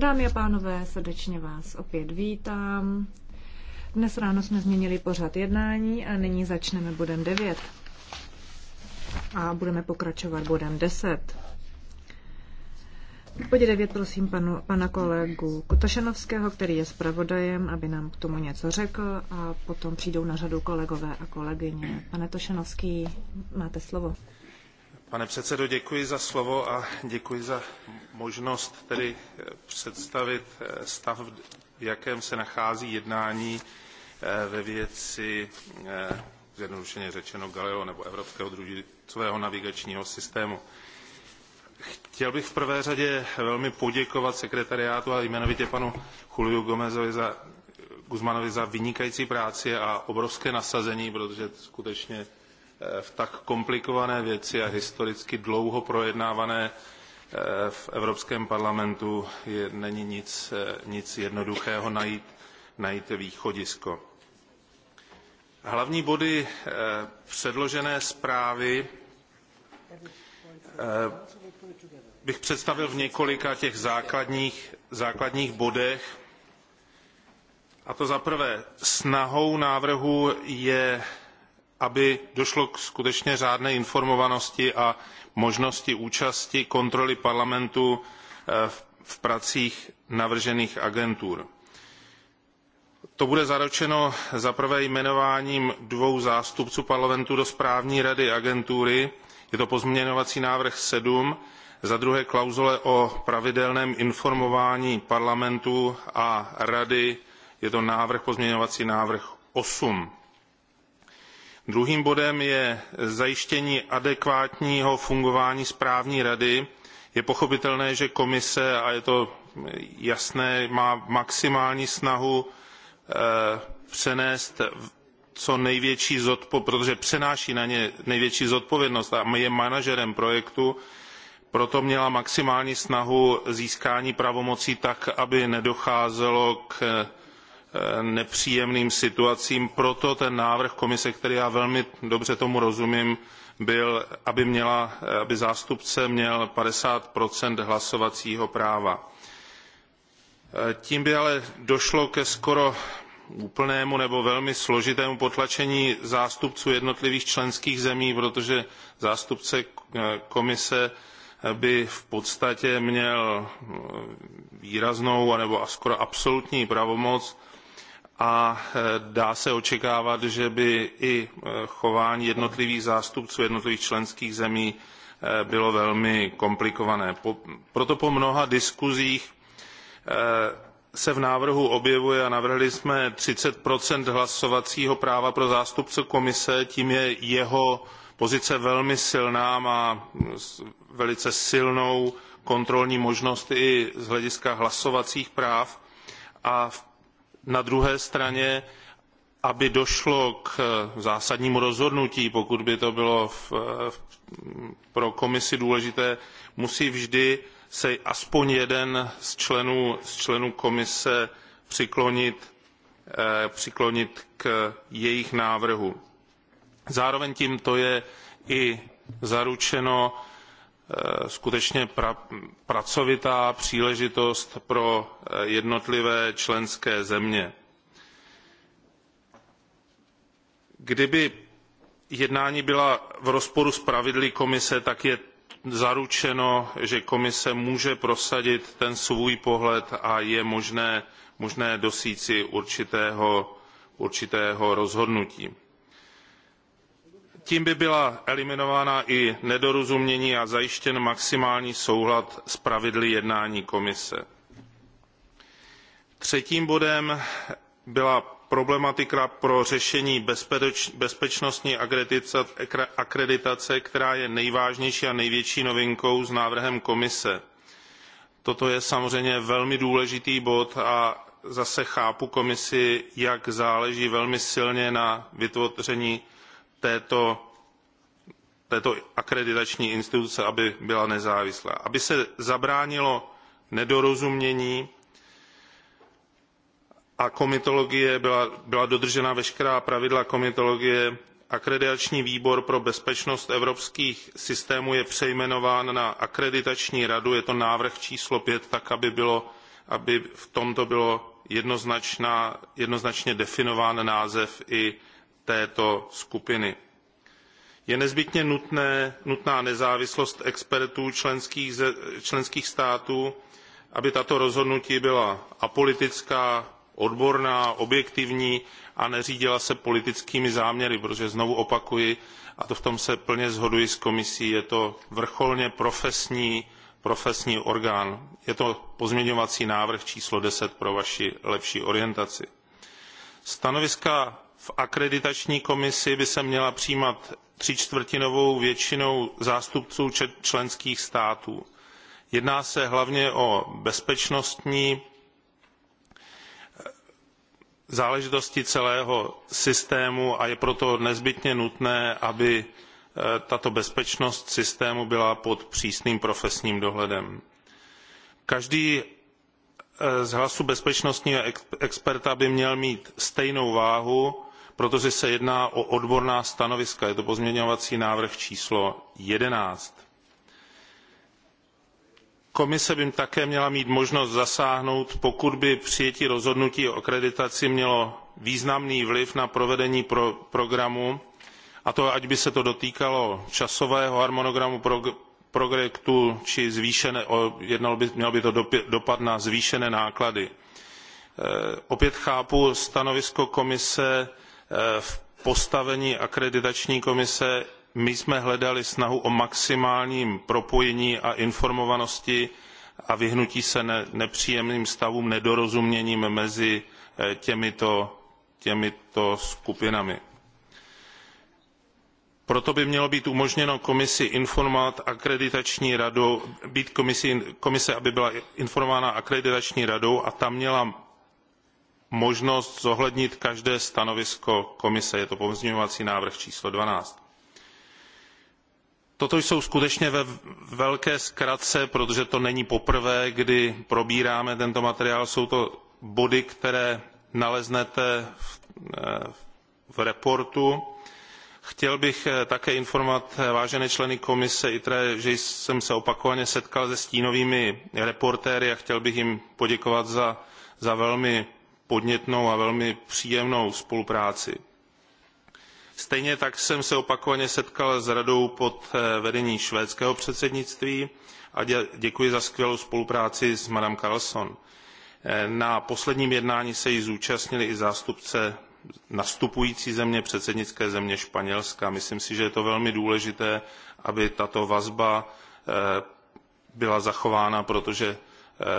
Dámy a pánové, srdečně vás opět vítám. Dnes ráno jsme změnili pořad jednání a nyní začneme bodem 9. A budeme pokračovat bodem 10. V bodě 9 prosím panu, pana kolegu Kotašanovského, který je zpravodajem, aby nám k tomu něco řekl a potom přijdou na řadu kolegové a kolegyně. Pane Tošanovský, máte slovo. Pane předsedo, děkuji za slovo a děkuji za možnost tedy eh, představit eh, stav, v jakém se nachází jednání eh, ve věci, zjednodušeně řečeno, Galileo nebo Evropského družicového navigačního systému. Chtěl bych v prvé řadě velmi poděkovat sekretariátu a jmenovitě panu Juliu Gomezovi za Guzmanovi za vynikající práci a obrovské nasazení, protože skutečně v tak komplikované věci a historicky dlouho projednávané eh, v Evropském parlamentu je, není nic, eh, nic jednoduchého najít, najít východisko. Hlavní body eh, předložené zprávy bych představil v několika těch základních, základních bodech. A to za prvé, snahou návrhu je aby došlo k skutečně řádné informovanosti a možnosti účasti kontroly parlamentu eh, v pracích navržených agentur. to bude zaručeno prvé jmenováním dvou zástupců parlamentu do správní rady agentury je to pozměňovací návrh seven druhé klauzule o pravidelném informování parlamentu a rady je to návrh pozměňovací návrh osm druhým bodem je zajištění adekvátního fungování správní rady. je pochopitelné že komise a je to jasné má maximální snahu eh, přenést co největší zodpovědnost protože přenáší na ně největší zodpovědnost a je manažerem projektu proto měla maximální snahu získání pravomocí tak aby nedocházelo k nepříjemným situacím proto ten návrh komise který já velmi dobře tomu rozumím byl aby, aby zástupce měl fifty hlasovacího práva. tím by ale došlo ke skoro úplnému nebo velmi složitému potlačení zástupců jednotlivých členských zemí protože zástupce komise by v podstatě měl výraznou nebo skoro absolutní pravomoc a e, dá se očekávat, že by i e, chování jednotlivých zástupců jednotlivých členských zemí e, bylo velmi komplikované. Proto po mnoha diskuzích se v návrhu objevuje a navrhli jsme 30 hlasovacího práva pro zástupce komise, tím je jeho pozice velmi silná, má velice silnou kontrolní možnost i z hlediska hlasovacích práv a v na druhé straně aby došlo k eh, zásadnímu rozhodnutí pokud by to bylo eh, pro komisi důležité musí vždy se aspoň jeden z členů, komise eh, přiklonit, k jejich návrhu. zároveň tímto je i zaručeno Eh, skutečně pracovitá příležitost pro eh, jednotlivé členské země. kdyby jednání byla v rozporu s pravidly komise tak je zaručeno že komise může prosadit ten svůj pohled a je možné, možné dosíci určitého, určitého rozhodnutí tím by byla eliminována i nedorozumění a zajištěn maximální soulad s pravidly jednání komise. třetím bodem byla problematika pro řešení bezpečnostní akreditace která je nejvážnější a největší novinkou s návrhem komise. toto je samozřejmě velmi důležitý bod a zase chápu komisi jak záleží velmi silně na vytvoření této, akreditační instituce, aby byla nezávislá. Aby se zabránilo nedorozumění a komitologie byla, byla dodržena veškerá pravidla komitologie, akreditační výbor pro bezpečnost evropských systémů je přejmenován na akreditační radu, je to návrh číslo 5, tak aby, bylo, aby v tomto bylo jednoznačně definován název i této skupiny. je nezbytně nutné, nutná nezávislost expertů členských, členských států aby tato rozhodnutí byla apolitická odborná objektivní a neřídila se politickými záměry protože znovu opakuji a to v tom se plně shoduji s komisí je to vrcholně profesní, profesní orgán. je to pozměňovací návrh číslo ten pro vaši lepší orientaci. stanoviska v akreditační komisi by se měla přijímat tříčtvrtinovou většinou zástupců členských států. jedná se hlavně o bezpečnostní eh, záležitosti celého systému a je proto nezbytně nutné aby eh, tato bezpečnost systému byla pod přísným profesním dohledem. každý eh, z hlasů bezpečnostního experta by měl mít stejnou váhu protože se jedná o odborná stanoviska je to pozměňovací návrh číslo eleven komise by také měla mít možnost zasáhnout pokud by přijetí rozhodnutí o akreditaci mělo významný vliv na provedení programu a to ať by se to dotýkalo časového harmonogramu projektu či zvýšené, mělo by to dopad na zvýšené náklady. E, opět chápu stanovisko komise v postavení akreditační komise my jsme hledali snahu o maximální propojení a informovanosti a vyhnutí se nepříjemným stavům nedorozuměním mezi eh, těmito, skupinami. proto by mělo být umožněno komisi informovat akreditační radu být komisi, komise aby byla informována akreditační radou a ta měla možnost zohlednit každé stanovisko komise je to pozměňovací návrh číslo. twelve toto jsou skutečně ve velké zkratce protože to není poprvé kdy probíráme tento materiál jsou to body které naleznete v, eh, reportu. chtěl bych eh, také informovat eh, vážené členy komise itre že jsem se opakovaně setkal se stínovými zpravodaji a chtěl bych jim poděkovat za velmi podnětnou a velmi příjemnou spolupráci. Stejně tak jsem se opakovaně setkal s radou pod eh, vedením švédského předsednictví a děkuji za skvělou spolupráci s Madame Carlson. Eh, na posledním jednání se jí zúčastnili i zástupce nastupující země, předsednické země Španělska. Myslím si, že je to velmi důležité, aby tato vazba eh, byla zachována, protože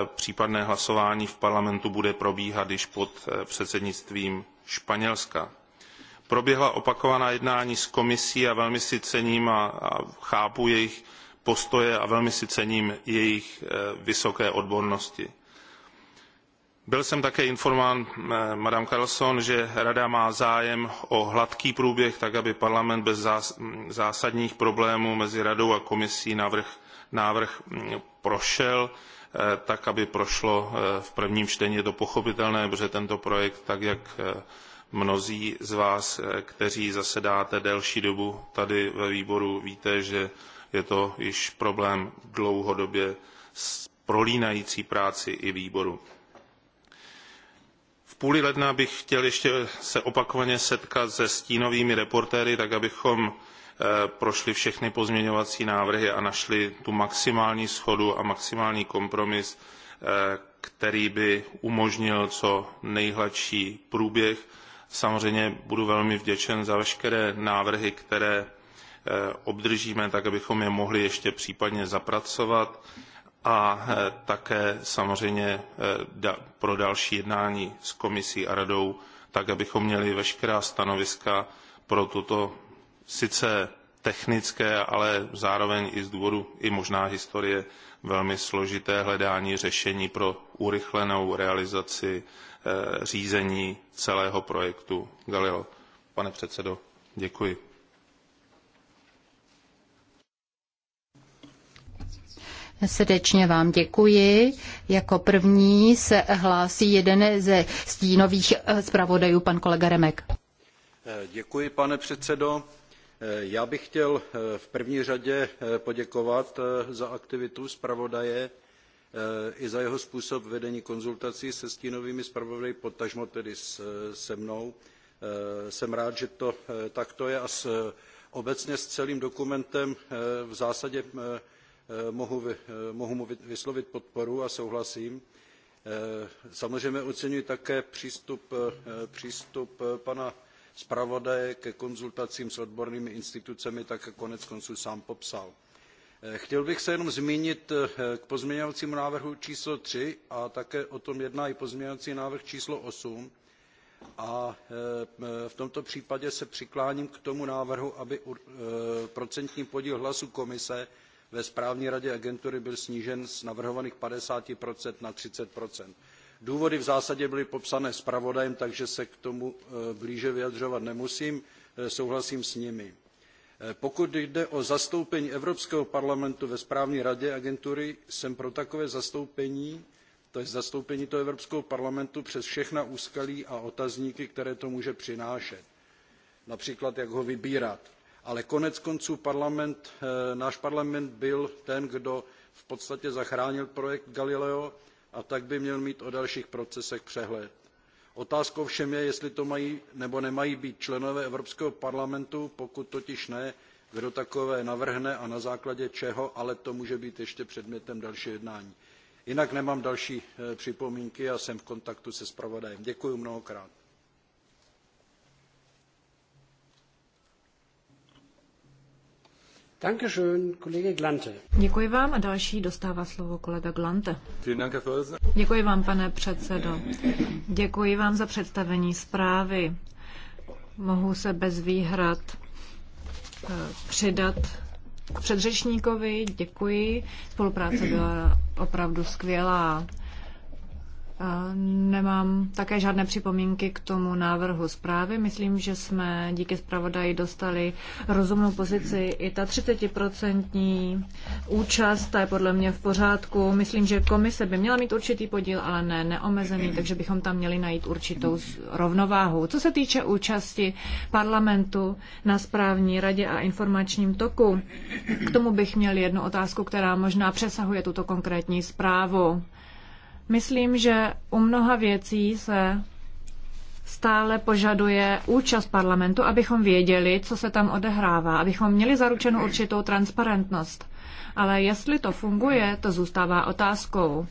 případné hlasování v parlamentu bude probíhat již pod eh, předsednictvím španělska. proběhla opakovaná jednání s komisí a velmi si cením a chápu jejich postoje a velmi si cením jejich eh, vysoké odbornosti. byl jsem také informován eh, madame carlssonovou že rada má zájem o hladký průběh tak aby parlament bez zásadních problémů mezi radou a komisí návrh, návrh prošel Eh, tak aby prošlo eh, v prvním čtení je to pochopitelné protože tento projekt tak jak eh, mnozí z vás kteří zasedáte delší dobu tady ve výboru víte že je to již problém dlouhodobě prolínající práci i výboru. v půli ledna bych chtěl ještě se opakovaně setkat se stínovými zpravodaji tak abychom Eh, prošli všechny pozměňovací návrhy a našli tu maximální shodu a maximální kompromis, eh, který by umožnil co nejhladší průběh. Samozřejmě budu velmi vděčen za veškeré návrhy, které eh, obdržíme, tak abychom je mohli ještě případně zapracovat a také samozřejmě pro další jednání s komisí a radou, tak abychom měli veškerá stanoviska pro tuto sice technické, ale zároveň i z důvodu i možná historie velmi složité hledání řešení pro urychlenou realizaci eh, řízení celého projektu Galileo. Pane předsedo, děkuji. Srdečně vám děkuji. Jako první se hlásí jeden ze stínových eh, zpravodajů, pan kolega Remek. Eh, děkuji, pane předsedo Eh, já bych chtěl eh, v první řadě eh, poděkovat za aktivitu zpravodaje i za jeho způsob vedení konzultací se stínovými zpravodaji potažmo tedy se mnou. jsem rád že to takto je a obecně s celým dokumentem v zásadě mohu, vyslovit podporu a souhlasím. samozřejmě oceňuji také přístup, přístup pana zpravodaje ke konzultacím s odbornými institucemi tak konec konců sám popsal. Eh, chtěl bych se jenom zmínit eh, k pozměňovacímu návrhu číslo 3 a také o tom jedná i pozměňovací návrh číslo 8. A eh, v tomto případě se přikláním k tomu návrhu, aby procentní podíl hlasů komise ve správní radě agentury byl snížen z navrhovaných 50 na 30 Důvody v zásadě byly popsané zpravodajem, takže se k tomu eh, blíže vyjadřovat nemusím, eh, souhlasím s nimi. Eh, pokud jde o zastoupení Evropského parlamentu ve správní radě agentury, jsem pro takové zastoupení, to je zastoupení toho Evropského parlamentu přes všechna úskalí a otazníky, které to může přinášet. Například, jak ho vybírat. Ale konec konců parlament, náš parlament byl ten, kdo v podstatě zachránil projekt Galileo, a tak by měl mít o dalších procesech přehled. Otázkou všem je, jestli to mají nebo nemají být členové Evropského parlamentu, pokud totiž ne, kdo takové navrhne a na základě čeho, ale to může být ještě předmětem dalšího jednání. Jinak nemám další eh, připomínky a jsem v kontaktu se zpravodajem. Děkuji mnohokrát. Děkuji vám a další dostává slovo kolega Glante. Děkuji vám, pane předsedo. Děkuji vám za představení zprávy. Mohu se bez výhrad eh, přidat k předřečníkovi. Děkuji. Spolupráce byla opravdu skvělá. Nemám také žádné připomínky k tomu návrhu zprávy. Myslím, že jsme díky zpravodaji dostali rozumnou pozici. I ta 30% účast, ta je podle mě v pořádku. Myslím, že komise by měla mít určitý podíl, ale ne neomezený, takže bychom tam měli najít určitou rovnováhu. Co se týče účasti parlamentu na správní radě a informačním toku, k tomu bych měl jednu otázku, která možná přesahuje tuto konkrétní zprávu. Myslím, že u mnoha věcí se stále požaduje účast parlamentu, abychom věděli, co se tam odehrává, abychom měli zaručenou určitou transparentnost. Ale jestli to funguje, to zůstává otázkou.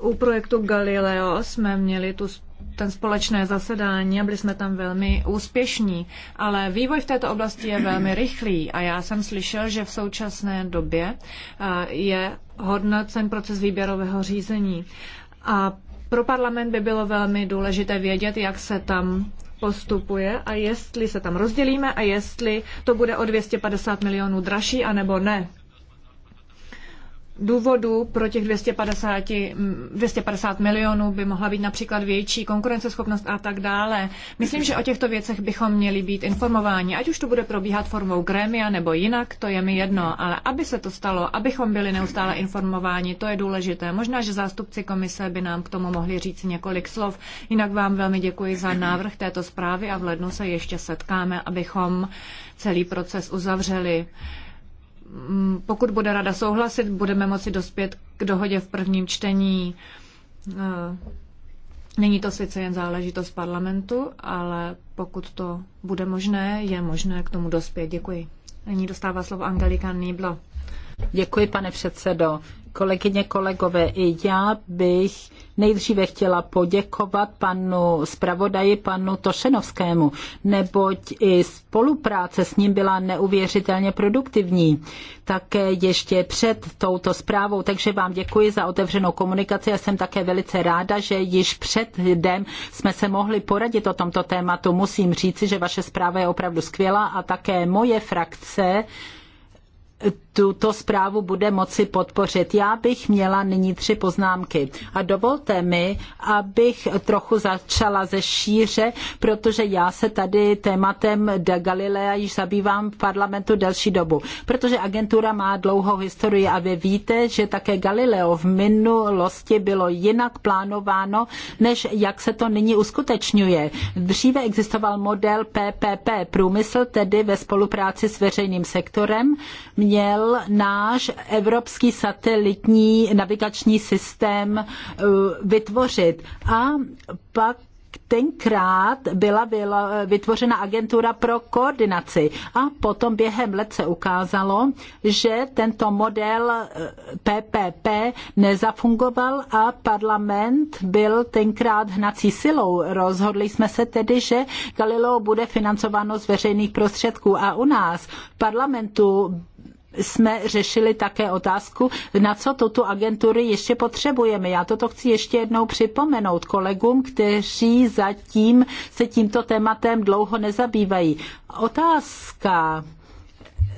U projektu Galileo jsme měli tu ten společné zasedání a byli jsme tam velmi úspěšní. Ale vývoj v této oblasti je velmi rychlý a já jsem slyšel, že v současné době eh, je hodnocen proces výběrového řízení. A pro parlament by bylo velmi důležité vědět, jak se tam postupuje a jestli se tam rozdělíme a jestli to bude o 250 milionů dražší anebo ne důvodů pro těch 250, 250 milionů by mohla být například větší konkurenceschopnost a tak dále. Myslím, že o těchto věcech bychom měli být informováni, ať už to bude probíhat formou grémia nebo jinak, to je mi jedno, ale aby se to stalo, abychom byli neustále informováni, to je důležité. Možná, že zástupci komise by nám k tomu mohli říct několik slov. Jinak vám velmi děkuji za návrh této zprávy a v lednu se ještě setkáme, abychom celý proces uzavřeli. Mm, pokud bude rada souhlasit, budeme moci dospět k dohodě v prvním čtení. Eh, není to sice jen záležitost parlamentu, ale pokud to bude možné, je možné k tomu dospět. Děkuji. Nyní dostává slovo Angelika Nýblo. Děkuji, pane předsedo. Kolegyně, kolegové, i já bych nejdříve chtěla poděkovat panu zpravodaji, panu Tošenovskému, neboť i spolupráce s ním byla neuvěřitelně produktivní. Také ještě před touto zprávou, takže vám děkuji za otevřenou komunikaci a jsem také velice ráda, že již před jdem, jsme se mohli poradit o tomto tématu. Musím říci, že vaše zpráva je opravdu skvělá a také moje frakce tuto zprávu bude moci podpořit. Já bych měla nyní tři poznámky a dovolte mi, abych trochu začala ze šíře, protože já se tady tématem de Galilea již zabývám v parlamentu delší dobu, protože agentura má dlouhou historii a vy víte, že také Galileo v minulosti bylo jinak plánováno, než jak se to nyní uskutečňuje. Dříve existoval model PPP, průmysl tedy ve spolupráci s veřejným sektorem, měl náš evropský satelitní navigační systém uh, vytvořit. A pak tenkrát byla, byla vytvořena agentura pro koordinaci a potom během let se ukázalo, že tento model PPP uh, nezafungoval a parlament byl tenkrát hnací silou. Rozhodli jsme se tedy, že Galileo bude financováno z veřejných prostředků a u nás v parlamentu jsme řešili také otázku, na co tuto agenturu ještě potřebujeme. Já toto chci ještě jednou připomenout kolegům, kteří zatím se tímto tématem dlouho nezabývají. Otázka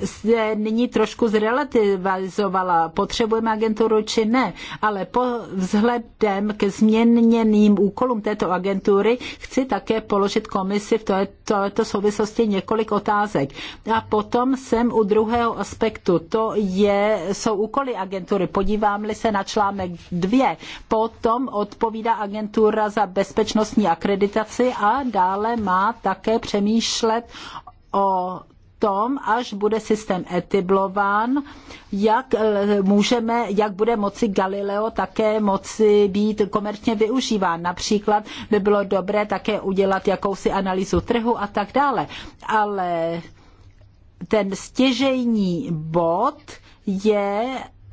se nyní trošku zrelativizovala. Potřebujeme agenturu či ne, ale po vzhledem ke změněným úkolům této agentury chci také položit komisi v této souvislosti několik otázek. A potom jsem u druhého aspektu. To je, jsou úkoly agentury. Podívám-li se na článek dvě, potom odpovídá agentura za bezpečnostní akreditaci a dále má také přemýšlet o tom, až bude systém etiblován, jak eh, můžeme, jak bude moci Galileo také moci být komerčně využíván. Například by bylo dobré také udělat jakousi analýzu trhu a tak dále. Ale ten stěžejní bod je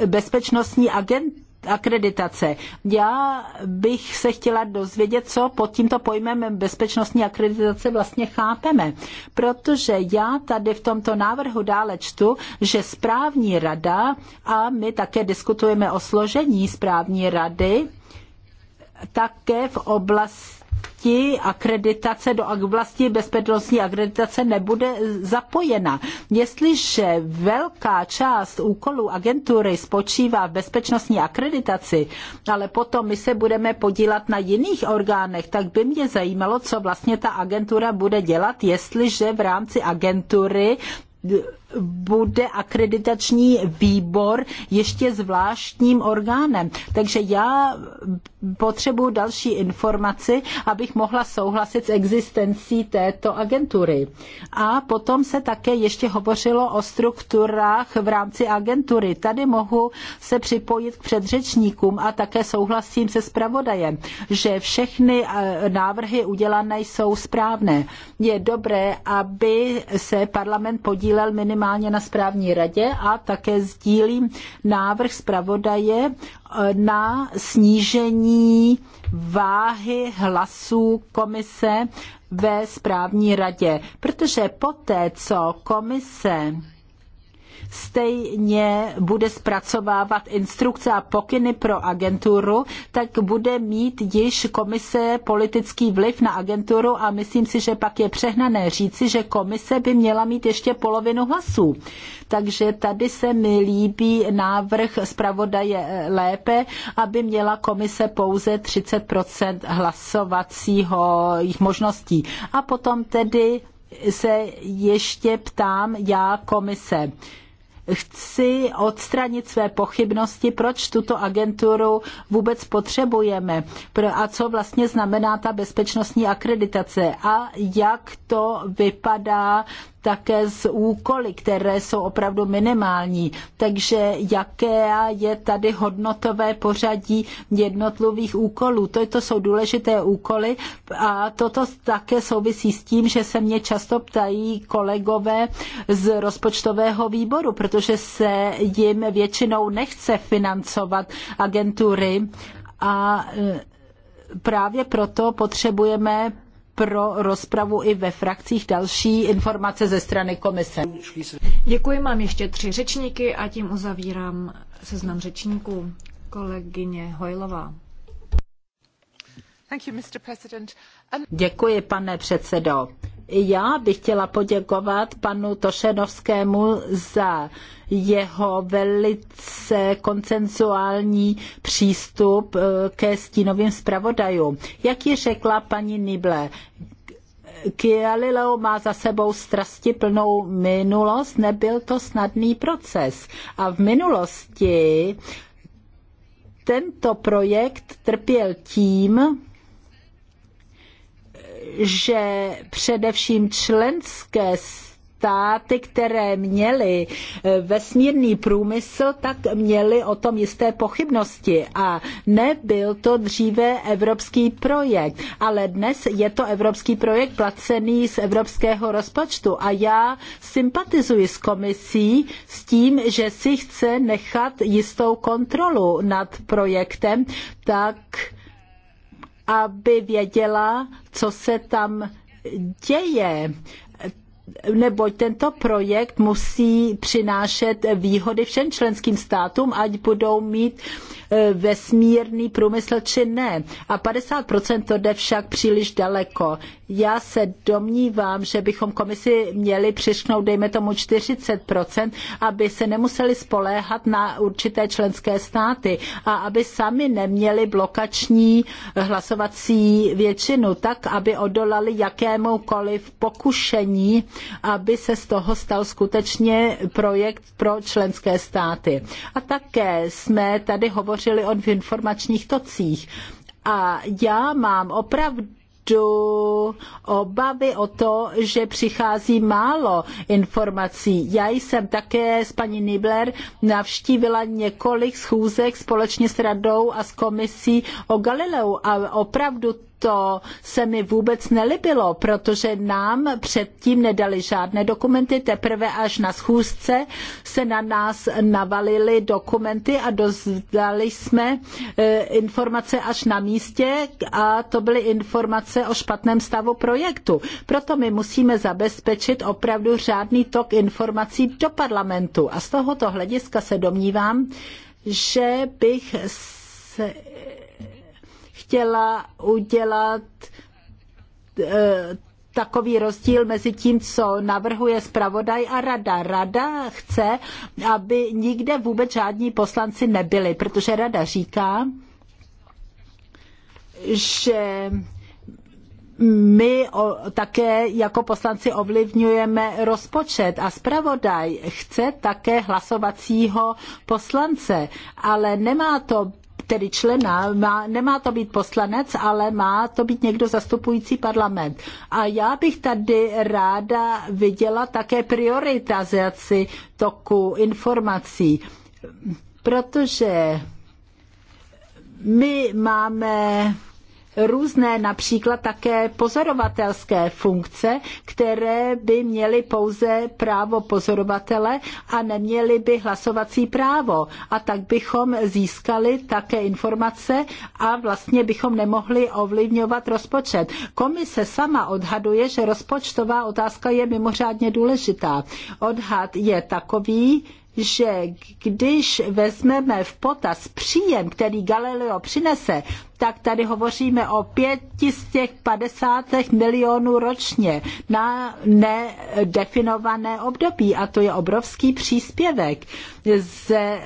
bezpečnostní agent akreditace. Já bych se chtěla dozvědět, co pod tímto pojmem bezpečnostní akreditace vlastně chápeme, protože já tady v tomto návrhu dále čtu, že správní rada, a my také diskutujeme o složení správní rady, také v oblasti oblasti akreditace do oblasti bezpečnostní akreditace nebude zapojena. Jestliže velká část úkolů agentury spočívá v bezpečnostní akreditaci, ale potom my se budeme podílat na jiných orgánech, tak by mě zajímalo, co vlastně ta agentura bude dělat, jestliže v rámci agentury bude akreditační výbor ještě zvláštním orgánem. Takže já potřebuji další informaci, abych mohla souhlasit s existencí této agentury. A potom se také ještě hovořilo o strukturách v rámci agentury. Tady mohu se připojit k předřečníkům a také souhlasím se zpravodajem, že všechny eh, návrhy udělané jsou správné. Je dobré, aby se parlament podílel minimálně minimálně na správní radě a také sdílím návrh zpravodaje eh, na snížení váhy hlasů komise ve správní radě, protože poté, co komise stejně bude zpracovávat instrukce a pokyny pro agenturu, tak bude mít již komise politický vliv na agenturu a myslím si, že pak je přehnané říci, že komise by měla mít ještě polovinu hlasů. Takže tady se mi líbí návrh zpravodaje eh, lépe, aby měla komise pouze 30 hlasovacího možností. A potom tedy se ještě ptám já komise chci odstranit své pochybnosti, proč tuto agenturu vůbec potřebujeme a co vlastně znamená ta bezpečnostní akreditace a jak to vypadá také z úkoly, které jsou opravdu minimální. Takže jaké je tady hodnotové pořadí jednotlivých úkolů? To, to jsou důležité úkoly a toto také souvisí s tím, že se mě často ptají kolegové z rozpočtového výboru, protože se jim většinou nechce financovat agentury a e, právě proto potřebujeme pro rozpravu i ve frakcích další informace ze strany komise. Děkuji, mám ještě tři řečníky a tím uzavírám seznam řečníků. Kolegyně Hojlová. Děkuji, pane předsedo. Já bych chtěla poděkovat panu Tošenovskému za jeho velice koncenzuální přístup eh, ke stínovým zpravodajům. Jak ji řekla paní Nible, Galileo má za sebou strasti plnou minulost, nebyl to snadný proces. A v minulosti tento projekt trpěl tím, že především členské státy, které měly eh, vesmírný průmysl, tak měly o tom jisté pochybnosti. A nebyl to dříve evropský projekt, ale dnes je to evropský projekt placený z evropského rozpočtu. A já sympatizuji s komisí s tím, že si chce nechat jistou kontrolu nad projektem, tak aby věděla, co se tam děje neboť tento projekt musí přinášet výhody všem členským státům, ať budou mít vesmírný průmysl či ne. A 50% to jde však příliš daleko. Já se domnívám, že bychom komisi měli přišknout, dejme tomu 40%, aby se nemuseli spoléhat na určité členské státy a aby sami neměli blokační hlasovací většinu, tak aby odolali jakémukoliv pokušení, aby se z toho stal skutečně projekt pro členské státy. A také jsme tady hovořili hovořili o informačních tocích. A já mám opravdu opravdu obavy o to, že přichází málo informací. Já jsem také s paní Nibler navštívila několik schůzek společně s radou a s komisí o Galileu a opravdu to se mi vůbec nelibilo, protože nám předtím nedali žádné dokumenty, teprve až na schůzce se na nás navalily dokumenty a dozdali jsme e, informace až na místě a to byly informace o špatném stavu projektu. Proto my musíme zabezpečit opravdu řádný tok informací do parlamentu a z tohoto hlediska se domnívám, že bych se chtěla udělat eh, takový rozdíl mezi tím, co navrhuje zpravodaj a rada. Rada chce, aby nikde vůbec žádní poslanci nebyli, protože rada říká, že my také jako poslanci ovlivňujeme rozpočet a zpravodaj chce také hlasovacího poslance, ale nemá to tedy člena, má, nemá to být poslanec, ale má to být někdo zastupující parlament. A já bych tady ráda viděla také prioritizaci toku informací, protože my máme různé například také pozorovatelské funkce, které by měly pouze právo pozorovatele a neměly by hlasovací právo. A tak bychom získali také informace a vlastně bychom nemohli ovlivňovat rozpočet. Komise sama odhaduje, že rozpočtová otázka je mimořádně důležitá. Odhad je takový, že když vezmeme v potaz příjem, který Galileo přinese, tak tady hovoříme o 550 milionů ročně na nedefinované období a to je obrovský příspěvek ze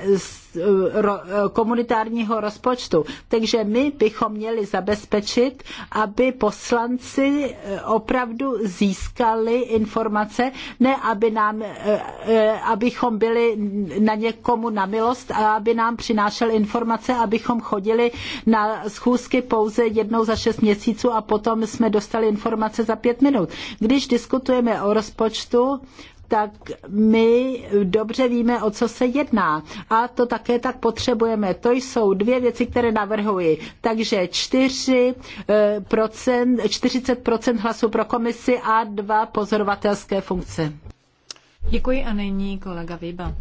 komunitárního rozpočtu. Takže my bychom měli zabezpečit, aby poslanci eh, opravdu získali informace, ne aby nám, eh, eh, abychom byli na někomu na milost a aby nám přinášel informace, abychom chodili na schůzky pouze jednou za šest měsíců a potom jsme dostali informace za pět minut. Když diskutujeme o rozpočtu, tak my dobře víme, o co se jedná. A to také tak potřebujeme. To jsou dvě věci, které navrhuji. Takže 4%, 40% eh, hlasů pro komisi a dva pozorovatelské funkce. Děkuji a nyní kolega Viba.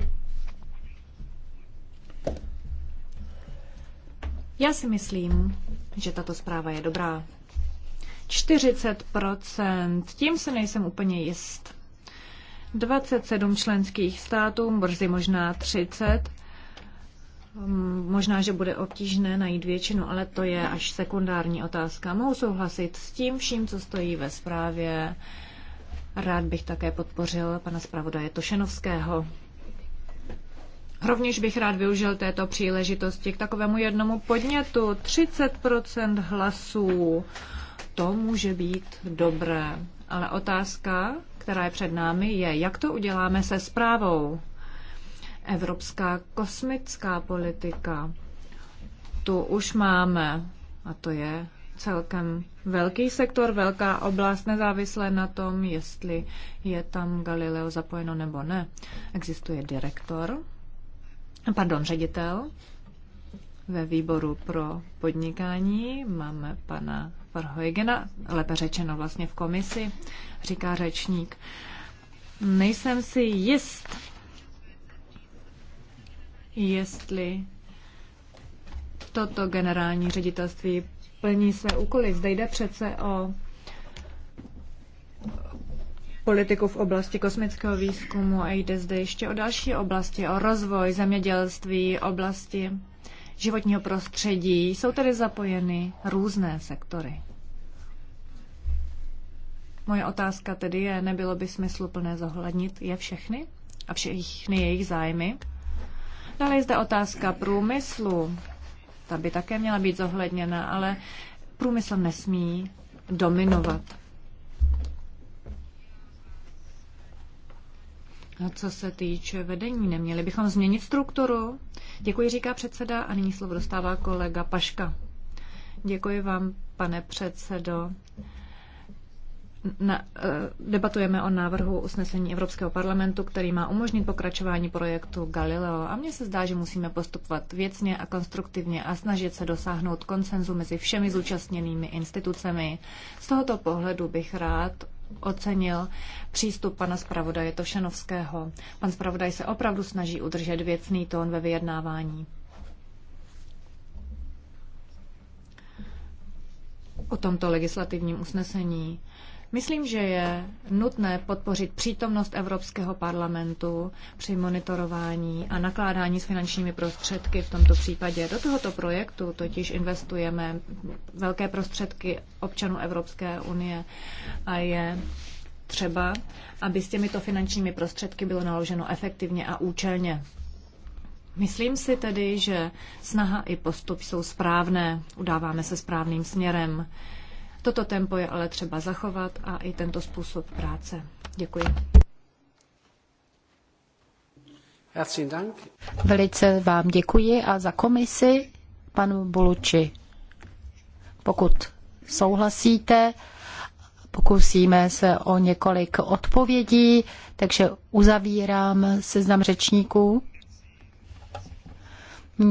Já si myslím, že tato zpráva je dobrá. 40%, tím se nejsem úplně jist. 27 členských států, brzy možná 30. Mm, možná, že bude obtížné najít většinu, ale to je až sekundární otázka. Mohu souhlasit s tím vším, co stojí ve zprávě. Rád bych také podpořil pana zpravodaje Tošenovského. Rovněž bych rád využil této příležitosti k takovému jednomu podnětu. 30 hlasů, to může být dobré. Ale otázka, která je před námi, je, jak to uděláme se zprávou. Evropská kosmická politika. Tu už máme, a to je celkem velký sektor, velká oblast, nezávisle na tom, jestli je tam Galileo zapojeno nebo ne. Existuje direktor, pardon, ředitel ve výboru pro podnikání. Máme pana Farhojgena, lépe řečeno vlastně v komisi, říká řečník. Nejsem si jist, jestli toto generální ředitelství plní své úkoly. Zde jde přece o politiku v oblasti kosmického výzkumu a jde zde ještě o další oblasti, o rozvoj zemědělství, oblasti životního prostředí. Jsou tedy zapojeny různé sektory. Moje otázka tedy je, nebylo by smysluplné zohlednit je všechny a všechny jejich zájmy? Dále je zde otázka průmyslu. Ta by také měla být zohledněna, ale průmysl nesmí dominovat. Co se týče vedení, neměli bychom změnit strukturu? Děkuji, říká předseda a nyní slovo dostává kolega Paška. Děkuji vám, pane předsedo. Na, eh, debatujeme o návrhu usnesení Evropského parlamentu, který má umožnit pokračování projektu Galileo. A mně se zdá, že musíme postupovat věcně a konstruktivně a snažit se dosáhnout konsenzu mezi všemi zúčastněnými institucemi. Z tohoto pohledu bych rád ocenil přístup pana zpravodaje Tošenovského. Pan zpravodaj se opravdu snaží udržet věcný tón ve vyjednávání. O tomto legislativním usnesení Myslím, že je nutné podpořit přítomnost Evropského parlamentu při monitorování a nakládání s finančními prostředky v tomto případě. Do tohoto projektu totiž investujeme velké prostředky občanů Evropské unie a je třeba, aby s těmito finančními prostředky bylo naloženo efektivně a účelně. Myslím si tedy, že snaha i postup jsou správné, udáváme se správným směrem. Toto tempo je ale třeba zachovat a i tento způsob práce. Děkuji. Velice vám děkuji a za komisi panu Buluči. Pokud souhlasíte, pokusíme se o několik odpovědí, takže uzavírám seznam řečníků.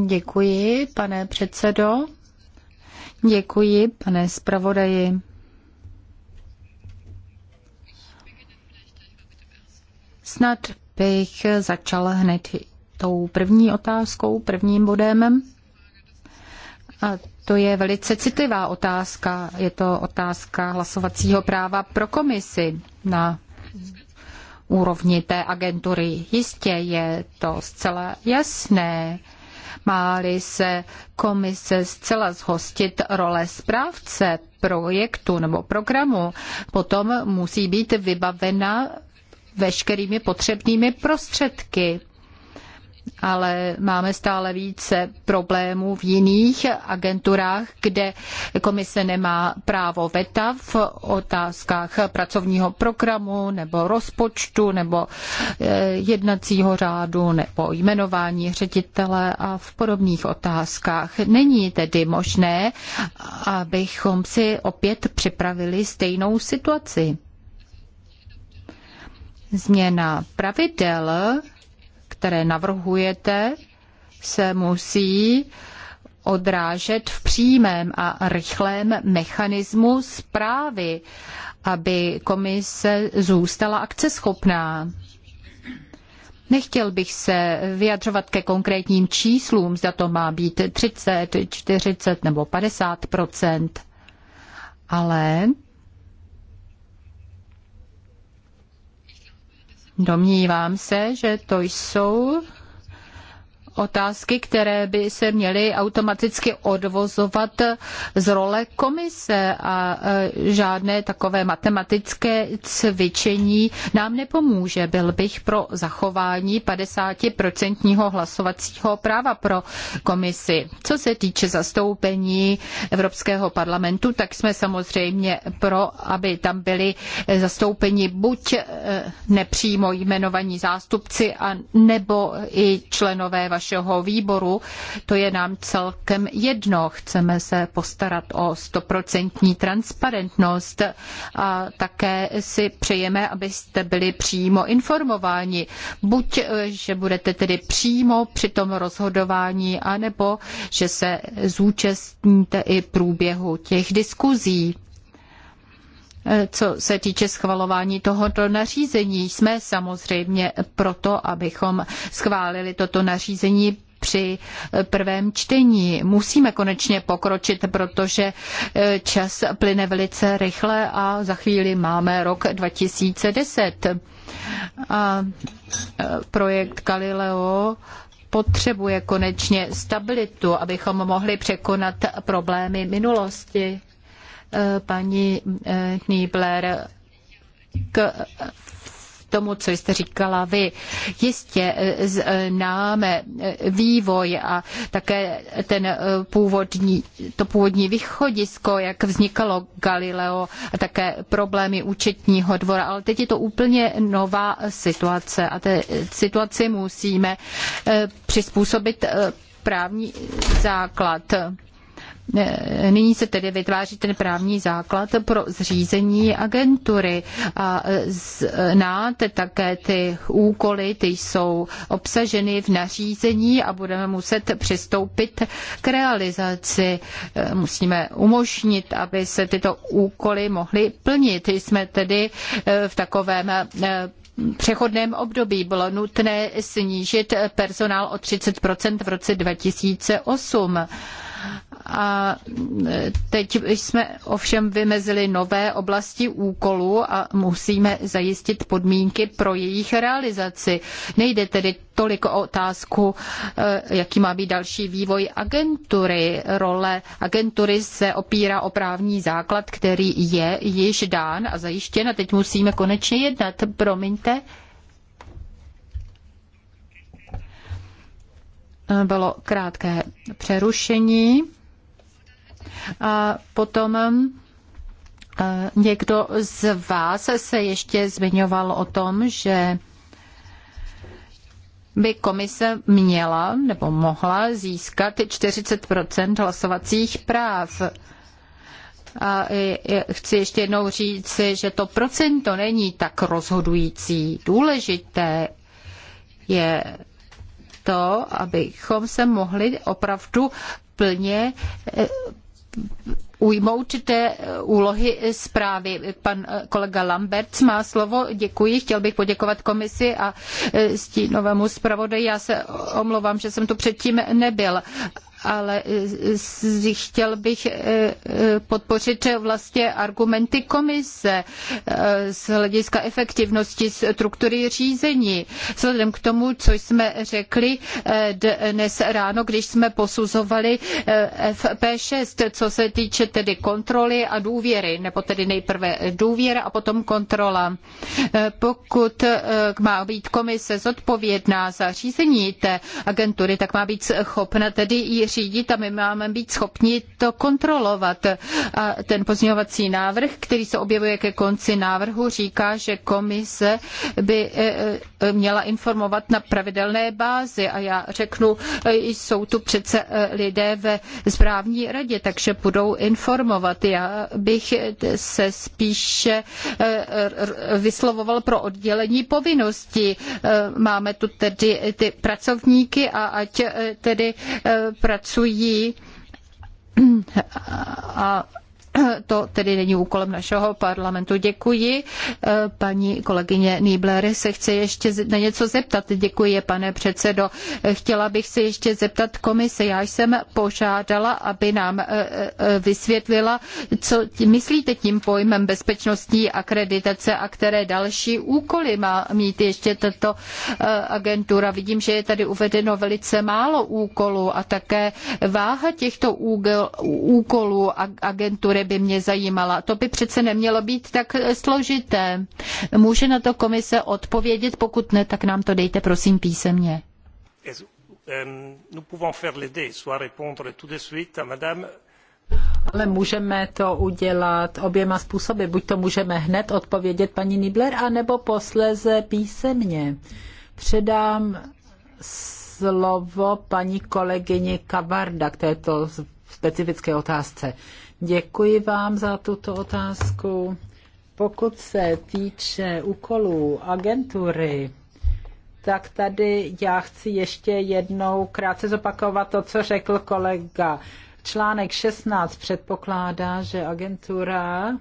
Děkuji, pane předsedo. Děkuji, pane zpravodaji. Snad bych začal hned tou první otázkou, prvním bodem. A to je velice citlivá otázka. Je to otázka hlasovacího práva pro komisi na úrovni té agentury. Jistě je to zcela jasné. Máli se komise zcela zhostit role správce projektu nebo programu, potom musí být vybavena veškerými potřebnými prostředky ale máme stále více problémů v jiných agenturách, kde komise nemá právo veta v otázkách pracovního programu nebo rozpočtu nebo eh, jednacího řádu nebo jmenování ředitele a v podobných otázkách. Není tedy možné, abychom si opět připravili stejnou situaci. Změna pravidel které navrhujete, se musí odrážet v přímém a rychlém mechanismu zprávy, aby komise zůstala akceschopná. Nechtěl bych se vyjadřovat ke konkrétním číslům, zda to má být 30, 40 nebo 50 ale Domnívám se, že to jsou otázky, které by se měly automaticky odvozovat z role komise a e, žádné takové matematické cvičení nám nepomůže. Byl bych pro zachování 50% hlasovacího práva pro komisi. Co se týče zastoupení Evropského parlamentu, tak jsme samozřejmě pro, aby tam byli zastoupeni buď e, nepřímo jmenovaní zástupci, a nebo i členové vaší našeho výboru. To je nám celkem jedno. Chceme se postarat o stoprocentní transparentnost a také si přejeme, abyste byli přímo informováni. Buď, eh, že budete tedy přímo při tom rozhodování, anebo, že se zúčastníte i průběhu těch diskuzí. Eh, co se týče schvalování tohoto nařízení. Jsme samozřejmě proto, abychom schválili toto nařízení při eh, prvém čtení. Musíme konečně pokročit, protože eh, čas plyne velice rychle a za chvíli máme rok 2010. A projekt Galileo potřebuje konečně stabilitu, abychom mohli překonat problémy minulosti paní eh, Niebler, k tomu, co jste říkala vy. Jistě eh, známe eh, vývoj a také ten původní, to původní východisko, jak vznikalo Galileo a také problémy účetního dvora, ale teď je to úplně nová situace a té situaci musíme přizpůsobit právní základ. Eh, nyní se tedy vytváří ten právní základ pro zřízení agentury a eh, znáte také ty úkoly, ty jsou obsaženy v nařízení a budeme muset přistoupit k realizaci. Eh, musíme umožnit, aby se tyto úkoly mohly plnit. Jsme tedy v takovém přechodném období bylo nutné snížit personál o 30 v roce 2008. A e, teď jsme ovšem vymezili nové oblasti úkolů a musíme zajistit podmínky pro jejich realizaci. Nejde tedy tolik o otázku, e, jaký má být další vývoj agentury. Role agentury se opírá o právní základ, který je již dán a zajištěn a teď musíme konečně jednat. Promiňte. E, bylo krátké přerušení. A potom eh, někdo z vás se ještě zmiňoval o tom, že by komise měla nebo mohla získat 40 hlasovacích práv. A chci ještě jednou říct, že to procento není tak rozhodující. Důležité je to, abychom se mohli opravdu plně eh, ujmout té eh, úlohy eh, zprávy. Pan eh, kolega Lamberts má slovo. Děkuji. Chtěl bych poděkovat komisi a stínovému zpravodaji. Já se omlouvám, že jsem tu předtím nebyl, ale eh, chtěl bych eh, eh, podpořit vlastně argumenty komise z hlediska efektivnosti struktury řízení. Vzhledem k tomu, co jsme řekli dnes ráno, když jsme posuzovali FP6, co se týče tedy kontroly a důvěry, nebo tedy nejprve důvěra a potom kontrola. Pokud má být komise zodpovědná za řízení té agentury, tak má být schopna tedy ji řídit a my máme být schopni to kontrolovat. A ten pozměňovací návrh, který se objevuje ke konci návrhu, říká, že komise by eh, eh, měla informovat na pravidelné bázi a já řeknu, eh, jsou tu přece lidé ve správní radě, takže budou informovat. Já bych se spíše vyslovoval pro oddělení povinnosti. Máme tu tedy ty pracovníky a ať tedy pracovníky pracují a To tedy není úkolem našeho parlamentu. Děkuji. Eh, paní kolegyně Nýbler se chce ještě na něco zeptat. Děkuji, pane předsedo. Chtěla bych se ještě zeptat komise. Já jsem požádala, aby nám eh, eh, vysvětlila, co myslíte tím pojmem bezpečnostní akreditace a které další úkoly má mít ještě tato agentura. Vidím, že je tady uvedeno velice málo úkolů a také váha těchto úkolů agentury které by mě zajímala. To by přece nemělo být tak složité. Může na to komise odpovědět? Pokud ne, tak nám to dejte prosím písemně. Um, Ale můžeme to udělat oběma způsoby. Buď to můžeme hned odpovědět paní Nibler, anebo posléze písemně. Předám slovo paní kolegyni Kavarda k této specifické otázce. Děkuji vám za tuto otázku. Pokud se týče úkolů agentury, tak tady já chci ještě jednou krátce zopakovat to, co řekl kolega. Článek 16 předpokládá, že agentura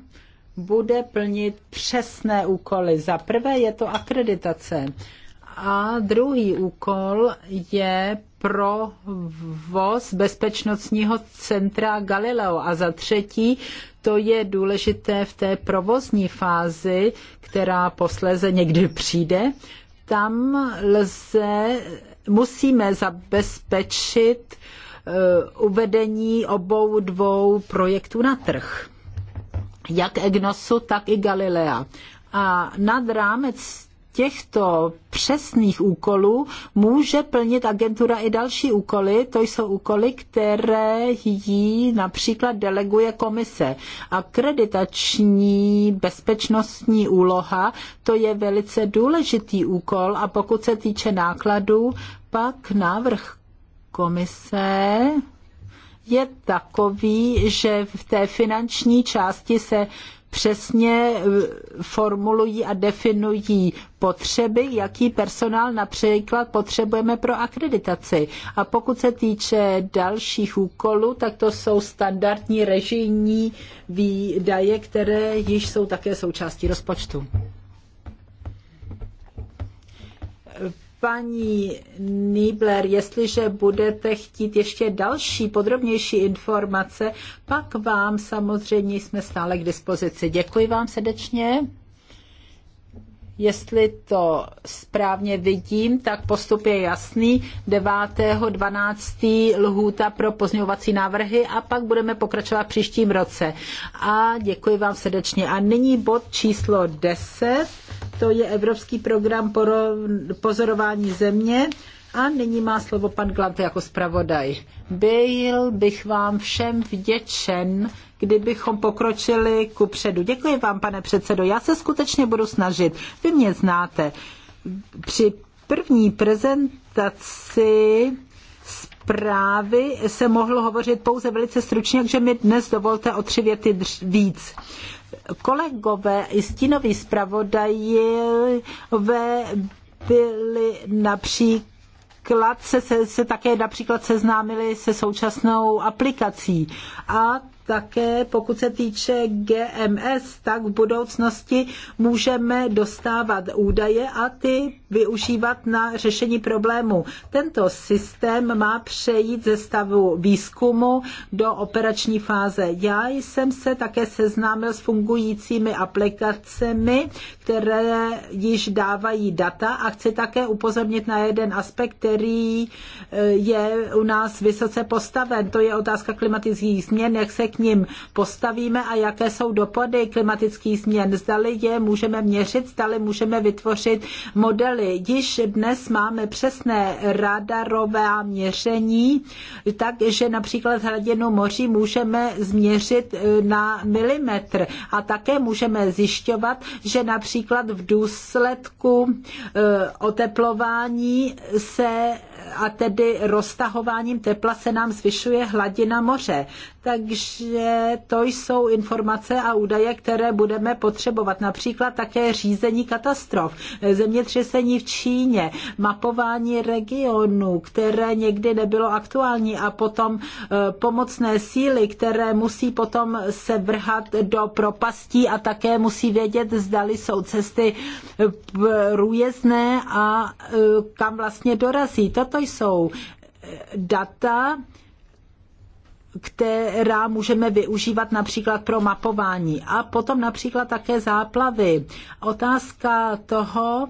bude plnit přesné úkoly. Za prvé je to akreditace a druhý úkol je provoz bezpečnostního centra Galileo. A za třetí, to je důležité v té provozní fázi, která posléze někdy přijde, tam lze, musíme zabezpečit uh, uvedení obou dvou projektů na trh. Jak EGNOSu, tak i Galilea. A nad rámec těchto přesných úkolů může plnit agentura i další úkoly. To jsou úkoly, které jí například deleguje komise. Akreditační bezpečnostní úloha, to je velice důležitý úkol a pokud se týče nákladů, pak návrh komise je takový, že v té finanční části se přesně e, formulují a definují potřeby, jaký personál například potřebujeme pro akreditaci. A pokud se týče dalších úkolů, tak to jsou standardní režijní výdaje, které již jsou také součástí rozpočtu. Paní Niebler, jestliže budete chtít ještě další podrobnější informace, pak vám samozřejmě jsme stále k dispozici. Děkuji vám srdečně. Jestli to správně vidím, tak postup je jasný. 9.12. lhůta pro pozňovací návrhy a pak budeme pokračovat příštím roce. A děkuji vám srdečně. A nyní bod číslo 10 to je Evropský program pozorování země. A nyní má slovo pan Glant jako zpravodaj. Byl bych vám všem vděčen, kdybychom pokročili ku předu. Děkuji vám, pane předsedo. Já se skutečně budu snažit. Vy mě znáte. Při první prezentaci zprávy se mohlo hovořit pouze velice stručně, takže mi dnes dovolte o tři věty víc kolegové i stínoví zpravodajové byli například se, se, se také například seznámili se současnou aplikací. A také pokud se týče GMS, tak v budoucnosti můžeme dostávat údaje a ty využívat na řešení problému. Tento systém má přejít ze stavu výzkumu do operační fáze. Já jsem se také seznámil s fungujícími aplikacemi, které již dávají data a chci také upozornit na jeden aspekt, který eh, je u nás vysoce postaven. To je otázka klimatických změn, jak se k ním postavíme a jaké jsou dopady klimatických změn. Zdali je můžeme měřit, zdali můžeme vytvořit modely. Již dnes máme přesné radarové měření, takže například hladinu moří můžeme změřit e, na milimetr a také můžeme zjišťovat, že například v důsledku e, oteplování se a tedy roztahováním tepla se nám zvyšuje hladina moře. Takže to jsou informace a údaje, které budeme potřebovat. Například také řízení katastrof, zemětřesení v Číně, mapování regionů, které někdy nebylo aktuální a potom e, pomocné síly, které musí potom se vrhat do propastí a také musí vědět, zdali jsou cesty průjezdné a e, kam vlastně dorazí. To to jsou eh, data, která můžeme využívat například pro mapování. A potom například také záplavy. Otázka toho,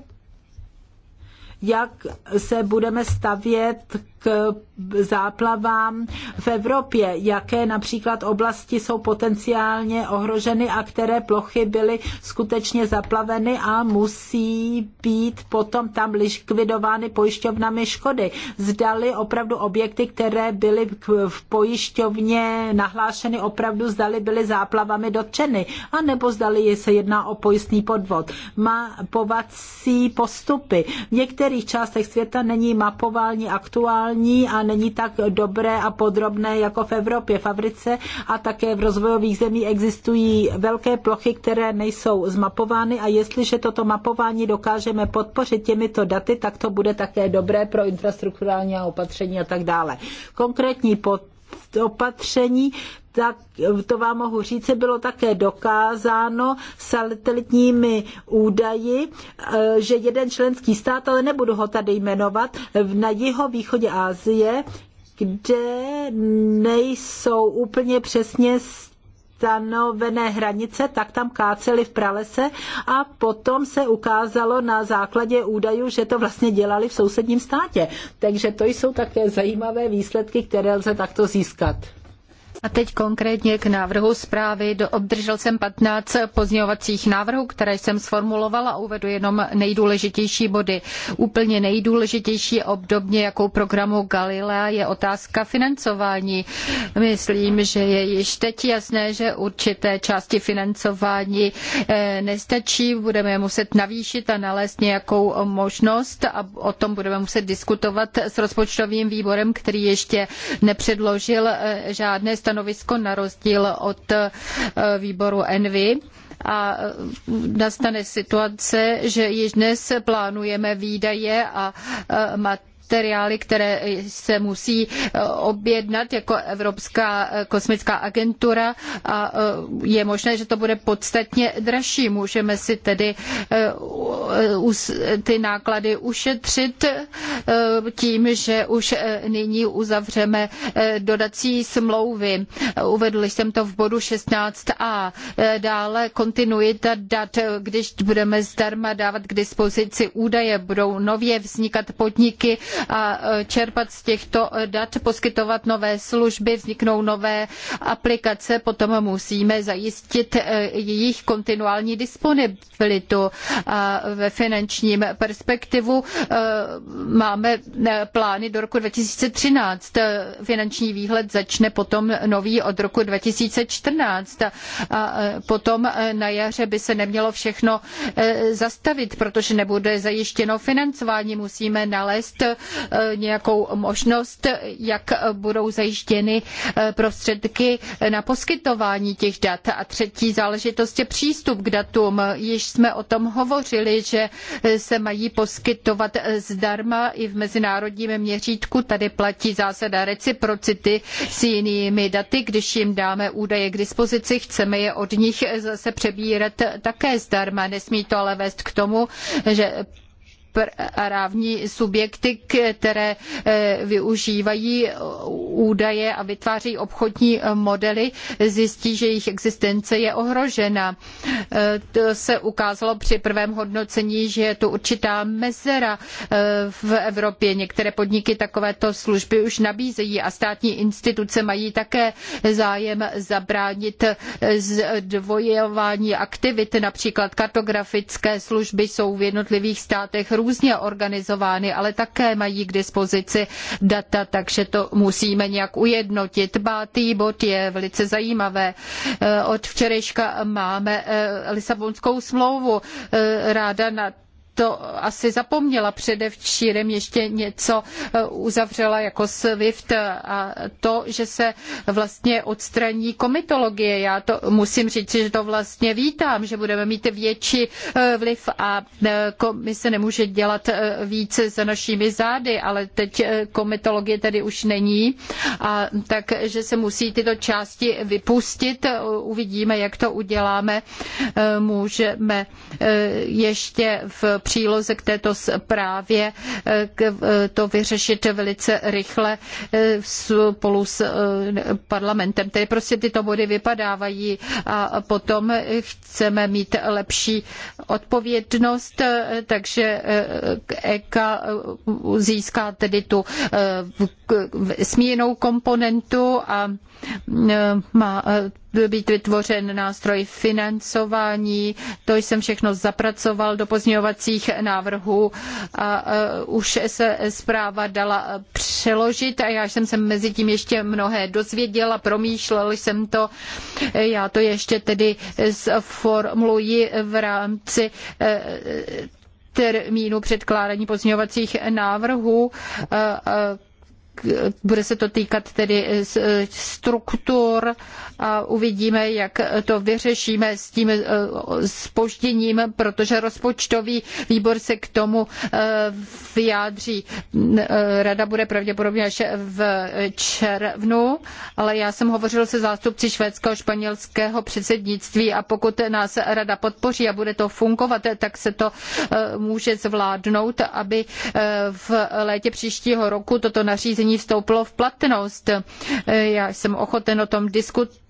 jak se budeme stavět k záplavám v Evropě, jaké například oblasti jsou potenciálně ohroženy a které plochy byly skutečně zaplaveny a musí být potom tam likvidovány pojišťovnami škody. Zdali opravdu objekty, které byly v pojišťovně nahlášeny opravdu, zdali byly záplavami dotčeny, a nebo zdali se jedná o pojistný podvod. Mapovací postupy. V některých částech světa není mapování aktuální detailní a není tak dobré a podrobné jako v Evropě, v Africe a také v rozvojových zemích existují velké plochy, které nejsou zmapovány a jestliže toto mapování dokážeme podpořit těmito daty, tak to bude také dobré pro infrastrukturální opatření a tak dále. Konkrétní pod opatření, tak to vám mohu říct, bylo také dokázáno satelitními údaji, eh, že jeden členský stát, ale nebudu ho tady jmenovat, na jeho východě Asie, kde nejsou úplně přesně stanovené hranice, tak tam káceli v pralese a potom se ukázalo na základě údajů, že to vlastně dělali v sousedním státě. Takže to jsou také zajímavé výsledky, které lze takto získat. A teď konkrétně k návrhu zprávy. Do, obdržel jsem 15 pozměňovacích návrhů, které jsem sformulovala a uvedu jenom nejdůležitější body. Úplně nejdůležitější obdobně jako programu Galilea je otázka financování. Myslím, že je již teď jasné, že určité části financování eh, nestačí. Budeme muset navýšit a nalézt nějakou možnost a o tom budeme muset diskutovat s rozpočtovým výborem, který ještě nepředložil eh, žádné stanovisko stanovisko na rozdíl od eh, výboru Envy a eh, nastane situace, že již dnes plánujeme výdaje a eh, mat materiály, které se musí eh, objednat jako Evropská eh, kosmická agentura a eh, je možné, že to bude podstatně dražší. Můžeme si tedy ty náklady ušetřit tím, že už nyní uzavřeme dodací smlouvy. Uvedl jsem to v bodu 16a. Dále kontinuita dat, když budeme zdarma dávat k dispozici údaje, budou nově vznikat podniky a e, čerpat z těchto dat, poskytovat nové služby, vzniknou nové aplikace, potom musíme zajistit e, jejich kontinuální disponibilitu. A ve finančním perspektivu e, máme plány do roku 2013. Finanční výhled začne potom nový od roku 2014. A potom na jaře by se nemělo všechno zastavit, protože nebude zajištěno financování. Musíme nalézt Eh, nějakou možnost, jak budou zajištěny eh, prostředky na poskytování těch dat. A třetí záležitost je přístup k datům. Již jsme o tom hovořili, že eh, se mají poskytovat zdarma i v mezinárodním měřítku. Tady platí zásada reciprocity s jinými daty. Když jim dáme údaje k dispozici, chceme je od nich zase přebírat také zdarma. Nesmí to ale vést k tomu, že právní subjekty, které eh, využívají údaje a vytváří obchodní modely, zjistí, že jejich existence je ohrožena. Eh, to se ukázalo při prvém hodnocení, že je tu určitá mezera eh, v Evropě. Některé podniky takovéto služby už nabízejí a státní instituce mají také zájem zabránit zdvojování aktivit, například kartografické služby jsou v jednotlivých státech různě organizovány, ale také mají k dispozici data, takže to musíme nějak ujednotit. Pátý bod je velice zajímavé. Eh, od včerejška máme eh, Lisabonskou smlouvu. Eh, ráda na to asi zapomněla předevčírem, ještě něco eh, uzavřela jako SWIFT a to, že se vlastně odstraní komitologie. Já to musím říct, že to vlastně vítám, že budeme mít větší eh, vliv a eh, komise nemůže dělat více za našimi zády, ale teď komitologie tady už není, a takže se musí tyto části vypustit. Uvidíme, jak to uděláme. Můžeme ještě v příloze k této zprávě eh, eh, to vyřešit velice rychle eh, spolu s parlamentem. Tedy prostě tyto body vypadávají a potom chceme mít lepší odpovědnost, takže EKA e získá tedy tu smíjenou komponentu a má eh, být vytvořen nástroj financování. To jsem všechno zapracoval do pozměňovacích návrhů a eh, už se zpráva dala eh, přeložit a já jsem se mezi tím ještě mnohé dozvěděla, promýšlel jsem to. Já to ještě tedy sformuluji v rámci termínu předkládání pozměňovacích návrhů bude se to týkat tedy eh, eh, struktur a uvidíme, jak to vyřešíme s tím spožděním, eh, protože rozpočtový výbor se k tomu vyjádří. Rada bude pravděpodobně až v červnu, ale já jsem hovořil se zástupci švédského španělského předsednictví a pokud nás rada podpoří a bude to fungovat, tak se to může zvládnout, aby v létě příštího roku toto nařízení nařízení vstoupilo v platnost. Já jsem ochoten o tom diskutovat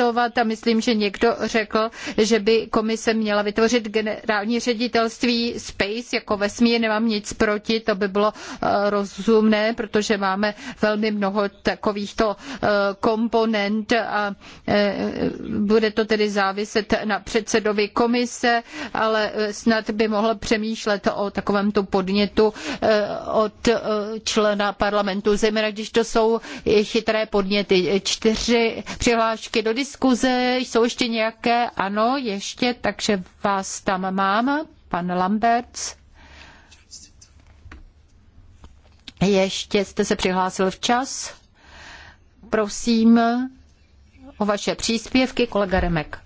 investovat a myslím, že někdo řekl, že by komise měla vytvořit generální ředitelství Space jako vesmír, nemám nic proti, to by bylo eh, rozumné, protože máme velmi mnoho takovýchto eh, komponent a eh, bude to tedy záviset na předsedovi komise, ale snad by mohl přemýšlet o takovémto podnětu od člena parlamentu, zejména když to jsou chytré podněty. Čtyři přihlášky do diskuse diskuze? Jsou ještě nějaké? Ano, ještě, takže vás tam mám. Pan Lamberts. Ještě jste se přihlásil včas. Prosím o vaše příspěvky, kolega Remek.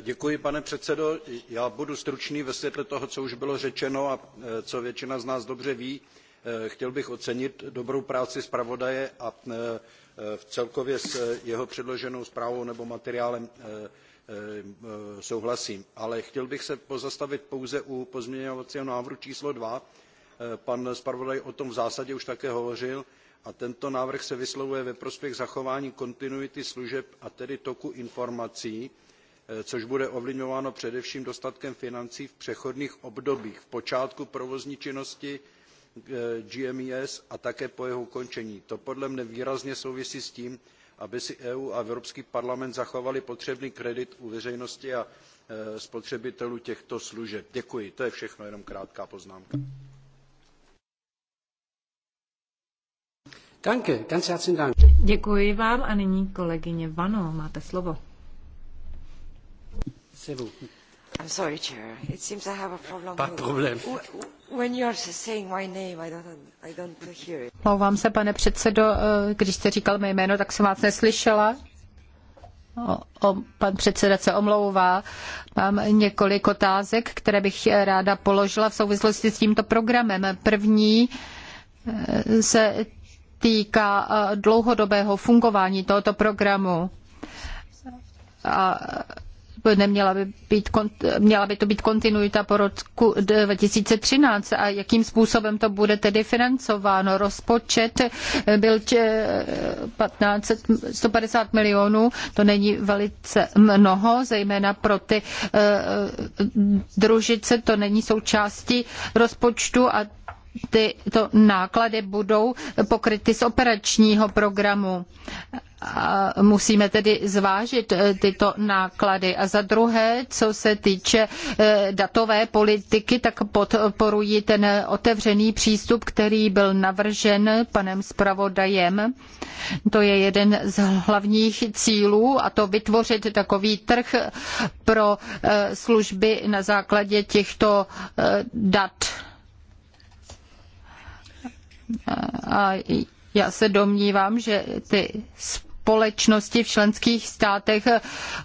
Děkuji, pane předsedo. Já budu stručný ve světle toho, co už bylo řečeno a e, co většina z nás dobře ví. E, chtěl bych ocenit dobrou práci zpravodaje a e, Eh, celkově s eh, jeho předloženou zprávou nebo materiálem eh, souhlasím, ale chtěl bych se pozastavit pouze u pozměňovacího návrhu číslo 2. Pan zpravodaj o tom v zásadě už také hovořil a tento návrh se vyslovuje ve prospěch zachování kontinuity služeb a tedy toku informací, což bude ovlivňováno především dostatkem financí v přechodných obdobích v počátku provozní činnosti GMES a také po jeho ukončení. To podle mne výrazně souvisí s tím, aby si EU a Evropský parlament zachovali potřebný kredit u veřejnosti a e, spotřebitelů těchto služeb. Děkuji, to je všechno, jenom krátká poznámka. Danke, ganz herzlichen Dank. Děkuji vám a nyní kolegyně Vano, máte slovo. Sebu. Omlouvám se, pane předsedo, eh, když jste říkal mé jméno, tak jsem vás neslyšela. O, o, pan předseda se omlouvá. Mám několik otázek, které bych ráda položila v souvislosti s tímto programem. První eh, se týká eh, dlouhodobého fungování tohoto programu. A neměla by, být, měla by to být kontinuita po roku 2013 a jakým způsobem to bude tedy financováno. Rozpočet byl 15, 150 milionů, to není velice mnoho, zejména pro ty eh, družice, to není součástí rozpočtu a tyto náklady budou pokryty z operačního programu. A musíme tedy zvážit eh, tyto náklady. A za druhé, co se týče eh, datové politiky, tak podporuji ten otevřený přístup, který byl navržen panem zpravodajem. To je jeden z hlavních cílů a to vytvořit takový trh pro eh, služby na základě těchto dat a já se domnívám, že ty společnosti v členských státech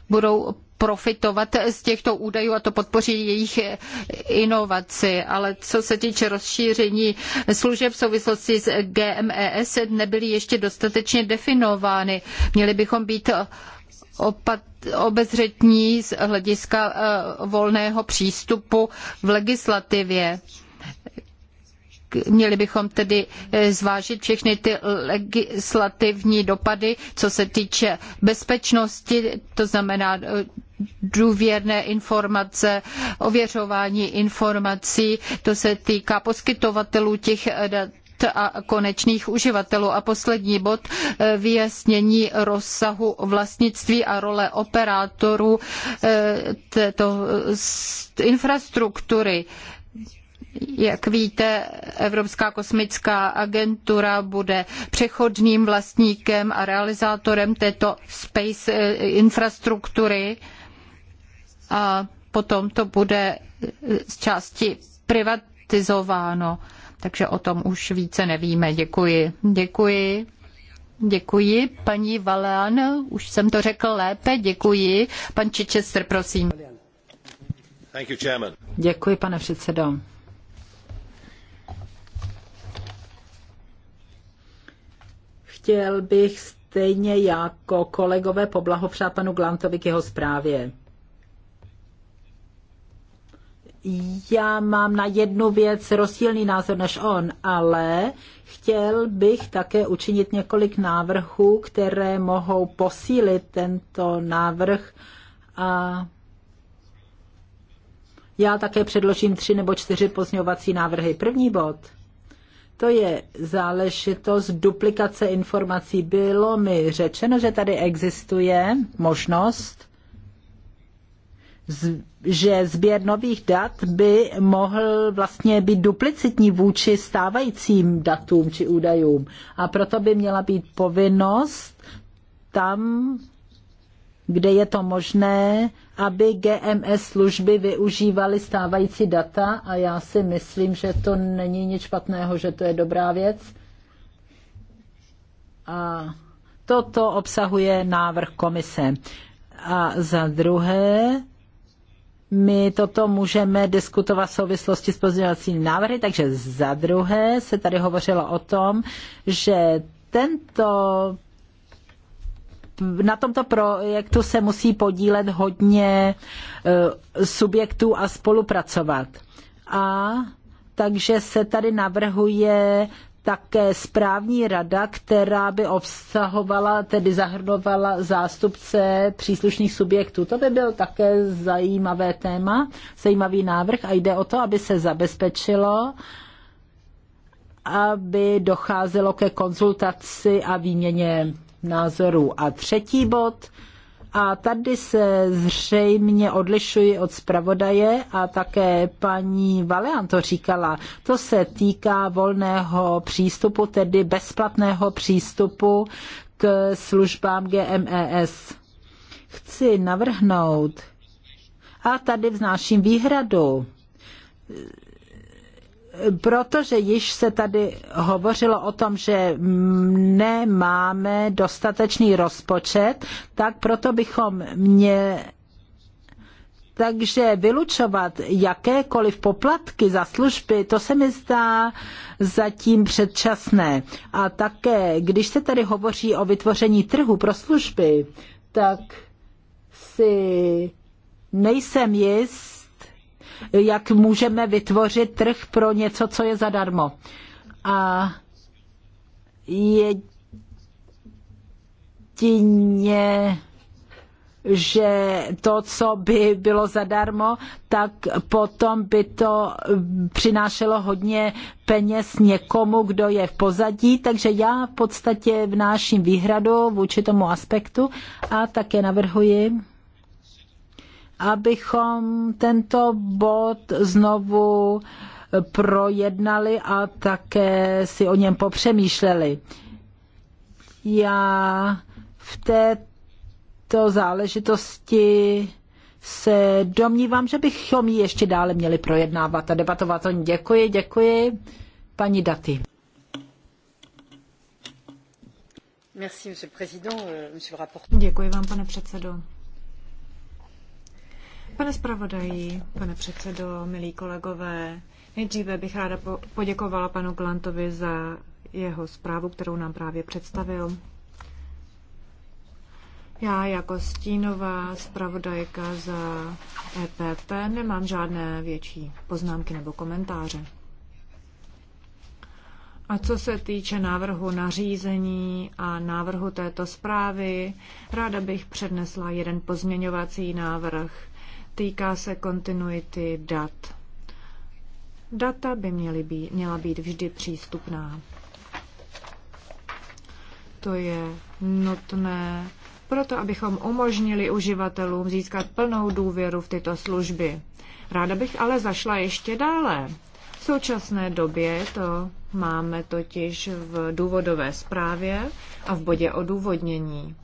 budou profitovat z těchto údajů a to podpoří jejich inovaci. Ale co se týče rozšíření služeb v souvislosti s GMES, nebyly ještě dostatečně definovány. Měli bychom být opat, obezřetní z hlediska eh, volného přístupu v legislativě měli bychom tedy eh, zvážit všechny ty legislativní dopady, co se týče bezpečnosti, to znamená eh, důvěrné informace, ověřování informací, to se týká poskytovatelů těch eh, dat a konečných uživatelů. A poslední bod vyjasnění rozsahu vlastnictví a role operátorů této infrastruktury. Jak víte, Evropská kosmická agentura bude přechodným vlastníkem a realizátorem této space eh, infrastruktury a potom to bude eh, z části privatizováno. Takže o tom už více nevíme. Děkuji. Děkuji. Děkuji, paní Valean, už jsem to řekl lépe, děkuji. Pan Chichester, prosím. Děkuji, pane předsedo. chtěl bych stejně jako kolegové poblahopřát panu Glantovi k jeho zprávě. Já mám na jednu věc rozdílný názor než on, ale chtěl bych také učinit několik návrhů, které mohou posílit tento návrh a já také předložím tři nebo čtyři pozňovací návrhy. První bod – to je záležitost duplikace informací. Bylo mi řečeno, že tady existuje možnost, že sběr nových dat by mohl vlastně být duplicitní vůči stávajícím datům či údajům. A proto by měla být povinnost tam kde je to možné, aby GMS služby využívaly stávající data a já si myslím, že to není nic špatného, že to je dobrá věc. A toto obsahuje návrh komise. A za druhé, my toto můžeme diskutovat v souvislosti s pozdělacími návrhy, takže za druhé se tady hovořilo o tom, že tento na tomto projektu se musí podílet hodně e, subjektů a spolupracovat. A takže se tady navrhuje také správní rada, která by obsahovala, tedy zahrnovala zástupce příslušných subjektů. To by byl také zajímavé téma, zajímavý návrh a jde o to, aby se zabezpečilo, aby docházelo ke konzultaci a výměně názorů. A třetí bod, a tady se zřejmě odlišuji od zpravodaje a také paní Valean to říkala. To se týká volného přístupu, tedy bezplatného přístupu k službám GMES. Chci navrhnout, a tady vznáším výhradu, protože již se tady hovořilo o tom, že nemáme dostatečný rozpočet, tak proto bychom mě takže vylučovat jakékoliv poplatky za služby, to se mi zdá zatím předčasné. A také, když se tady hovoří o vytvoření trhu pro služby, tak si nejsem jist, jak můžeme vytvořit trh pro něco, co je zadarmo. A jedině že to, co by bylo zadarmo, tak potom by to přinášelo hodně peněz někomu, kdo je v pozadí, takže já v podstatě vnáším výhradu vůči tomu aspektu a také navrhuji, abychom tento bod znovu projednali a také si o něm popřemýšleli. Já v této záležitosti se domnívám, že bychom ji ještě dále měli projednávat a debatovat o ní. Děkuji, děkuji. Paní Daty. Euh, děkuji vám, pane předsedo. Pane zpravodaji, pane předsedo, milí kolegové, nejdříve bych ráda poděkovala panu Glantovi za jeho zprávu, kterou nám právě představil. Já jako stínová zpravodajka za EPP nemám žádné větší poznámky nebo komentáře. A co se týče návrhu nařízení a návrhu této zprávy, ráda bych přednesla jeden pozměňovací návrh. Týká se kontinuity dat. Data by měly být, měla být vždy přístupná. To je nutné proto, abychom umožnili uživatelům získat plnou důvěru v tyto služby. Ráda bych ale zašla ještě dále. V současné době to máme totiž v důvodové zprávě a v bodě odůvodnění.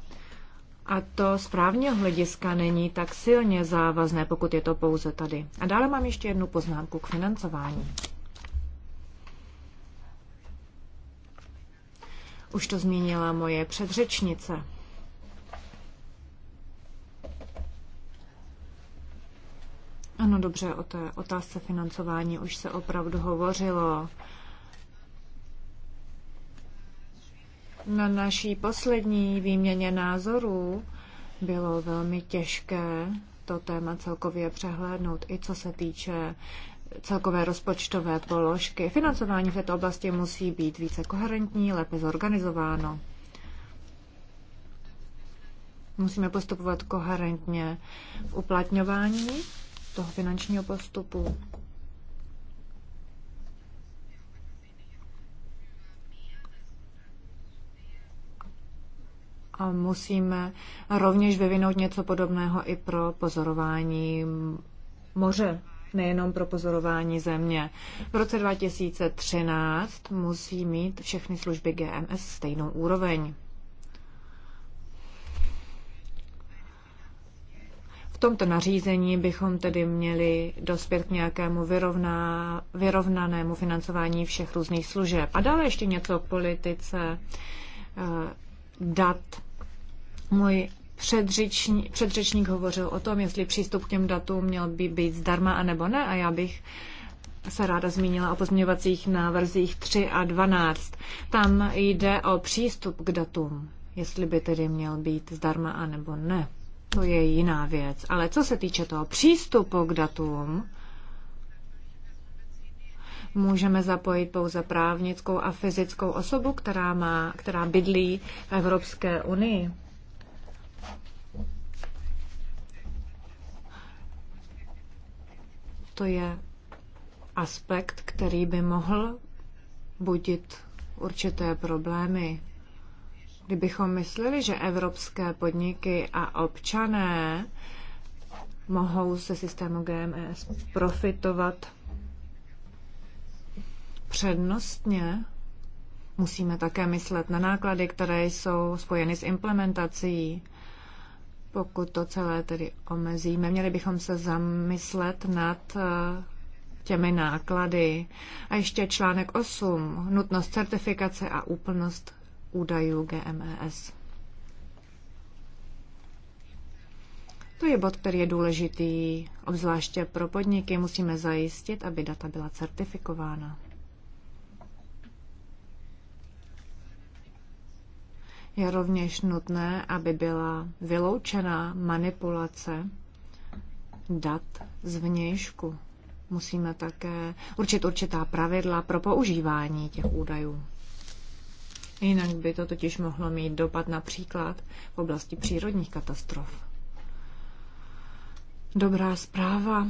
A to z právního hlediska není tak silně závazné, pokud je to pouze tady. A dále mám ještě jednu poznámku k financování. Už to zmínila moje předřečnice. Ano, dobře, o té otázce financování už se opravdu hovořilo. Na naší poslední výměně názorů bylo velmi těžké to téma celkově přehlédnout, i co se týče celkové rozpočtové položky. Financování v této oblasti musí být více koherentní, lépe zorganizováno. Musíme postupovat koherentně v uplatňování toho finančního postupu a musíme rovněž vyvinout něco podobného i pro pozorování moře, nejenom pro pozorování země. V roce 2013 musí mít všechny služby GMS stejnou úroveň. V tomto nařízení bychom tedy měli dospět k nějakému vyrovná, vyrovnanému financování všech různých služeb. A dále ještě něco o politice dat. Můj předřečník, předřečník hovořil o tom, jestli přístup k těm datům měl by být zdarma a nebo ne a já bych se ráda zmínila o pozměňovacích návrzích 3 a 12. Tam jde o přístup k datům, jestli by tedy měl být zdarma a nebo ne. To je jiná věc. Ale co se týče toho přístupu k datům, můžeme zapojit pouze právnickou a fyzickou osobu, která, má, která bydlí v Evropské unii. To je aspekt, který by mohl budit určité problémy. Kdybychom mysleli, že evropské podniky a občané mohou se systému GMS profitovat přednostně, musíme také myslet na náklady, které jsou spojeny s implementací. Pokud to celé tedy omezíme, měli bychom se zamyslet nad eh, těmi náklady. A ještě článek 8. Nutnost certifikace a úplnost údajů GMES. To je bod, který je důležitý, obzvláště pro podniky. Musíme zajistit, aby data byla certifikována. Je rovněž nutné, aby byla vyloučena manipulace dat z vnějšku. Musíme také určit určitá pravidla pro používání těch údajů. Jinak by to totiž mohlo mít dopad například v oblasti přírodních katastrof. Dobrá zpráva,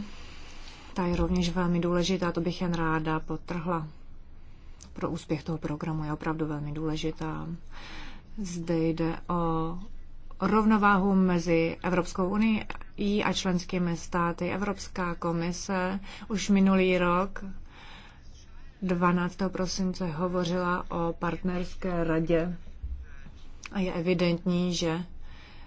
ta je rovněž velmi důležitá, to bych jen ráda potrhla. Pro úspěch toho programu je opravdu velmi důležitá. Zde jde o rovnováhu mezi Evropskou unii a členskými státy. Evropská komise už minulý rok 12. prosince hovořila o partnerské radě a je evidentní, že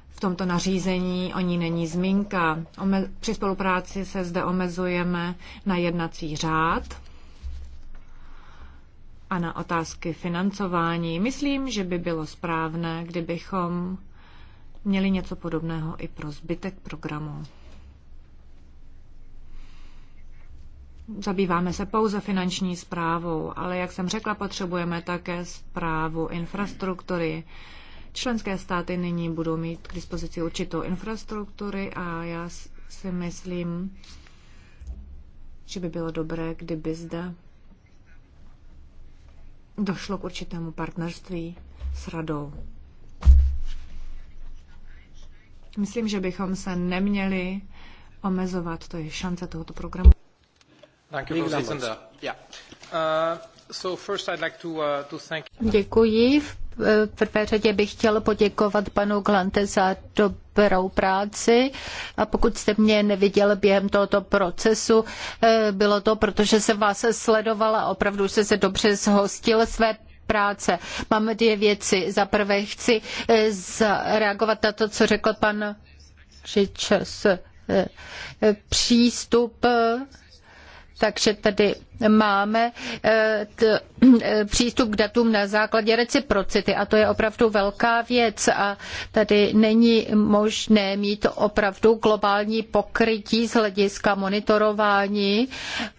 v tomto nařízení o ní není zmínka. Ome- při spolupráci se zde omezujeme na jednací řád a na otázky financování. Myslím, že by bylo správné, kdybychom měli něco podobného i pro zbytek programu. Zabýváme se pouze finanční zprávou, ale jak jsem řekla, potřebujeme také zprávu infrastruktury. Členské státy nyní budou mít k dispozici určitou infrastruktury a já si myslím, že by bylo dobré, kdyby zde došlo k určitému partnerství s radou. Myslím, že bychom se neměli omezovat, to je šance tohoto programu. Uh, uh, Děkuji. V v prvé řadě bych chtěl poděkovat panu Glante za dobrou práci a pokud jste mě neviděl během tohoto procesu, eh, bylo to, protože jsem vás sledovala, opravdu jste se dobře zhostil své práce. Mám dvě věci. Za prvé chci eh, reagovat na to, co řekl pan Žičas. Eh, přístup, takže tady máme eh, eh, přístup k datům na základě reciprocity a to je opravdu velká věc a tady není možné mít opravdu globální pokrytí z hlediska monitorování,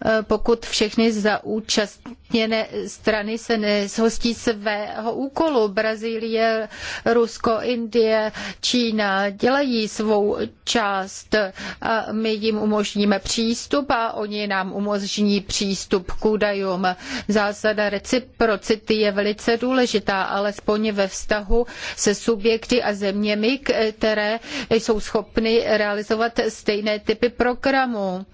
eh, pokud všechny zaúčastněné strany se nezhostí svého úkolu. Brazílie, Rusko, Indie, Čína dělají svou část a my jim umožníme přístup a oni nám umožní přístup přístup k údajům. Zásada reciprocity je velice důležitá, alespoň ve vztahu se subjekty a zeměmi, které jsou schopny realizovat stejné typy programů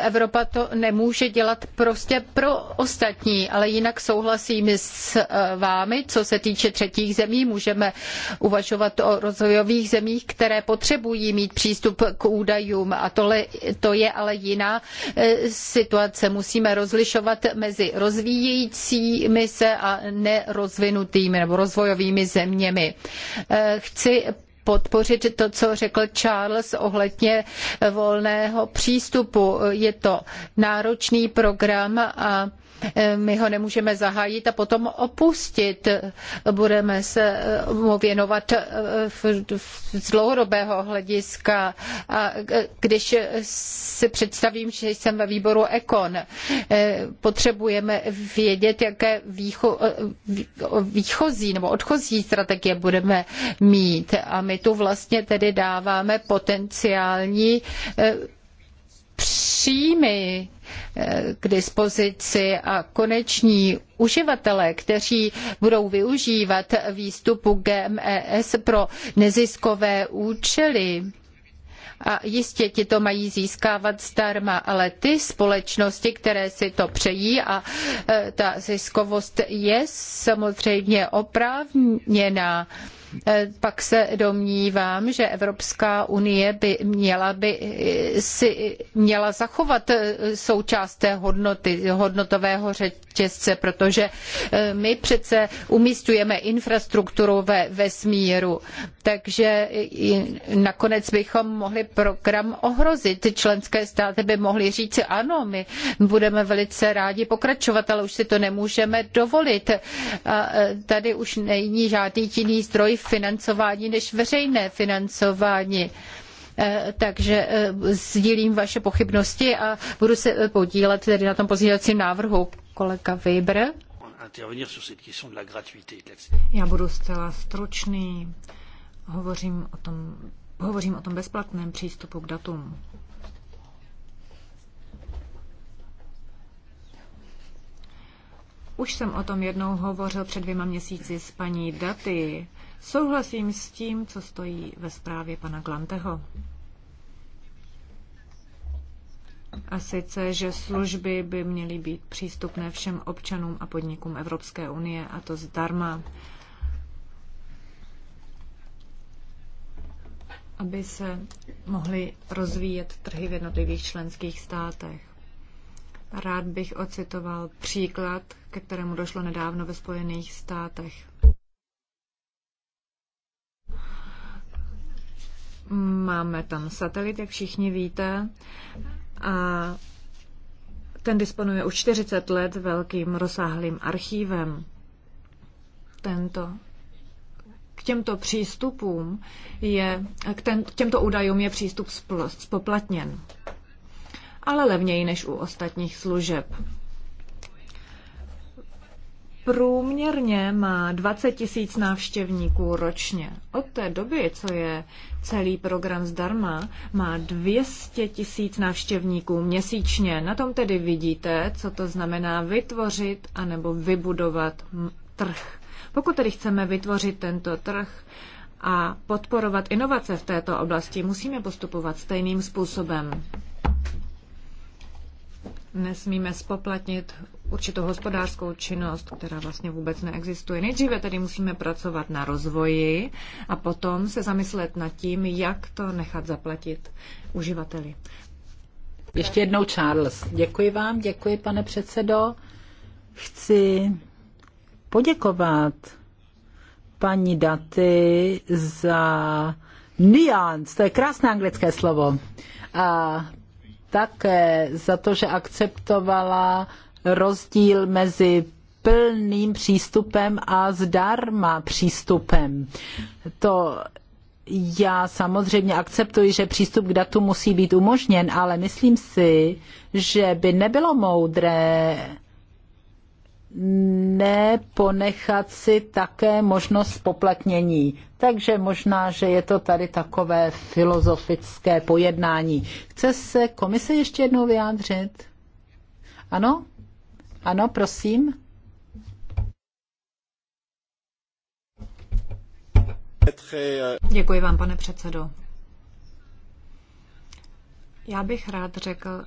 Evropa to nemůže dělat prostě pro ostatní, ale jinak souhlasím s eh, vámi, co se týče třetích zemí, můžeme uvažovat o rozvojových zemích, které potřebují mít přístup k údajům a tohle, to je ale jiná eh, situace. Musíme rozlišovat mezi rozvíjejícími se a nerozvinutými nebo rozvojovými zeměmi. Eh, chci podpořit to, co řekl Charles ohledně volného přístupu. Je to náročný program a Eh, my ho nemůžeme zahájit a potom opustit. Budeme se eh, mu věnovat eh, z dlouhodobého hlediska. A když si představím, že jsem ve výboru Ekon, potřebujeme vědět, jaké výcho, výchozí nebo odchozí strategie budeme mít. A my tu vlastně tedy dáváme potenciální příjmy eh, k dispozici a koneční uživatelé, kteří budou využívat výstupu GMES pro neziskové účely, a jistě ti to mají získávat zdarma, ale ty společnosti, které si to přejí a eh, ta ziskovost je samozřejmě oprávněná, Eh, pak se domnívám, že Evropská unie by měla, by eh, si měla zachovat eh, součást té hodnoty, hodnotového řetězce, protože my přece umístujeme infrastrukturu ve vesmíru, takže nakonec bychom mohli program ohrozit. Členské státy by mohly říci, ano, my budeme velice rádi pokračovat, ale už si to nemůžeme dovolit. A tady už není žádný jiný zdroj financování než veřejné financování. Eh, takže eh, sdílím vaše pochybnosti a budu se eh, podílet tedy na tom pozdělacím návrhu. Kolega Weber. Já budu zcela stručný. Hovořím o tom, hovořím o tom bezplatném přístupu k datům. Už jsem o tom jednou hovořil před dvěma měsíci s paní Daty. Souhlasím s tím, co stojí ve zprávě pana Glanteho. A sice, že služby by měly být přístupné všem občanům a podnikům Evropské unie, a to zdarma. aby se mohly rozvíjet trhy v jednotlivých členských státech. Rád bych ocitoval příklad, ke kterému došlo nedávno ve Spojených státech. Máme tam satelit, jak všichni víte, a ten disponuje už 40 let velkým rozsáhlým archívem. Tento k těmto přístupům je, k, ten, k těmto údajům je přístup spoplatněn, ale levněji než u ostatních služeb průměrně má 20 tisíc návštěvníků ročně. Od té doby, co je celý program zdarma, má 200 tisíc návštěvníků měsíčně. Na tom tedy vidíte, co to znamená vytvořit anebo vybudovat trh. Pokud tedy chceme vytvořit tento trh a podporovat inovace v této oblasti, musíme postupovat stejným způsobem. Nesmíme spoplatnit určitou hospodářskou činnost, která vlastně vůbec neexistuje. Nejdříve tedy musíme pracovat na rozvoji a potom se zamyslet nad tím, jak to nechat zaplatit uživateli. Ještě jednou Charles. Děkuji vám, děkuji pane předsedo. Chci poděkovat paní Daty za nuance, to je krásné anglické slovo. A také za to, že akceptovala rozdíl mezi plným přístupem a zdarma přístupem. To já samozřejmě akceptuji, že přístup k datu musí být umožněn, ale myslím si, že by nebylo moudré neponechat si také možnost poplatnění. Takže možná, že je to tady takové filozofické pojednání. Chce se komise ještě jednou vyjádřit? Ano? Ano, prosím. Děkuji vám, pane předsedo. Já bych rád řekl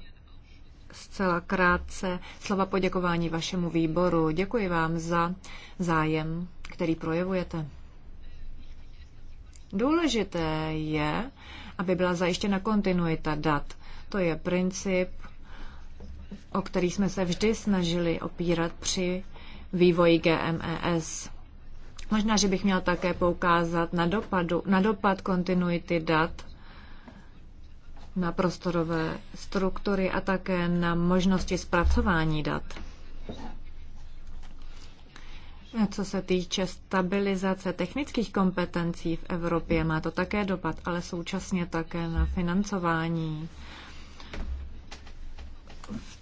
zcela krátce slova poděkování vašemu výboru. Děkuji vám za zájem, který projevujete. Důležité je, aby byla zajištěna kontinuita dat. To je princip, o který jsme se vždy snažili opírat při vývoji GMES. Možná, že bych měl také poukázat na, dopadu, na dopad kontinuity dat na prostorové struktury a také na možnosti zpracování dat. Co se týče stabilizace technických kompetencí v Evropě, má to také dopad, ale současně také na financování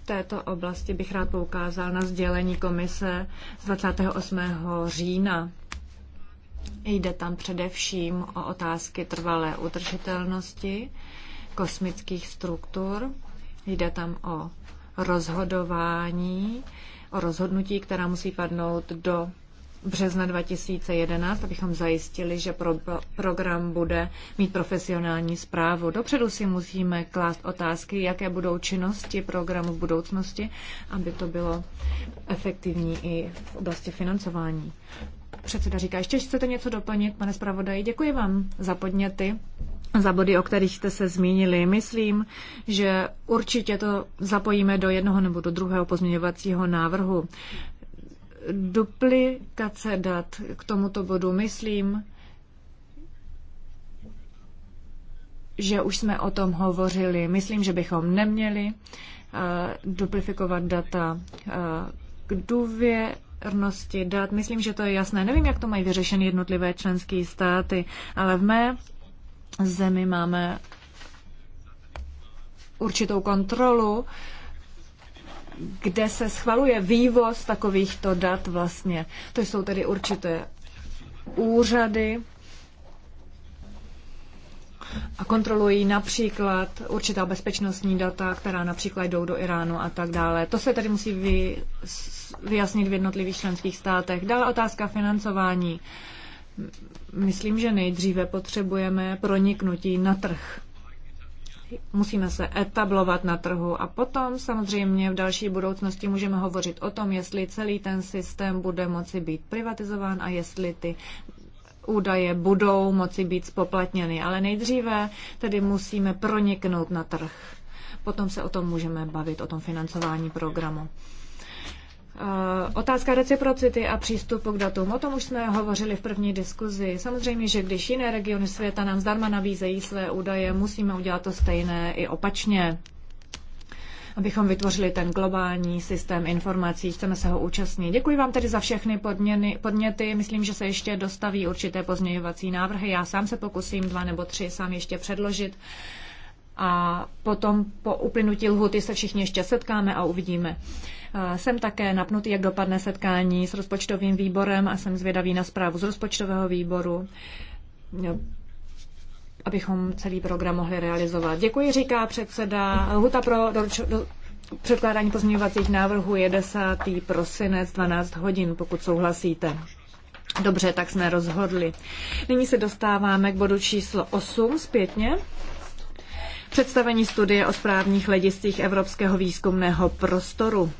této oblasti bych rád poukázal na sdělení komise z 28. října. Jde tam především o otázky trvalé udržitelnosti kosmických struktur. Jde tam o rozhodování, o rozhodnutí, která musí padnout do března 2011, abychom zajistili, že pro, program bude mít profesionální zprávu. Dopředu si musíme klást otázky, jaké budou činnosti programu v budoucnosti, aby to bylo efektivní i v oblasti financování. Předseda říká, ještě chcete něco doplnit, pane zpravodaji? Děkuji vám za podněty za body, o kterých jste se zmínili. Myslím, že určitě to zapojíme do jednoho nebo do druhého pozměňovacího návrhu duplikace dat k tomuto bodu. Myslím, že už jsme o tom hovořili. Myslím, že bychom neměli eh, duplifikovat data eh, k důvěrnosti dat. Myslím, že to je jasné. Nevím, jak to mají vyřešené jednotlivé členské státy, ale v mé zemi máme určitou kontrolu kde se schvaluje vývoz takovýchto dat vlastně. To jsou tedy určité úřady a kontrolují například určitá bezpečnostní data, která například jdou do Iránu a tak dále. To se tedy musí vy, vyjasnit v jednotlivých členských státech. Dále otázka financování. Myslím, že nejdříve potřebujeme proniknutí na trh musíme se etablovat na trhu a potom samozřejmě v další budoucnosti můžeme hovořit o tom, jestli celý ten systém bude moci být privatizován a jestli ty údaje budou moci být spoplatněny. Ale nejdříve tedy musíme proniknout na trh. Potom se o tom můžeme bavit, o tom financování programu. Eh, otázka reciprocity a přístupu k datům, o tom už jsme hovořili v první diskuzi. Samozřejmě, že když jiné regiony světa nám zdarma nabízejí své údaje, musíme udělat to stejné i opačně abychom vytvořili ten globální systém informací. Chceme se ho účastnit. Děkuji vám tedy za všechny podměny, podněty. Myslím, že se ještě dostaví určité pozměňovací návrhy. Já sám se pokusím dva nebo tři sám ještě předložit. A potom po uplynutí lhuty se všichni ještě setkáme a uvidíme. Jsem také napnutý, jak dopadne setkání s rozpočtovým výborem a jsem zvědavý na zprávu z rozpočtového výboru abychom celý program mohli realizovat. Děkuji, říká předseda. Huta pro doruč- do, předkládání pozměňovacích návrhů je 10. prosinec 12 hodin, pokud souhlasíte. Dobře, tak jsme rozhodli. Nyní se dostáváme k bodu číslo 8 zpětně. Představení studie o správních hlediscích Evropského výzkumného prostoru.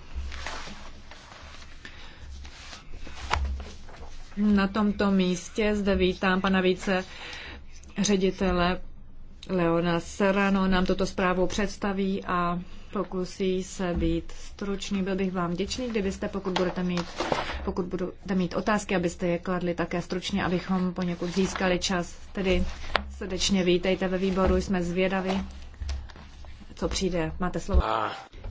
Na tomto místě zde vítám pana více ředitele Leona Serrano nám toto zprávu představí a pokusí se být stručný. Byl bych vám vděčný, kdybyste, pokud budete mít, pokud budete mít otázky, abyste je kladli také stručně, abychom poněkud získali čas. Tedy srdečně vítejte ve výboru, jsme zvědaví, co přijde. Máte slovo.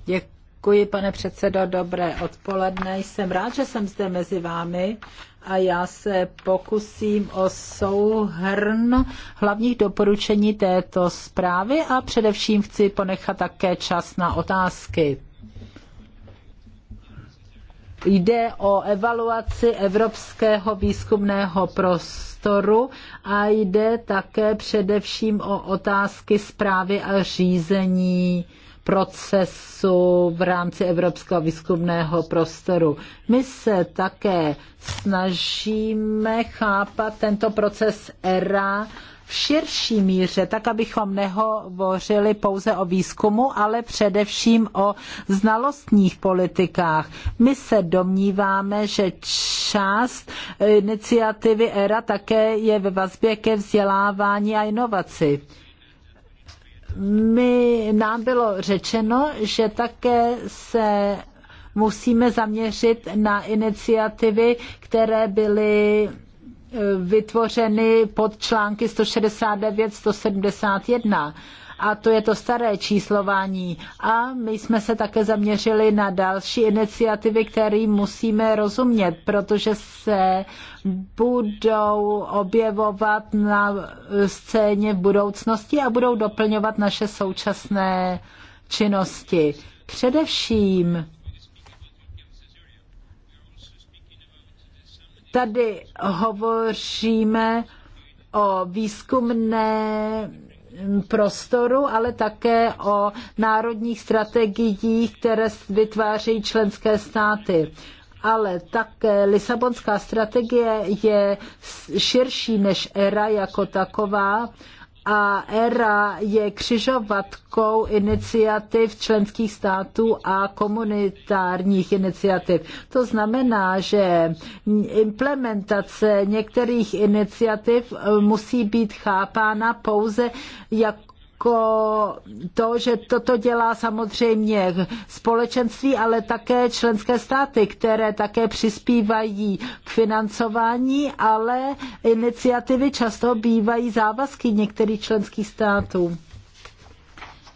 Děkuji, pane předsedo, dobré odpoledne. Jsem rád, že jsem zde mezi vámi a já se pokusím o souhrn hlavních doporučení této zprávy a především chci ponechat také čas na otázky. Jde o evaluaci evropského výzkumného prostoru a jde také především o otázky zprávy a řízení procesu v rámci Evropského výzkumného prostoru. My se také snažíme chápat tento proces ERA v širší míře, tak abychom nehovořili pouze o výzkumu, ale především o znalostních politikách. My se domníváme, že část iniciativy ERA také je ve vazbě ke vzdělávání a inovaci my, nám bylo řečeno, že také se musíme zaměřit na iniciativy, které byly e, vytvořeny pod články 169-171 a to je to staré číslování. A my jsme se také zaměřili na další iniciativy, které musíme rozumět, protože se budou objevovat na scéně v budoucnosti a budou doplňovat naše současné činnosti. Především tady hovoříme o výzkumné prostoru, ale také o národních strategiích, které vytvářejí členské státy. Ale také Lisabonská strategie je širší než era jako taková a ERA je křižovatkou iniciativ členských států a komunitárních iniciativ. To znamená, že implementace některých iniciativ eh, musí být chápána pouze jako jako to, že toto dělá samozřejmě společenství, ale také členské státy, které také přispívají k financování, ale iniciativy často bývají závazky některých členských států.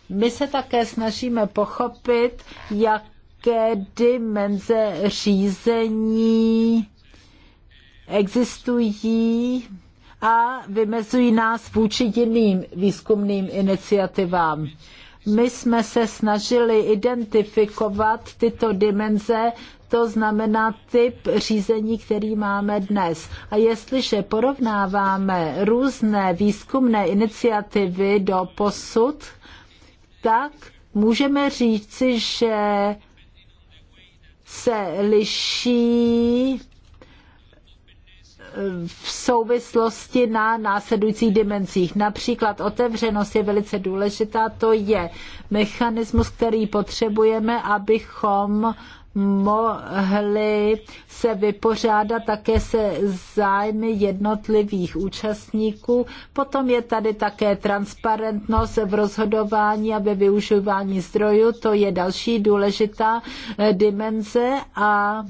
My se také snažíme pochopit, jaké dimenze řízení existují a vymezují nás vůči jiným výzkumným iniciativám. My jsme se snažili identifikovat tyto dimenze, to znamená typ řízení, který máme dnes. A jestliže porovnáváme různé výzkumné iniciativy do posud, tak můžeme říci, že se liší v souvislosti na následujících dimenzích. Například otevřenost je velice důležitá, to je mechanismus, který potřebujeme, abychom mohli se vypořádat také se zájmy jednotlivých účastníků. Potom je tady také transparentnost v rozhodování a ve využívání zdrojů, to je další důležitá dimenze a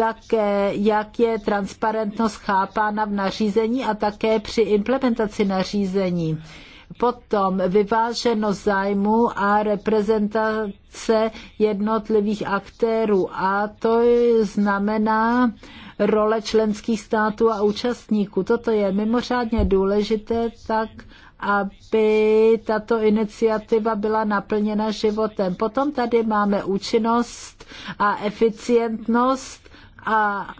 také, jak je transparentnost chápána v nařízení a také při implementaci nařízení potom vyváženost zájmu a reprezentace jednotlivých aktérů. A to znamená role členských států a účastníků. Toto je mimořádně důležité, tak aby tato iniciativa byla naplněna životem. Potom tady máme účinnost a eficientnost a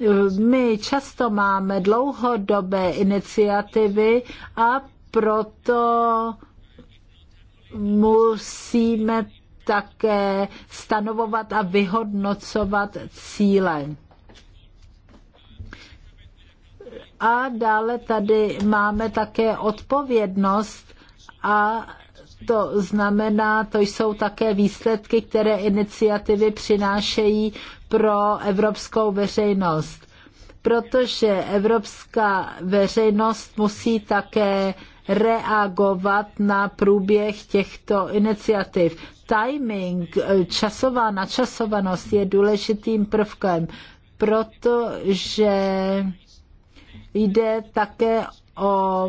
eh, my často máme dlouhodobé iniciativy a proto musíme také stanovovat a vyhodnocovat cíle. A dále tady máme také odpovědnost a to znamená, to jsou také výsledky, které iniciativy přinášejí pro evropskou veřejnost, protože evropská veřejnost musí také reagovat na průběh těchto iniciativ. Timing, eh, časová načasovanost je důležitým prvkem, protože jde také o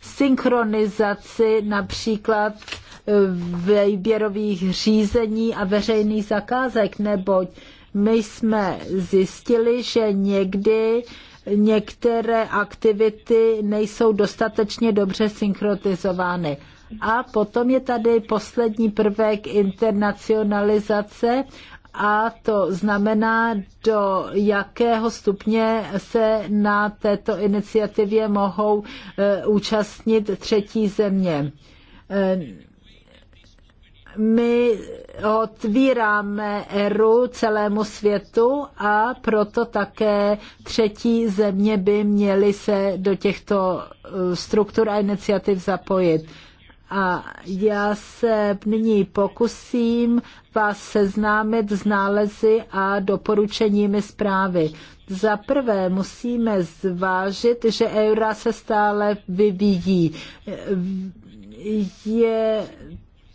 synchronizaci například eh, výběrových řízení a veřejných zakázek, neboť my jsme zjistili, že někdy některé aktivity nejsou dostatečně dobře synchronizovány. A potom je tady poslední prvek internacionalizace a to znamená, do jakého stupně se na této iniciativě mohou e, účastnit třetí země. E, my otvíráme eru celému světu a proto také třetí země by měly se do těchto eh, struktur a iniciativ zapojit. A já se nyní pokusím vás seznámit s nálezy a doporučeními zprávy. Za prvé musíme zvážit, že eura se stále vyvíjí. Eh, je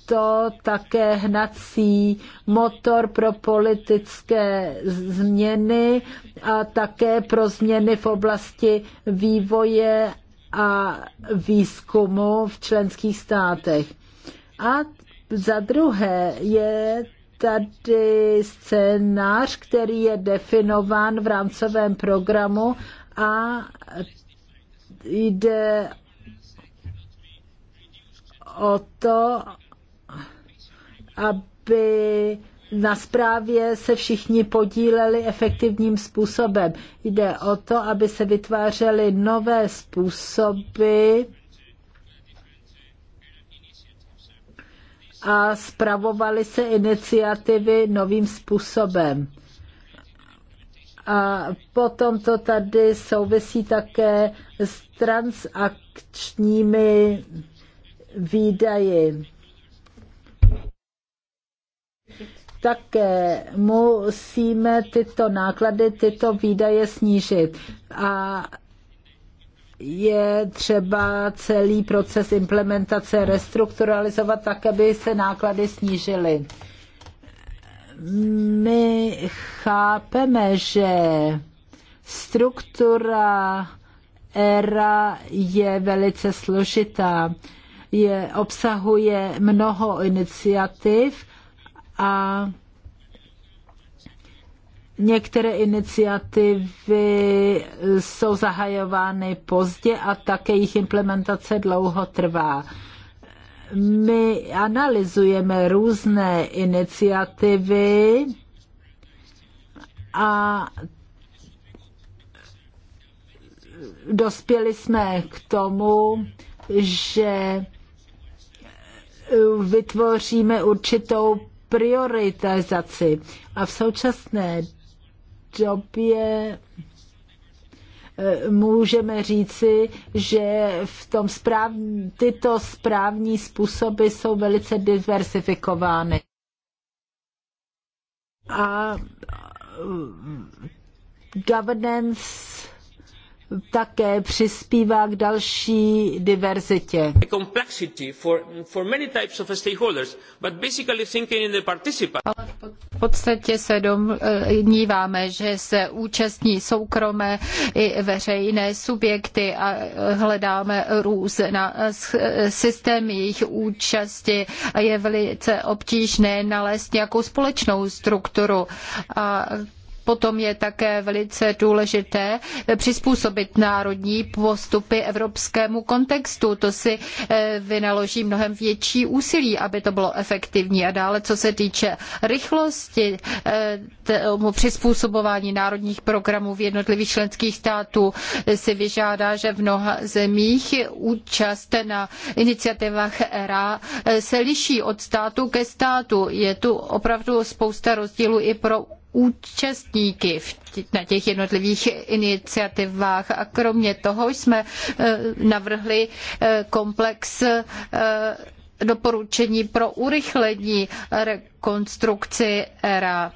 to také hnací motor pro politické změny a také pro změny v oblasti vývoje a výzkumu v členských státech. A za druhé je tady scénář, který je definován v rámcovém programu a jde o to, aby na zprávě se všichni podíleli efektivním způsobem. Jde o to, aby se vytvářely nové způsoby a zpravovaly se iniciativy novým způsobem. A potom to tady souvisí také s transakčními výdaji také musíme tyto náklady, tyto výdaje snížit. A je třeba celý proces implementace restrukturalizovat tak, aby se náklady snížily. My chápeme, že struktura ERA je velice složitá. Je, obsahuje mnoho iniciativ, a Některé iniciativy jsou zahajovány pozdě a také jejich implementace dlouho trvá. My analyzujeme různé iniciativy a dospěli jsme k tomu, že vytvoříme určitou prioritizaci. A v současné době eh, můžeme říci, že v tom správ, tyto správní způsoby jsou velice diversifikovány. A eh, governance také přispívá k další diverzitě. Ale v podstatě se domníváme, že se účastní soukromé i veřejné subjekty a hledáme různé systémy jejich účasti a je velice obtížné nalézt nějakou společnou strukturu. A Potom je také velice důležité přizpůsobit národní postupy evropskému kontextu. To si eh, vynaloží mnohem větší úsilí, aby to bylo efektivní. A dále, co se týče rychlosti eh, tomu přizpůsobování národních programů v jednotlivých členských států, eh, si vyžádá, že v mnoha zemích účast na iniciativách ERA se liší od státu ke státu. Je tu opravdu spousta rozdílů i pro účastníky na těch jednotlivých iniciativách. A kromě toho jsme eh, navrhli eh, komplex eh, doporučení pro urychlení rekonstrukci ERA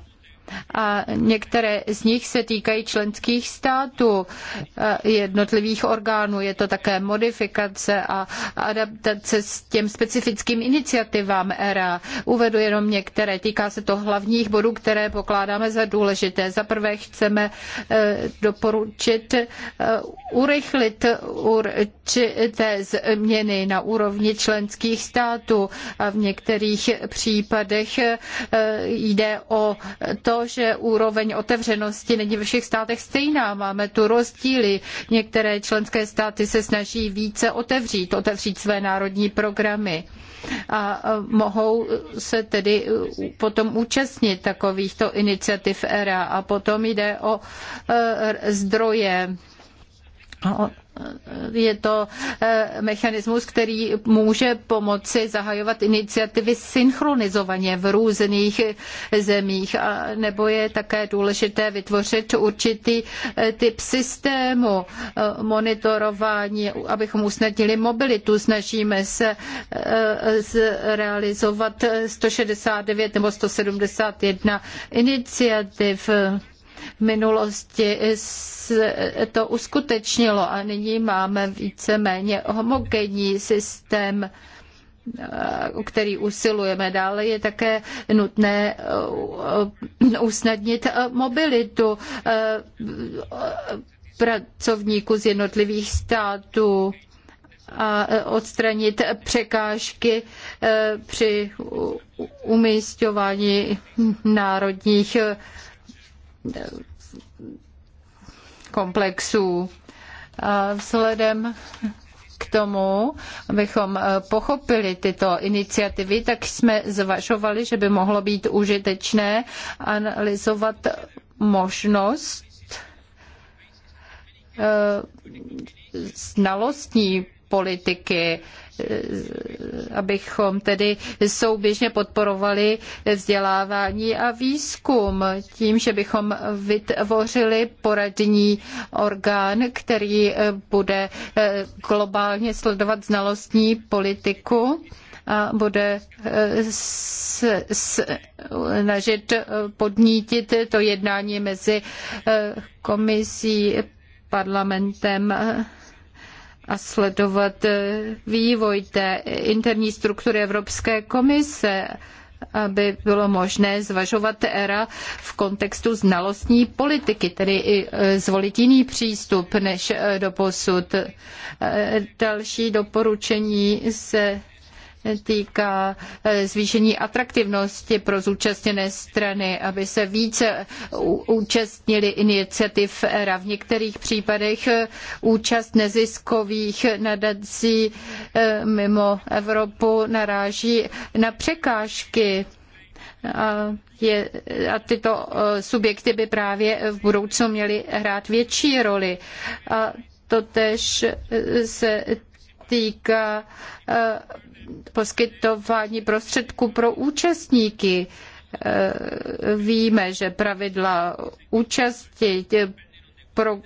a některé z nich se týkají členských států eh, jednotlivých orgánů. Je to také modifikace a adaptace s těm specifickým iniciativám ERA. Uvedu jenom některé. Týká se to hlavních bodů, které pokládáme za důležité. Za prvé chceme eh, doporučit eh, urychlit určité změny na úrovni členských států a v některých případech jde o to, že úroveň otevřenosti není ve všech státech stejná. Máme tu rozdíly. Některé členské státy se snaží více otevřít, otevřít své národní programy a mohou se tedy potom účastnit takovýchto iniciativ ERA. A potom jde o e, zdroje je to e, mechanismus, který může pomoci zahajovat iniciativy synchronizovaně v různých zemích, a nebo je také důležité vytvořit určitý e, typ systému e, monitorování, abychom usnadnili mobilitu. Snažíme se realizovat 169 nebo 171 iniciativ v minulosti to uskutečnilo a nyní máme víceméně homogenní systém o eh, který usilujeme. Dále je také nutné eh, usnadnit eh, mobilitu pracovníků z jednotlivých států a odstranit překážky při umístování národních komplexů. vzhledem k tomu, abychom e, pochopili tyto iniciativy, tak jsme zvažovali, že by mohlo být užitečné analyzovat možnost e, znalostní politiky abychom tedy souběžně podporovali vzdělávání a výzkum tím, že bychom vytvořili poradní orgán, který bude eh, globálně sledovat znalostní politiku a bude eh, snažit eh, podnítit to jednání mezi komisí, parlamentem a sledovat eh, vývoj té interní struktury Evropské komise, aby bylo možné zvažovat ERA v kontextu znalostní politiky, tedy i eh, zvolit jiný přístup než eh, doposud. Další doporučení se týká eh, zvýšení atraktivnosti pro zúčastněné strany, aby se více účastnili iniciativ ERA. V některých případech eh, účast neziskových nadací eh, mimo Evropu naráží na překážky. A, je, a tyto subjekty by právě v budoucnu měly hrát větší roli. A totež se týká eh, poskytování prostředků pro účastníky. Eh, víme, že pravidla účasti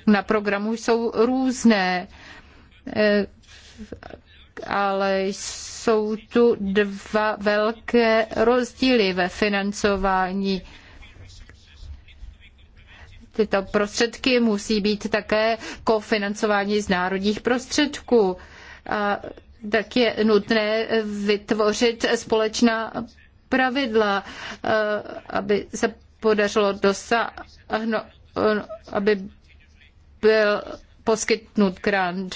na programu jsou různé, eh, ale jsou tu dva velké rozdíly ve financování tyto prostředky musí být také kofinancovány z národních prostředků. A tak je nutné vytvořit společná pravidla, aby se podařilo dosáhnout, aby byl poskytnut grant.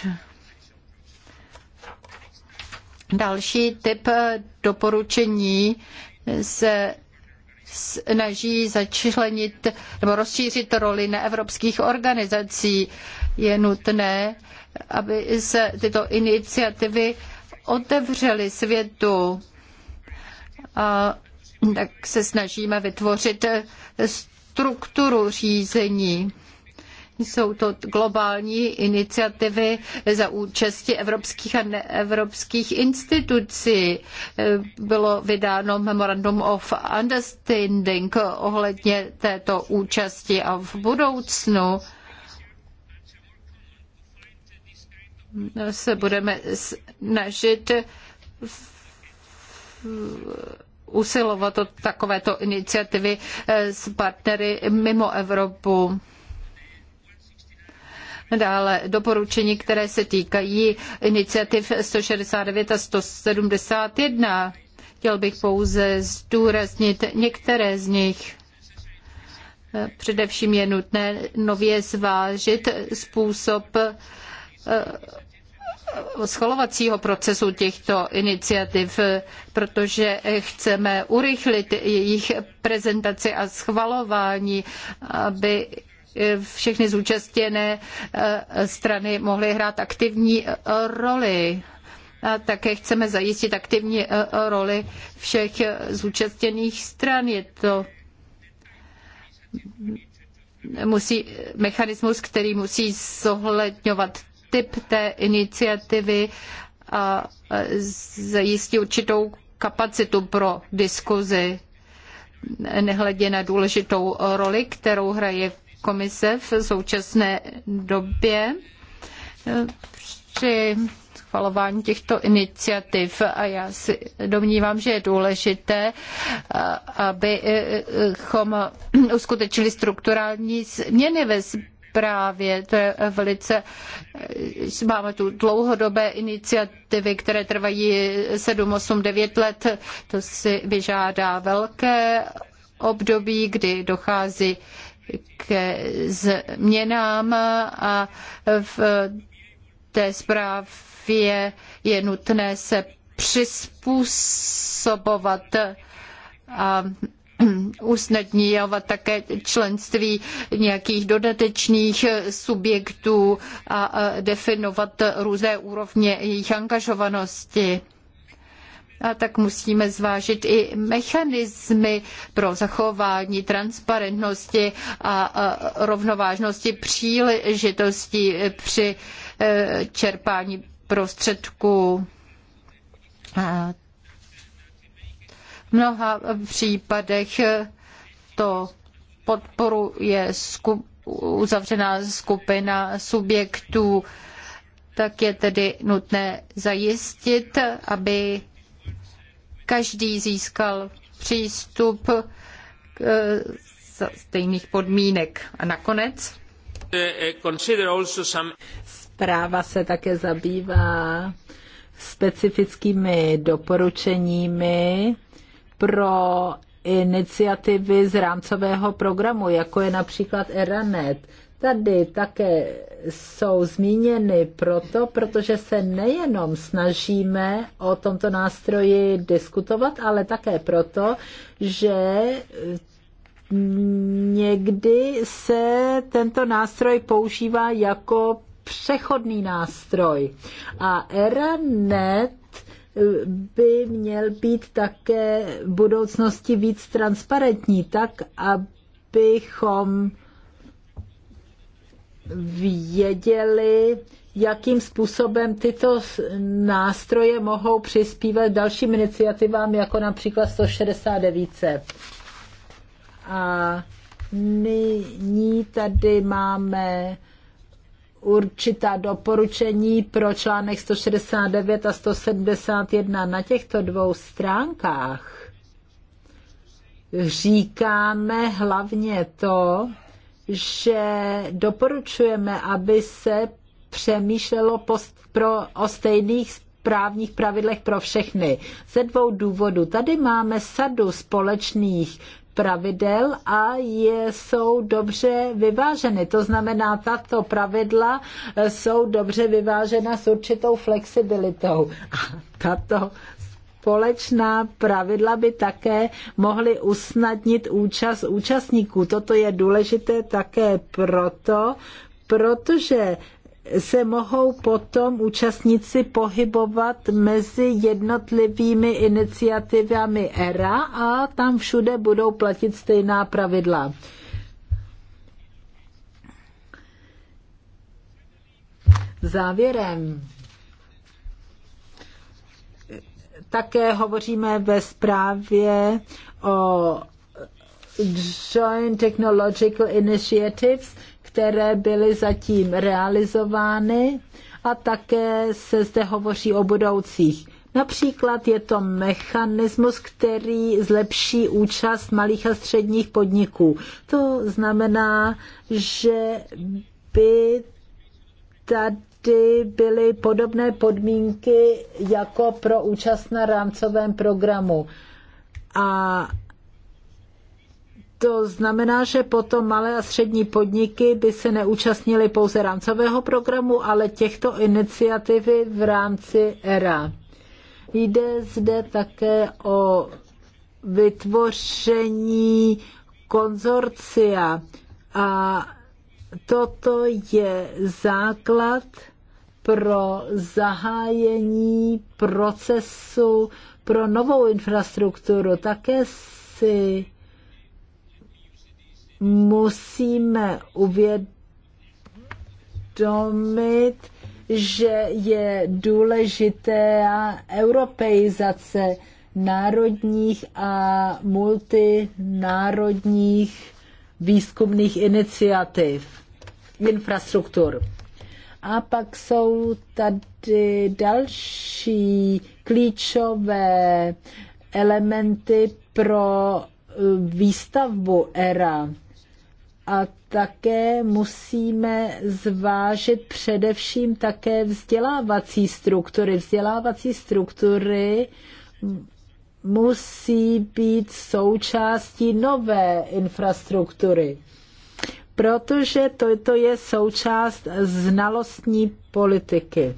Další typ doporučení se snaží začlenit nebo rozšířit roli neevropských organizací. Je nutné aby se tyto iniciativy otevřely světu. A tak se snažíme vytvořit strukturu řízení. Jsou to globální iniciativy za účasti evropských a neevropských institucí. Bylo vydáno Memorandum of Understanding ohledně této účasti a v budoucnu se budeme snažit usilovat o takovéto iniciativy eh, s partnery mimo Evropu. Dále doporučení, které se týkají iniciativ 169 a 171. Chtěl bych pouze zdůraznit některé z nich. Eh, především je nutné nově zvážit způsob eh, schvalovacího procesu těchto iniciativ, protože chceme urychlit jejich prezentaci a schvalování, aby všechny zúčastněné eh, strany mohly hrát aktivní eh, roli. A také chceme zajistit aktivní eh, roli všech zúčastněných stran. Je to musí, mechanismus, který musí zohledňovat typ té iniciativy a zajistí určitou kapacitu pro diskuzi, nehledě na důležitou roli, kterou hraje komise v současné době při schvalování těchto iniciativ a já si domnívám, že je důležité, abychom uskutečnili strukturální změny ve právě. To je velice, máme tu dlouhodobé iniciativy, které trvají 7, 8, 9 let. To si vyžádá velké období, kdy dochází k změnám a v té zprávě je nutné se přizpůsobovat a usnadňovat také členství nějakých dodatečných subjektů a definovat různé úrovně jejich angažovanosti. A tak musíme zvážit i mechanismy pro zachování transparentnosti a rovnovážnosti příležitostí při eh, čerpání prostředků. A v mnoha případech to podporuje skup, uzavřená skupina subjektů, tak je tedy nutné zajistit, aby každý získal přístup k e, stejných podmínek. A nakonec? Zpráva se také zabývá specifickými doporučeními pro iniciativy z rámcového programu, jako je například Eranet. Tady také jsou zmíněny proto, protože se nejenom snažíme o tomto nástroji diskutovat, ale také proto, že někdy se tento nástroj používá jako přechodný nástroj. A Eranet by měl být také v budoucnosti víc transparentní, tak abychom věděli, jakým způsobem tyto nástroje mohou přispívat dalším iniciativám, jako například 169. A nyní tady máme určitá doporučení pro článek 169 a 171 na těchto dvou stránkách říkáme hlavně to, že doporučujeme, aby se přemýšlelo post pro, o stejných právních pravidlech pro všechny. Ze dvou důvodů. Tady máme sadu společných pravidel a je, jsou dobře vyváženy. To znamená, tato pravidla eh, jsou dobře vyvážena s určitou flexibilitou. A tato společná pravidla by také mohly usnadnit účast účastníků. Toto je důležité také proto, protože se mohou potom účastníci pohybovat mezi jednotlivými iniciativami ERA a tam všude budou platit stejná pravidla. Závěrem také hovoříme ve zprávě o Joint Technological Initiatives, které byly zatím realizovány a také se zde hovoří o budoucích. Například je to mechanismus, který zlepší účast malých a středních podniků. To znamená, že by tady byly podobné podmínky jako pro účast na rámcovém programu. A to znamená, že potom malé a střední podniky by se neúčastnily pouze rámcového programu, ale těchto iniciativy v rámci ERA. Jde zde také o vytvoření konzorcia a toto je základ pro zahájení procesu pro novou infrastrukturu. Také si musíme uvědomit, že je důležité europeizace národních a multinárodních výzkumných iniciativ, infrastruktur. A pak jsou tady další klíčové elementy pro eh, výstavbu ERA a také musíme zvážit především také vzdělávací struktury. Vzdělávací struktury musí být součástí nové infrastruktury, protože toto je součást znalostní politiky.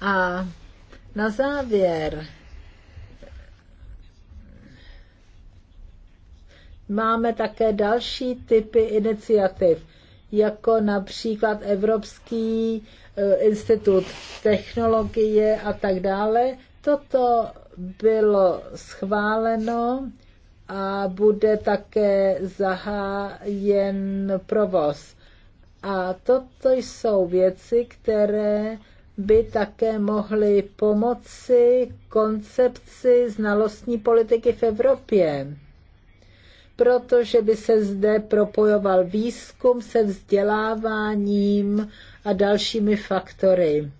A na závěr Máme také další typy iniciativ, jako například Evropský eh, institut technologie a tak dále. Toto bylo schváleno a bude také zahájen provoz. A toto jsou věci, které by také mohly pomoci koncepci znalostní politiky v Evropě protože by se zde propojoval výzkum se vzděláváním a dalšími faktory.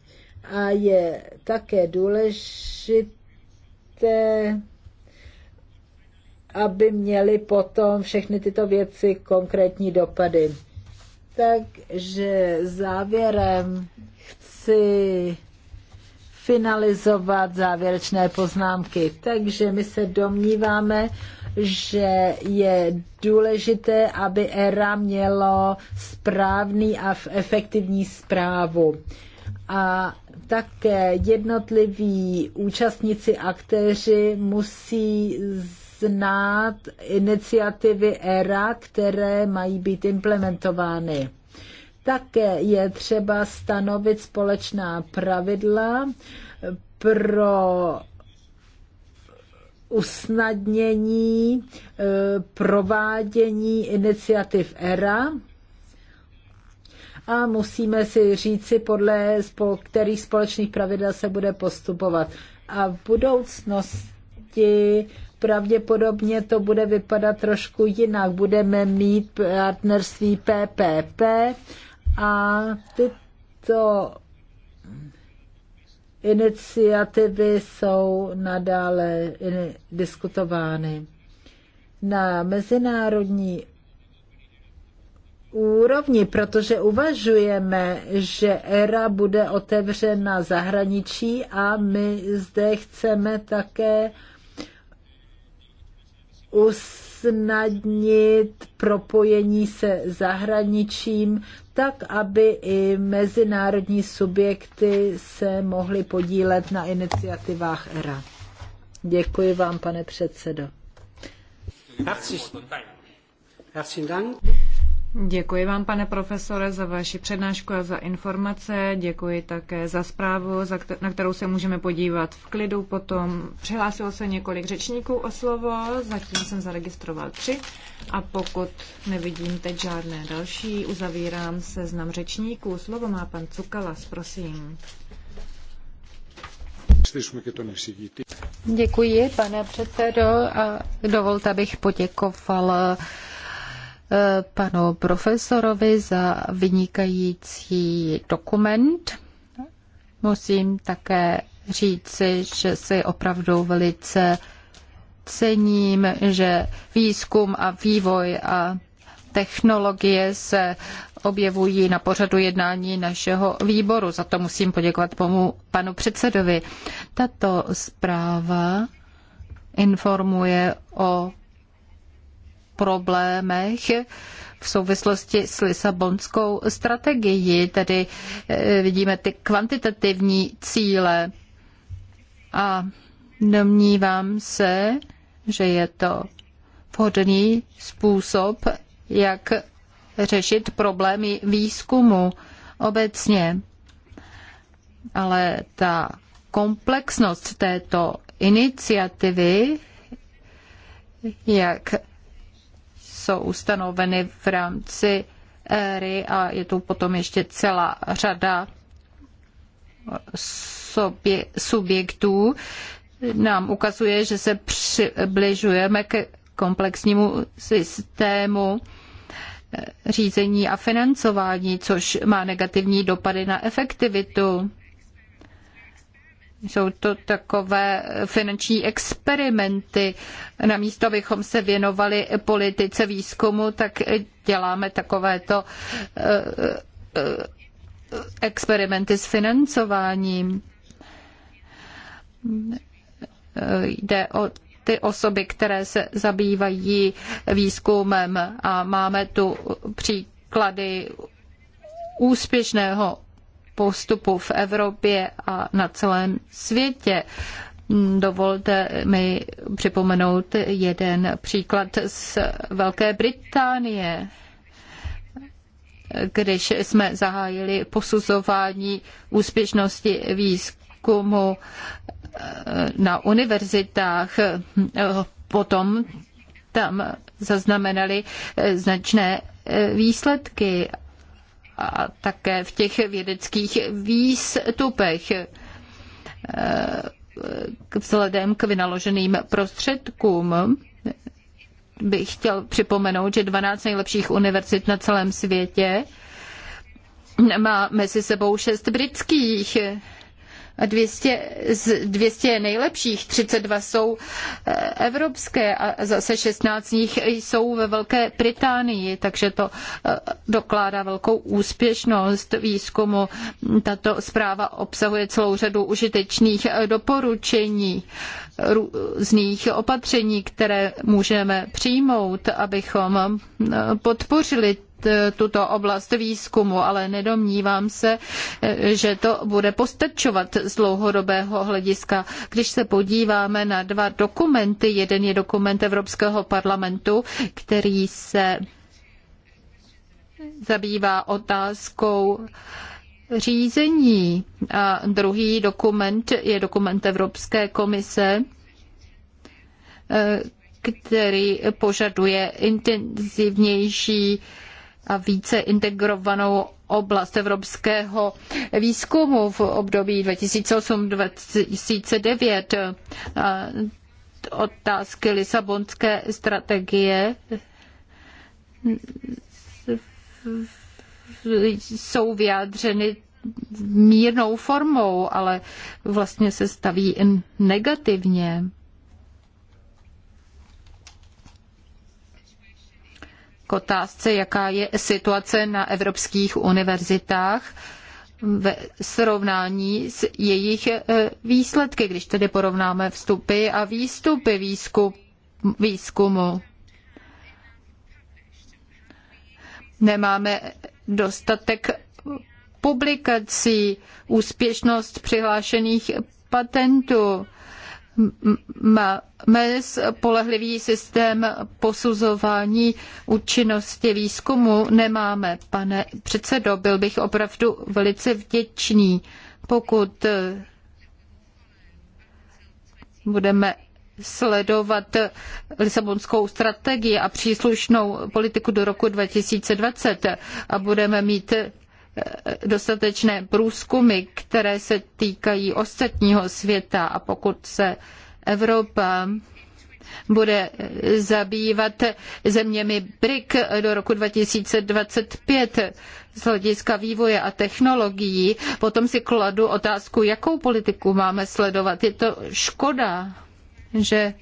A je také důležité, aby měly potom všechny tyto věci konkrétní dopady. Takže závěrem chci finalizovat závěrečné poznámky. Takže my se domníváme, že je důležité, aby ERA mělo správný a efektivní zprávu. A také jednotliví účastníci, aktéři musí znát iniciativy ERA, které mají být implementovány. Také je třeba stanovit společná pravidla pro usnadnění eh, provádění iniciativ ERA a musíme si říci, podle kterých společných pravidel se bude postupovat. A v budoucnosti pravděpodobně to bude vypadat trošku jinak. Budeme mít partnerství PPP a tyto iniciativy jsou nadále diskutovány. Na mezinárodní úrovni, protože uvažujeme, že ERA bude otevřena zahraničí a my zde chceme také usnadnit propojení se zahraničím, tak aby i mezinárodní subjekty se mohly podílet na iniciativách ERA. Děkuji vám, pane předsedo. Herzlichen Dank. Děkuji vám, pane profesore, za vaši přednášku a za informace. Děkuji také za zprávu, na kterou se můžeme podívat v klidu. Potom přihlásilo se několik řečníků o slovo, zatím jsem zaregistroval tři. A pokud nevidím teď žádné další, uzavírám seznam řečníků. Slovo má pan Cukalas, prosím. Děkuji, pane předsedo, a dovolte, abych poděkoval panu profesorovi za vynikající dokument. Musím také říci, že si opravdu velice cením, že výzkum a vývoj a technologie se objevují na pořadu jednání našeho výboru. Za to musím poděkovat pomu, panu předsedovi. Tato zpráva informuje o problémech v souvislosti s Lisabonskou strategií. Tedy eh, vidíme ty kvantitativní cíle a domnívám se, že je to vhodný způsob, jak řešit problémy výzkumu obecně. Ale ta komplexnost této iniciativy, jak jsou ustanoveny v rámci éry a je tu potom ještě celá řada sobě, subjektů, nám ukazuje, že se přibližujeme ke komplexnímu systému eh, řízení a financování, což má negativní dopady na efektivitu. Jsou to takové finanční experimenty. Namísto, abychom se věnovali politice výzkumu, tak děláme takovéto eh, eh, experimenty s financováním. Jde o ty osoby, které se zabývají výzkumem a máme tu příklady úspěšného postupu v Evropě a na celém světě. Dovolte mi připomenout jeden příklad z Velké Británie, když jsme zahájili posuzování úspěšnosti výzkumu eh, na univerzitách. Potom tam zaznamenali eh, značné eh, výsledky a také v těch vědeckých výstupech eh, vzhledem k vynaloženým prostředkům bych chtěl připomenout, že 12 nejlepších univerzit na celém světě má mezi sebou šest britských. 200, z 200 nejlepších, 32 jsou eh, evropské a zase 16 z nich jsou ve Velké Británii, takže to eh, dokládá velkou úspěšnost výzkumu. Tato zpráva obsahuje celou řadu užitečných eh, doporučení různých opatření, které můžeme přijmout, abychom podpořili Eh, tuto oblast výzkumu, ale nedomnívám se, eh, že to bude postačovat z dlouhodobého hlediska. Když se podíváme na dva dokumenty, jeden je dokument Evropského parlamentu, který se zabývá otázkou řízení. A druhý dokument je dokument Evropské komise, eh, který požaduje intenzivnější a více integrovanou oblast evropského výzkumu v období 2008-2009. Otázky Lisabonské strategie jsou vyjádřeny mírnou formou, ale vlastně se staví negativně. otázce, jaká je situace na evropských univerzitách ve srovnání s jejich eh, výsledky, když tedy porovnáme vstupy a výstupy výzkum, výzkumu. Nemáme dostatek publikací, úspěšnost přihlášených patentů máme spolehlivý systém posuzování účinnosti výzkumu? Nemáme, pane předsedo, byl bych opravdu velice vděčný, pokud eh, budeme sledovat eh, Lisabonskou strategii a příslušnou politiku do roku 2020 a budeme mít eh, dostatečné průzkumy, které se týkají ostatního světa a pokud se Evropa bude zabývat zeměmi BRIC do roku 2025 z hlediska vývoje a technologií. Potom si kladu otázku, jakou politiku máme sledovat. Je to škoda, že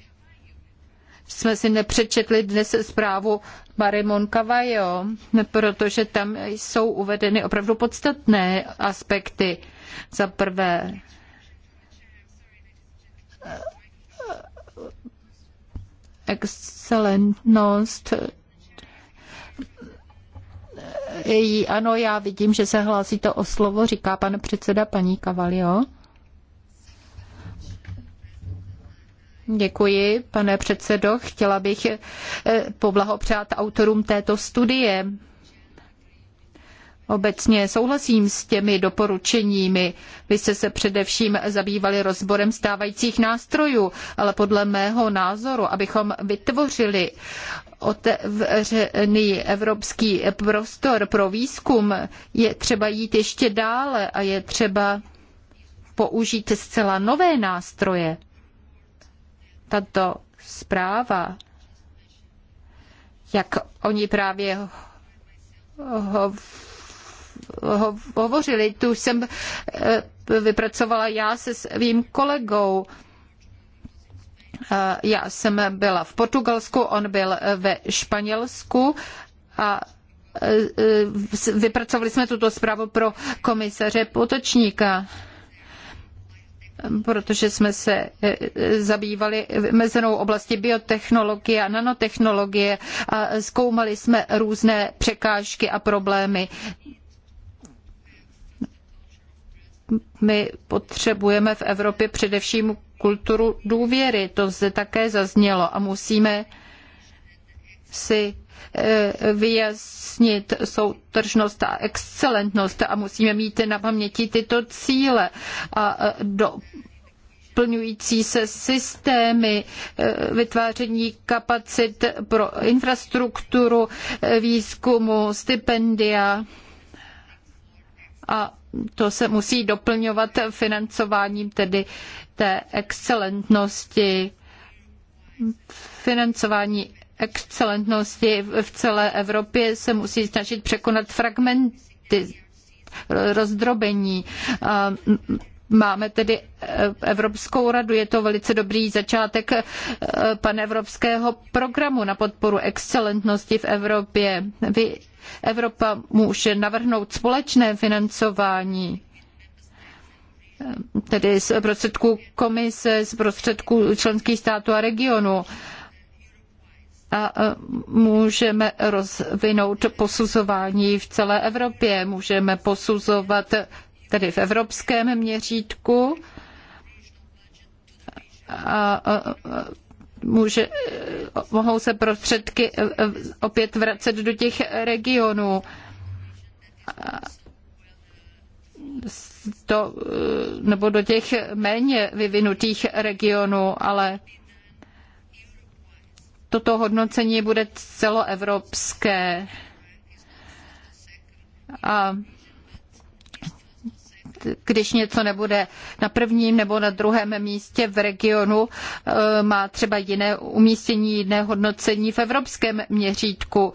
jsme si nepřečetli dnes zprávu Marimon Cavallo, protože tam jsou uvedeny opravdu podstatné aspekty. Za prvé, excelentnost. Ano, já vidím, že se hlásíte o slovo, říká pan předseda paní Cavalio. Děkuji, pane předsedo. Chtěla bych eh, poblahopřát autorům této studie. Obecně souhlasím s těmi doporučeními. Vy jste se především zabývali rozborem stávajících nástrojů, ale podle mého názoru, abychom vytvořili otevřený evropský prostor pro výzkum, je třeba jít ještě dále a je třeba použít zcela nové nástroje tato zpráva, jak oni právě ho, ho, ho, hovořili, tu jsem eh, vypracovala já se svým kolegou. Eh, já jsem byla v Portugalsku, on byl ve Španělsku a eh, vypracovali jsme tuto zprávu pro komisaře Potočníka protože jsme se eh, eh, zabývali vymezenou oblasti biotechnologie a nanotechnologie a zkoumali jsme různé překážky a problémy. My potřebujeme v Evropě především kulturu důvěry, to zde také zaznělo a musíme si Eh, vyjasnit soutržnost a excelentnost a musíme mít na paměti tyto cíle a eh, do plňující se systémy, eh, vytváření kapacit pro infrastrukturu, výzkumu, stipendia a to se musí doplňovat financováním tedy té excelentnosti, financování excelentnosti v celé Evropě se musí snažit překonat fragmenty, rozdrobení. Máme tedy Evropskou radu, je to velice dobrý začátek eh, panevropského programu na podporu excelentnosti v Evropě. Vy, Evropa může navrhnout společné financování eh, tedy z prostředků komise, z prostředků členských států a regionů a můžeme rozvinout posuzování v celé Evropě. Můžeme posuzovat tedy v evropském měřítku a může, mohou se prostředky opět vracet do těch regionů. To, nebo do těch méně vyvinutých regionů, ale toto hodnocení bude celoevropské. A když něco nebude na prvním nebo na druhém místě v regionu, eh, má třeba jiné umístění, jiné hodnocení v evropském měřítku.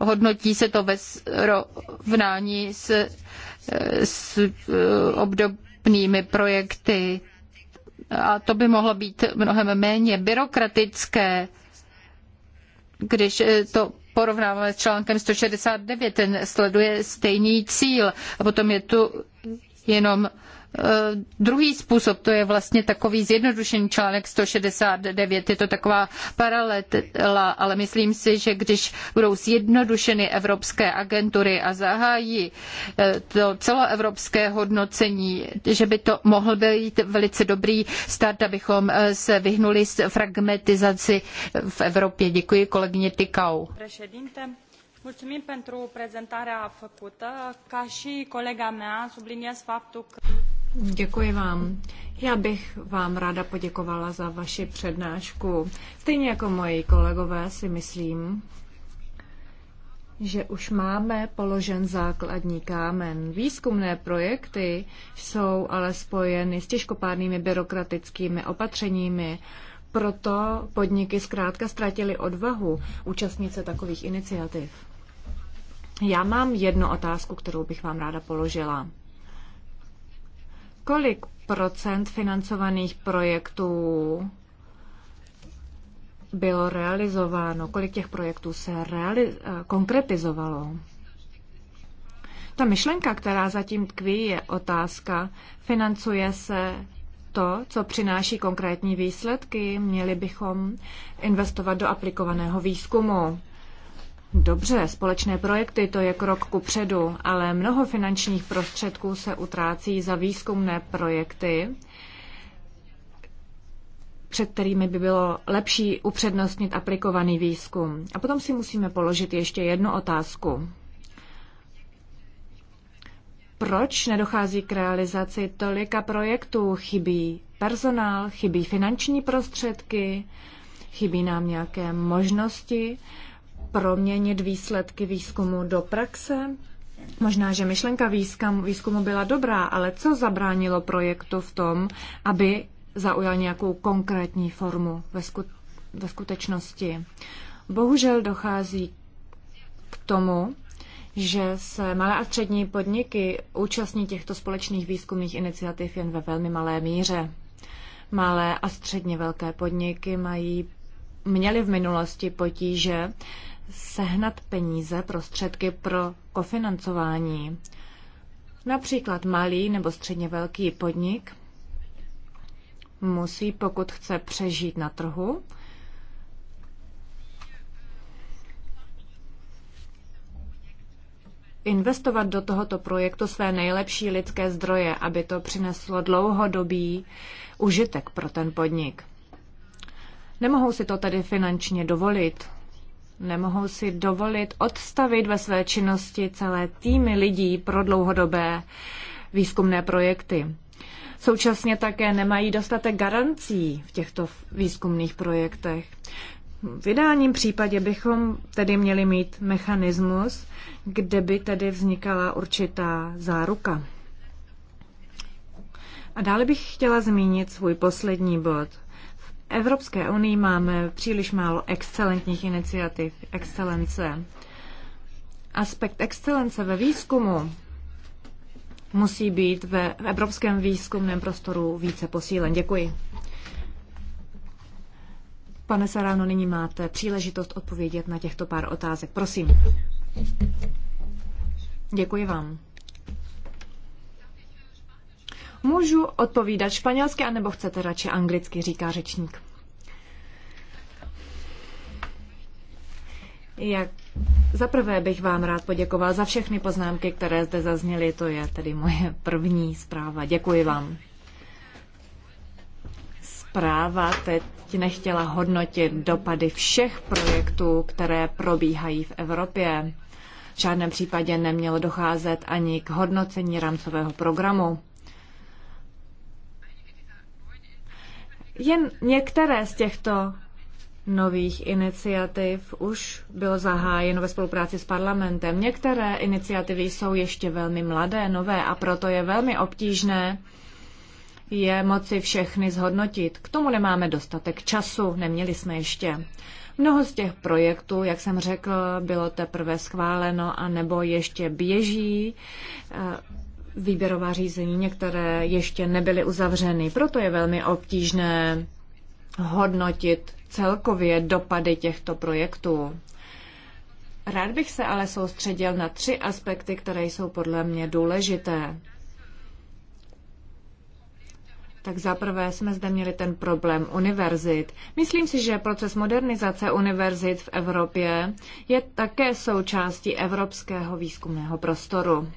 Hodnotí se to ve srovnání s, eh, s eh, obdobnými projekty. A to by mohlo být mnohem méně byrokratické když eh, to porovnáváme s článkem 169, ten sleduje stejný cíl. A potom je tu jenom Eh, druhý způsob, to je vlastně takový zjednodušený článek 169, je to taková paralela, ale myslím si, že když budou zjednodušeny evropské agentury a zahájí eh, to celoevropské hodnocení, že by to mohl být velice dobrý start, abychom eh, se vyhnuli s fragmentizaci v Evropě. Děkuji kolegyně Tykau. Mulțumim pentru prezentarea făcută. Ca și colega mea, subliniez faptul că... Děkuji vám. Já bych vám ráda poděkovala za vaši přednášku. Stejně jako moji kolegové si myslím, že už máme položen základní kámen. Výzkumné projekty jsou ale spojeny s těžkopádnými byrokratickými opatřeními, proto podniky zkrátka ztratily odvahu účastnit se takových iniciativ. Já mám jednu otázku, kterou bych vám ráda položila. Kolik procent financovaných projektů bylo realizováno? Kolik těch projektů se reali- eh, konkretizovalo? Ta myšlenka, která zatím tkví, je otázka, financuje se to, co přináší konkrétní výsledky, měli bychom investovat do aplikovaného výzkumu. Dobře, společné projekty to je krok ku předu, ale mnoho finančních prostředků se utrácí za výzkumné projekty, před kterými by bylo lepší upřednostnit aplikovaný výzkum. A potom si musíme položit ještě jednu otázku. Proč nedochází k realizaci tolika projektů? Chybí personál, chybí finanční prostředky, chybí nám nějaké možnosti proměnit výsledky výzkumu do praxe? Možná, že myšlenka výzkumu byla dobrá, ale co zabránilo projektu v tom, aby zaujal nějakou konkrétní formu ve, sku- ve skutečnosti? Bohužel dochází k tomu, že se malé a střední podniky účastní těchto společných výzkumných iniciativ jen ve velmi malé míře. Malé a středně velké podniky mají, měly v minulosti potíže sehnat peníze, prostředky pro kofinancování. Například malý nebo středně velký podnik musí, pokud chce přežít na trhu, investovat do tohoto projektu své nejlepší lidské zdroje, aby to přineslo dlouhodobý užitek pro ten podnik. Nemohou si to tedy finančně dovolit. Nemohou si dovolit odstavit ve své činnosti celé týmy lidí pro dlouhodobé výzkumné projekty. Současně také nemají dostatek garancí v těchto výzkumných projektech. V ideálním případě bychom tedy měli mít mechanismus, kde by tedy vznikala určitá záruka. A dále bych chtěla zmínit svůj poslední bod – Evropské unii máme příliš málo excelentních iniciativ, excelence. Aspekt excelence ve výzkumu musí být ve evropském výzkumném prostoru více posílen. Děkuji. Pane Saráno, nyní máte příležitost odpovědět na těchto pár otázek. Prosím. Děkuji vám. Můžu odpovídat španělsky, anebo chcete radši anglicky, říká řečník. Jak za prvé bych vám rád poděkoval za všechny poznámky, které zde zazněly. To je tedy moje první zpráva. Děkuji vám. Zpráva teď nechtěla hodnotit dopady všech projektů, které probíhají v Evropě. V žádném případě nemělo docházet ani k hodnocení rámcového programu. Jen některé z těchto nových iniciativ už bylo zahájeno ve spolupráci s parlamentem. Některé iniciativy jsou ještě velmi mladé, nové a proto je velmi obtížné je moci všechny zhodnotit. K tomu nemáme dostatek času, neměli jsme ještě. Mnoho z těch projektů, jak jsem řekl, bylo teprve schváleno a nebo ještě běží výběrová řízení, některé ještě nebyly uzavřeny, proto je velmi obtížné hodnotit celkově dopady těchto projektů. Rád bych se ale soustředil na tři aspekty, které jsou podle mě důležité. Tak zaprvé jsme zde měli ten problém univerzit. Myslím si, že proces modernizace univerzit v Evropě je také součástí evropského výzkumného prostoru.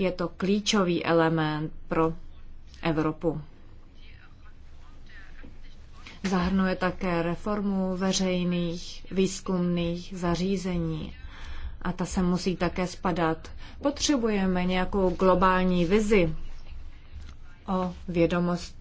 Je to klíčový element pro Evropu. Zahrnuje také reformu veřejných výzkumných zařízení a ta se musí také spadat. Potřebujeme nějakou globální vizi o vědomost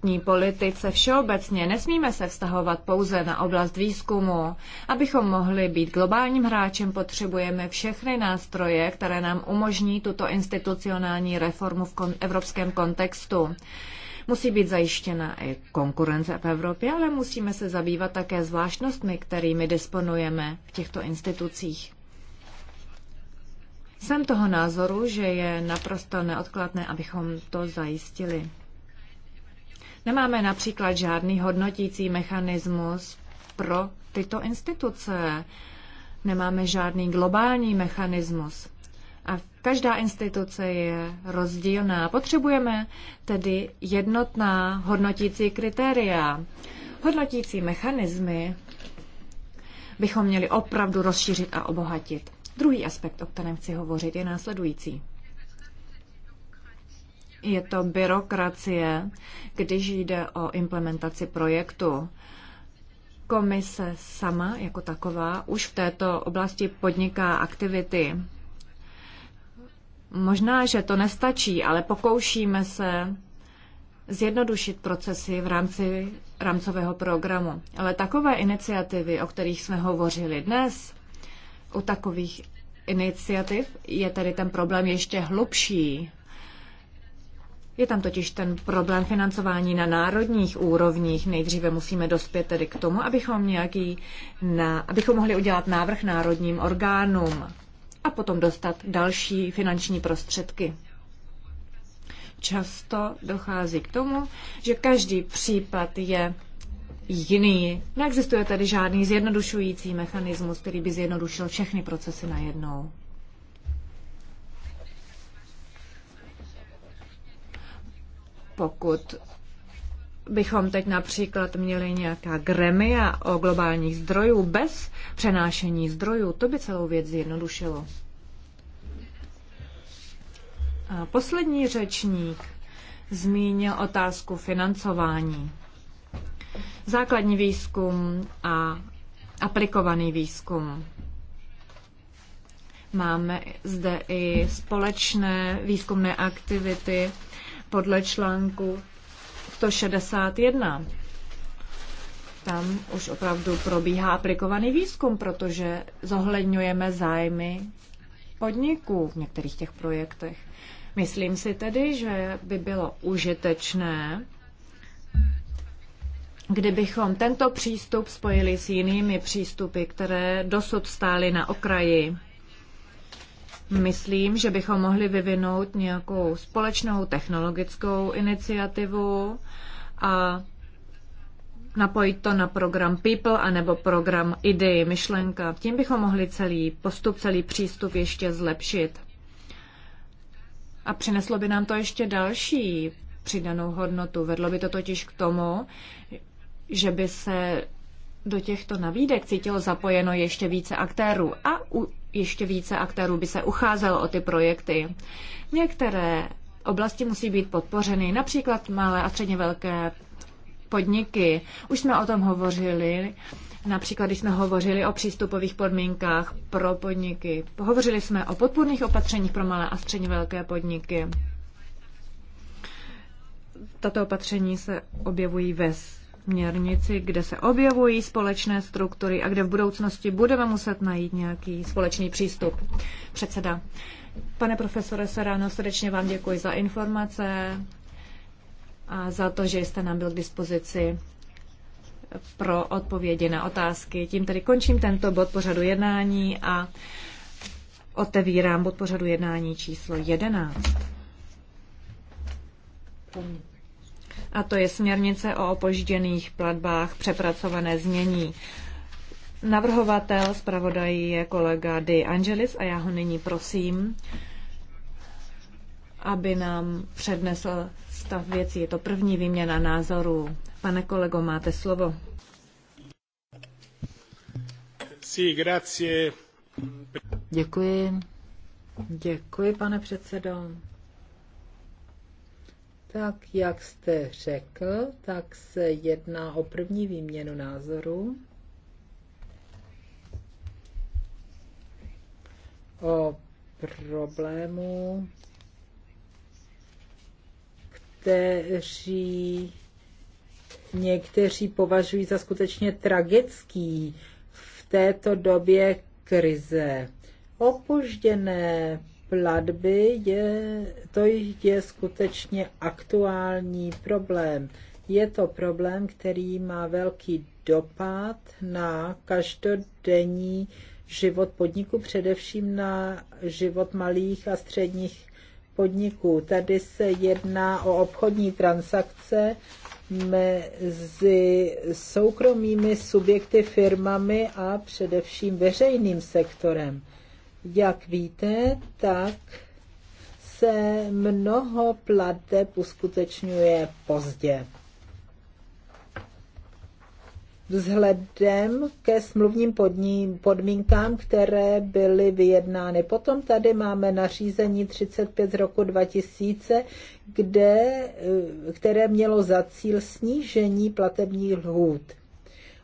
bezpečnostní politice všeobecně nesmíme se vztahovat pouze na oblast výzkumu. Abychom mohli být globálním hráčem, potřebujeme všechny nástroje, které nám umožní tuto institucionální reformu v kon- evropském kontextu. Musí být zajištěna i konkurence v Evropě, ale musíme se zabývat také zvláštnostmi, kterými disponujeme v těchto institucích. Jsem toho názoru, že je naprosto neodkladné, abychom to zajistili. Nemáme například žádný hodnotící mechanismus pro tyto instituce. Nemáme žádný globální mechanismus. A každá instituce je rozdílná. Potřebujeme tedy jednotná hodnotící kritéria. Hodnotící mechanismy bychom měli opravdu rozšířit a obohatit. Druhý aspekt, o kterém chci hovořit, je následující. Je to byrokracie, když jde o implementaci projektu. Komise sama jako taková už v této oblasti podniká aktivity. Možná, že to nestačí, ale pokoušíme se zjednodušit procesy v rámci rámcového programu. Ale takové iniciativy, o kterých jsme hovořili dnes, u takových iniciativ je tedy ten problém ještě hlubší. Je tam totiž ten problém financování na národních úrovních. Nejdříve musíme dospět tedy k tomu, abychom, nějaký na, abychom mohli udělat návrh národním orgánům a potom dostat další finanční prostředky. Často dochází k tomu, že každý případ je jiný. Neexistuje tedy žádný zjednodušující mechanismus, který by zjednodušil všechny procesy najednou. Pokud bychom teď například měli nějaká gremia o globálních zdrojů bez přenášení zdrojů, to by celou věc zjednodušilo. A poslední řečník zmínil otázku financování. Základní výzkum a aplikovaný výzkum. Máme zde i společné výzkumné aktivity podle článku 161. Tam už opravdu probíhá aplikovaný výzkum, protože zohledňujeme zájmy podniků v některých těch projektech. Myslím si tedy, že by bylo užitečné, kdybychom tento přístup spojili s jinými přístupy, které dosud stály na okraji myslím, že bychom mohli vyvinout nějakou společnou technologickou iniciativu a napojit to na program People anebo program Idei, myšlenka. Tím bychom mohli celý postup, celý přístup ještě zlepšit. A přineslo by nám to ještě další přidanou hodnotu. Vedlo by to totiž k tomu, že by se do těchto navídek cítilo zapojeno ještě více aktérů a ještě více aktérů by se ucházelo o ty projekty. Některé oblasti musí být podpořeny, například malé a středně velké podniky. Už jsme o tom hovořili, například když jsme hovořili o přístupových podmínkách pro podniky. Hovořili jsme o podpůrných opatřeních pro malé a středně velké podniky. Tato opatření se objevují ve směrnici, kde se objevují společné struktury a kde v budoucnosti budeme muset najít nějaký společný přístup. Předseda. Pane profesore Serano, srdečně vám děkuji za informace a za to, že jste nám byl k dispozici pro odpovědi na otázky. Tím tedy končím tento bod pořadu jednání a otevírám bod pořadu jednání číslo 11. you a to je směrnice o opožděných platbách přepracované změní. Navrhovatel zpravodají je kolega De Angelis a já ho nyní prosím, aby nám přednesl stav věcí. Je to první výměna názorů. Pane kolego, máte slovo. grazie. Děkuji. Děkuji, pane předsedo. Tak jak jste řekl, tak se jedná o první výměnu názoru O problému, kteří někteří považují za skutečně tragický v této době krize. Opožděné platby, je, to je skutečně aktuální problém. Je to problém, který má velký dopad na každodenní život podniku, především na život malých a středních podniků. Tady se jedná o obchodní transakce mezi soukromými subjekty, firmami a především veřejným sektorem. Jak víte, tak se mnoho plateb uskutečňuje pozdě. Vzhledem ke smluvním podním, podmínkám, které byly vyjednány. Potom tady máme nařízení 35 z roku 2000, kde, eh, které mělo za cíl snížení platebních lhůt.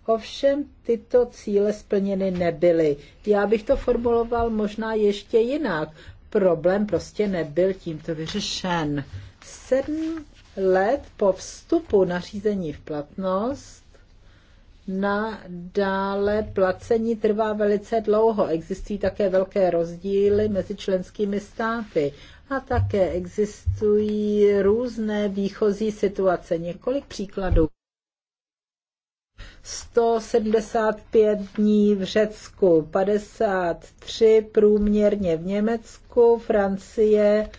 Ovšem tyto cíle splněny nebyly. Já bych to formuloval možná ještě jinak. Problém prostě nebyl tímto vyřešen. Sedm let po vstupu nařízení v platnost na dále placení trvá velice dlouho. Existují také velké rozdíly mezi členskými státy a také existují různé výchozí situace. Několik příkladů. 175 dní v Řecku, 53 průměrně v Německu, Francie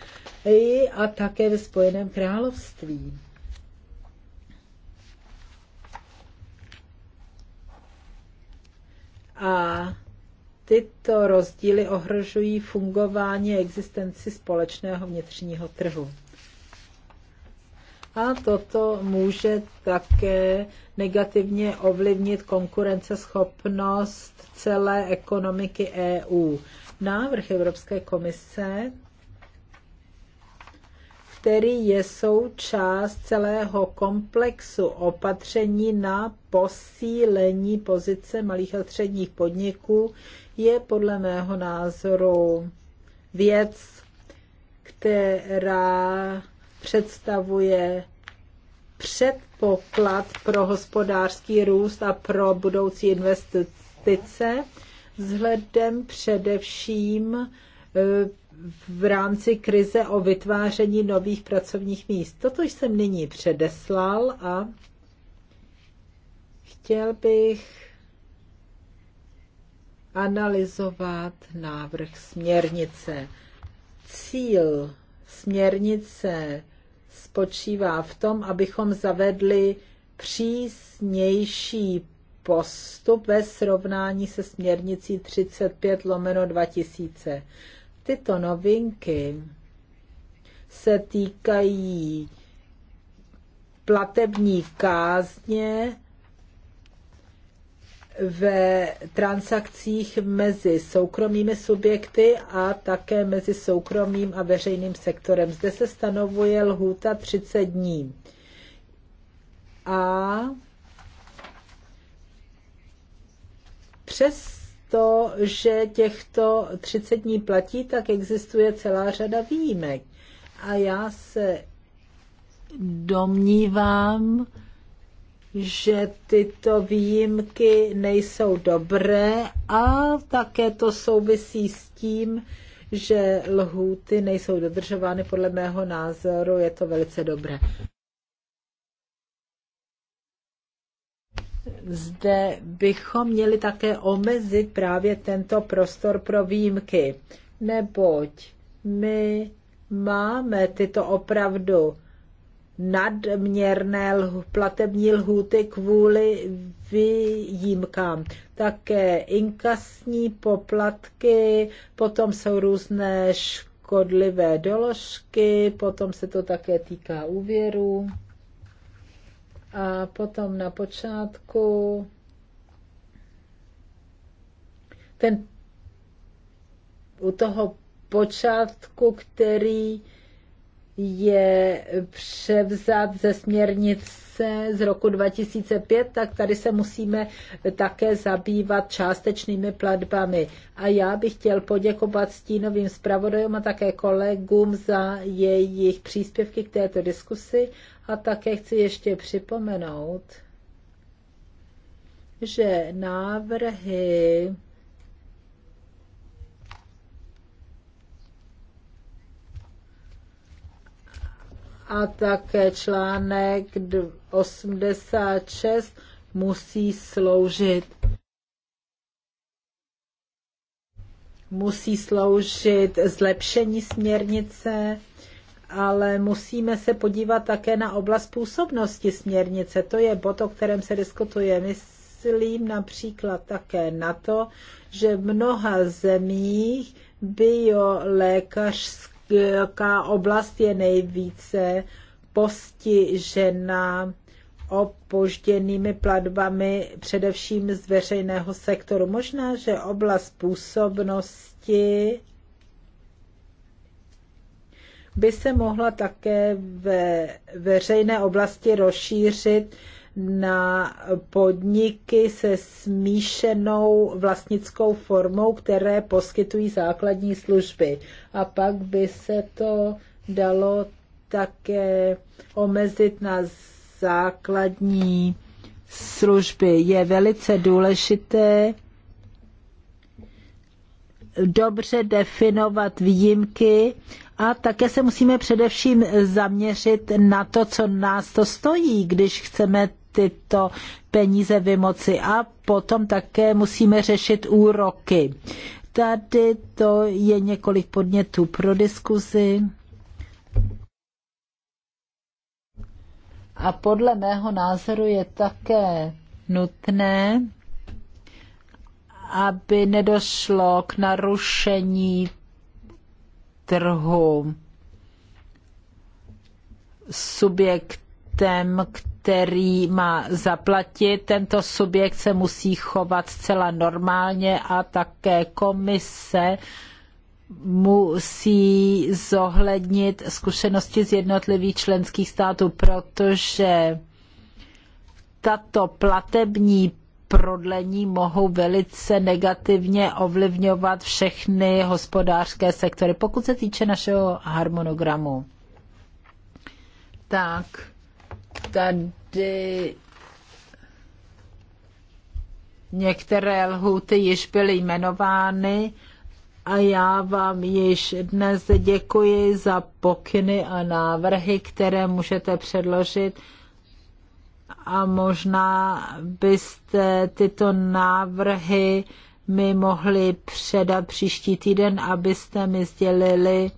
a také ve Spojeném království. A tyto rozdíly ohrožují fungování existenci společného vnitřního trhu a toto může také negativně ovlivnit konkurenceschopnost celé ekonomiky EU. Návrh Evropské komise který je součást celého komplexu opatření na posílení pozice malých a středních podniků, je podle mého názoru věc, která představuje předpoklad pro hospodářský růst a pro budoucí investice, vzhledem především e, v rámci krize o vytváření nových pracovních míst. Toto jsem nyní předeslal a chtěl bych analyzovat návrh směrnice. Cíl směrnice spočívá v tom, abychom zavedli přísnější postup ve srovnání se směrnicí 35 lomeno 2000. Tyto novinky se týkají platební kázně ve transakcích mezi soukromými subjekty a také mezi soukromým a veřejným sektorem. Zde se stanovuje lhůta 30 dní. A přes to, že těchto 30 dní platí, tak existuje celá řada výjimek. A já se domnívám, že tyto výjimky nejsou dobré a také to souvisí s tím, že lhůty nejsou dodržovány. Podle mého názoru je to velice dobré. Zde bychom měli také omezit právě tento prostor pro výjimky, neboť my máme tyto opravdu nadměrné platební lhůty kvůli výjimkám. Také inkasní poplatky, potom jsou různé škodlivé doložky, potom se to také týká úvěru. A potom na počátku ten u toho počátku, který je převzat ze směrnice z roku 2005, tak tady se musíme také zabývat částečnými platbami. A já bych chtěl poděkovat stínovým zpravodajům a také kolegům za jejich příspěvky k této diskusi a také chci ještě připomenout, že návrhy a také článek 86 musí sloužit musí sloužit zlepšení směrnice, ale musíme se podívat také na oblast působnosti směrnice. To je bod, o kterém se diskutuje. Myslím například také na to, že v mnoha zemích biolékařské jaká oblast je nejvíce postižena opožděnými platbami, především z veřejného sektoru. Možná, že oblast působnosti by se mohla také ve veřejné oblasti rozšířit na podniky se smíšenou vlastnickou formou, které poskytují základní služby. A pak by se to dalo také omezit na základní služby. Je velice důležité dobře definovat výjimky a také se musíme především zaměřit na to, co nás to stojí, když chceme tyto peníze vymoci. A potom také musíme řešit úroky. Tady to je několik podnětů pro diskuzi. A podle mého názoru je také nutné, aby nedošlo k narušení trhu subjekt subjektem, který má zaplatit. Tento subjekt se musí chovat zcela normálně a také komise musí zohlednit zkušenosti z jednotlivých členských států, protože tato platební prodlení mohou velice negativně ovlivňovat všechny hospodářské sektory. Pokud se týče našeho harmonogramu, tak Tady některé lhuty již byly jmenovány a já vám již dnes děkuji za pokyny a návrhy, které můžete předložit a možná byste tyto návrhy mi mohli předat příští týden, abyste mi sdělili,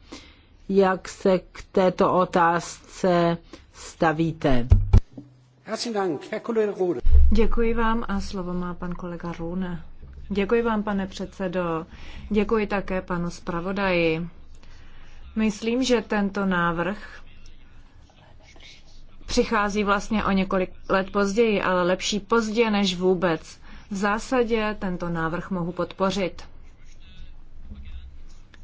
jak se k této otázce stavíte. Děkuji vám a slovo má pan kolega Rune. Děkuji vám, pane předsedo. Děkuji také panu zpravodaji. Myslím, že tento návrh přichází vlastně o několik let později, ale lepší pozdě než vůbec. V zásadě tento návrh mohu podpořit.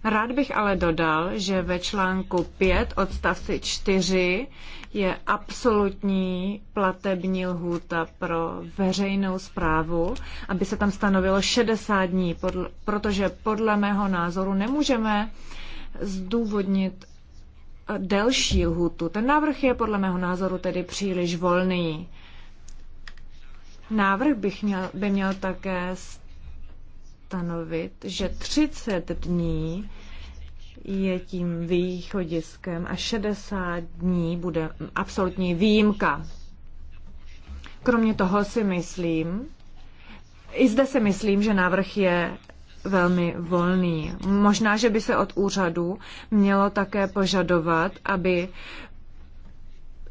Rád bych ale dodal, že ve článku 5 odstavci 4 je absolutní platební lhůta pro veřejnou zprávu, aby se tam stanovilo 60 dní, protože podle mého názoru nemůžeme zdůvodnit delší lhůtu. Ten návrh je podle mého názoru tedy příliš volný. Návrh bych měl, by měl také stanovit, že 30 dní je tím východiskem a 60 dní bude absolutní výjimka. Kromě toho si myslím, i zde si myslím, že návrh je velmi volný. Možná, že by se od úřadu mělo také požadovat, aby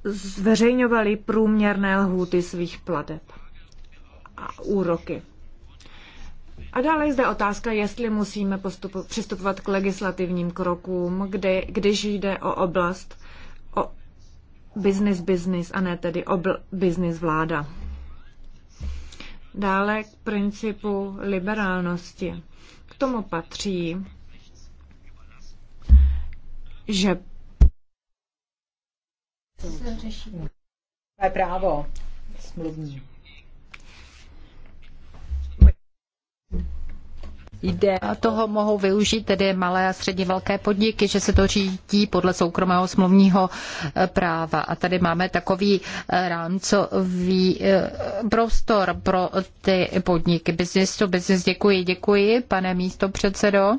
zveřejňovali průměrné lhůty svých plateb a úroky. A dále je zde otázka, jestli musíme postupu, přistupovat k legislativním krokům, kde, když jde o oblast, o business business a ne tedy o business vláda. Dále k principu liberálnosti. K tomu patří, že právo smluvní. jde. A toho mohou využít tedy malé a středně velké podniky, že se to řídí podle soukromého smluvního eh, práva. A tady máme takový eh, rámcový eh, prostor pro ty podniky. Business to business. Děkuji, děkuji, pane místo předsedo.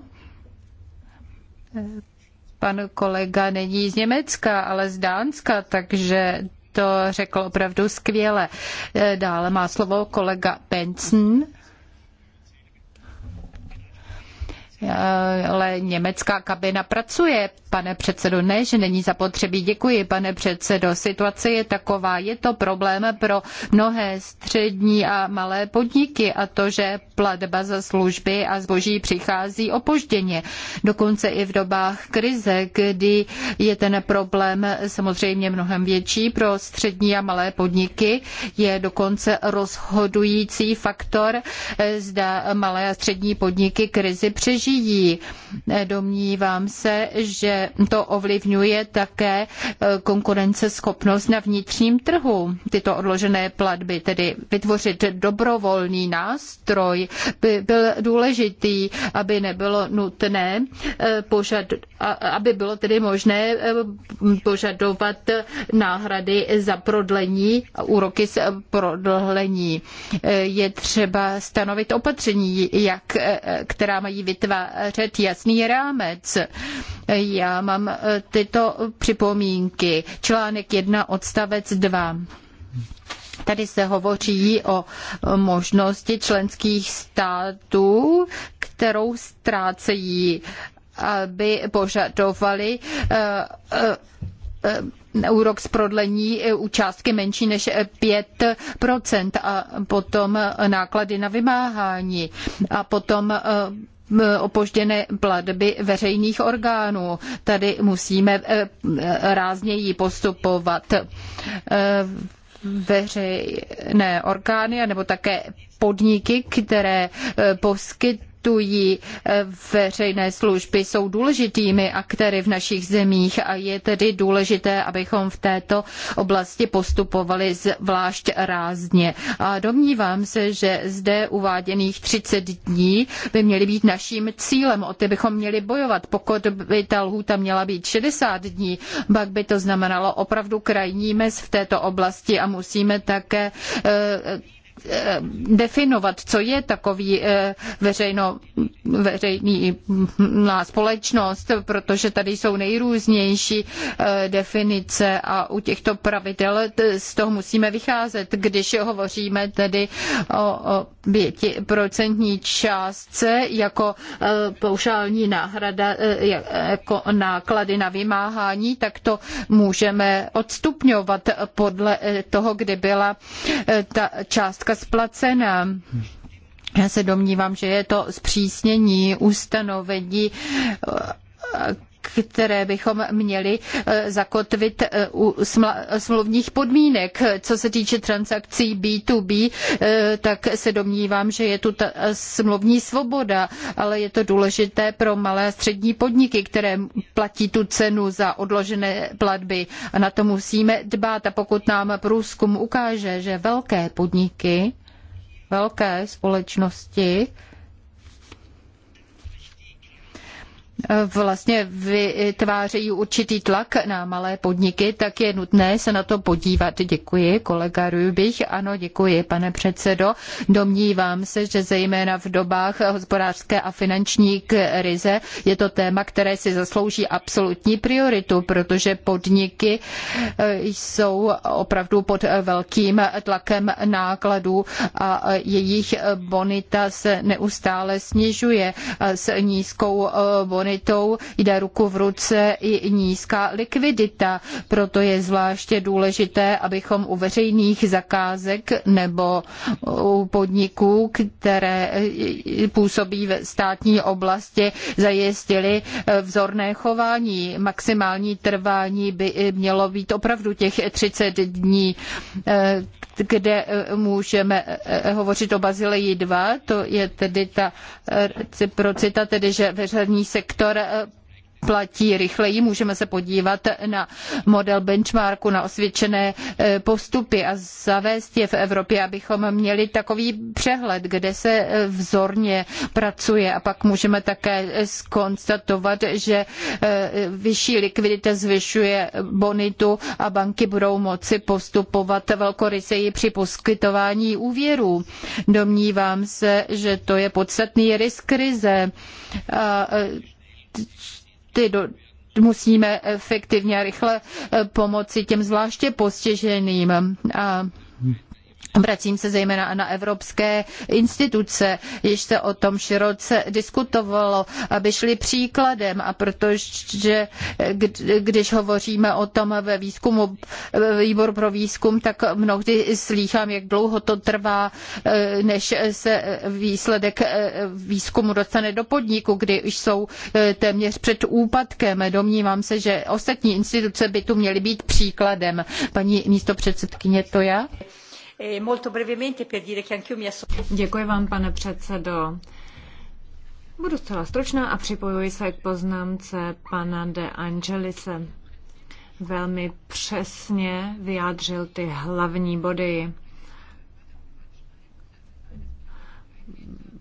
Pan kolega není z Německa, ale z Dánska, takže to řekl opravdu skvěle. Dále má slovo kolega Benson. ale německá kabina pracuje, pane předsedo. Ne, že není zapotřebí. Děkuji, pane předsedo. Situace je taková. Je to problém pro mnohé střední a malé podniky a to, že platba za služby a zboží přichází opožděně. Dokonce i v dobách krize, kdy je ten problém samozřejmě mnohem větší pro střední a malé podniky, je dokonce rozhodující faktor, eh, zda malé a střední podniky krizi přežijí vyvíjí. Domnívám se, že to ovlivňuje také eh, konkurenceschopnost na vnitřním trhu. Tyto odložené platby, tedy vytvořit dobrovolný nástroj, by byl důležitý, aby nebylo nutné eh, požad, aby bylo tedy možné eh, požadovat náhrady za prodlení, úroky z prodlení. Je třeba stanovit opatření, jak, která mají vytvářet vytvářet jasný rámec. Já mám eh, tyto připomínky. Článek 1 odstavec 2. Tady se hovoří o možnosti členských států, kterou ztrácejí, aby požadovali eh, eh, úrok z prodlení u částky menší než 5% a potom náklady na vymáhání a potom opožděné platby veřejných orgánů. Tady musíme e, e, rázněji postupovat e, veřejné orgány nebo také podniky, které poskytují poskytují eh, veřejné služby, jsou důležitými aktéry v našich zemích a je tedy důležité, abychom v této oblasti postupovali zvlášť rázně. A domnívám se, že zde uváděných 30 dní by měly být naším cílem, o ty bychom měli bojovat. Pokud by ta lhůta měla být 60 dní, pak by to znamenalo opravdu krajní mez v této oblasti a musíme také eh, Eh, definovat, co je takový eh, veřejno, veřejná hm, společnost, protože tady jsou nejrůznější eh, definice a u těchto pravidel z toho musíme vycházet, když hovoříme tedy o pětiprocentní částce jako paušální náhrada, jako náklady na vymáhání, tak to můžeme odstupňovat podle toho, kdy byla ta částka částka splacena. Já se domnívám, že je to zpřísnění ustanovení které bychom měli eh, zakotvit eh, u smluvních podmínek. Co se týče transakcí B2B, eh, tak se domnívám, že je tu ta smluvní svoboda, ale je to důležité pro malé a střední podniky, které platí tu cenu za odložené platby. A na to musíme dbát. A pokud nám průzkum ukáže, že velké podniky, velké společnosti, vlastně vytvářejí určitý tlak na malé podniky, tak je nutné se na to podívat. Děkuji, kolega Rübich. Ano, děkuji, pane předsedo. Domnívám se, že zejména v dobách hospodářské a finanční krize je to téma, které si zaslouží absolutní prioritu, protože podniky jsou opravdu pod velkým tlakem nákladů a jejich bonita se neustále snižuje s nízkou bonitou stabilitou jde ruku v ruce i nízká likvidita. Proto je zvláště důležité, abychom u veřejných zakázek nebo u podniků, které působí ve státní oblasti, zajistili eh, vzorné chování. Maximální trvání by eh, mělo být opravdu těch 30 dní, eh, kde můžeme hovořit o Bazileji 2, to je tedy ta reciprocita, tedy že veřejný sektor sektor eh, platí rychleji. Můžeme se podívat na model benchmarku, na osvědčené eh, postupy a zavést je v Evropě, abychom měli takový přehled, kde se eh, vzorně pracuje a pak můžeme také skonstatovat, že vyšší likvidita zvyšuje bonitu a banky budou moci postupovat velkoryseji při poskytování úvěrů. Domnívám se, že to je podstatný risk krize. A ty do, musíme efektivně a rychle eh, pomoci těm zvláště postiženým. A Vracím se zejména na evropské instituce, již se o tom široce diskutovalo, aby šli příkladem a protože když hovoříme o tom ve výzkumu, pro výzkum, tak mnohdy slýchám, jak dlouho to trvá, eh, než se výsledek eh, výzkumu dostane do podniku, kdy už jsou eh, téměř před úpadkem. Domnívám se, že ostatní instituce by tu měly být příkladem. Paní místopředsedkyně, to já? E, Děkuji vám, pane předsedo. Budu zcela stručná a připojuji se k poznámce pana De Angelise. Velmi přesně vyjádřil ty hlavní body,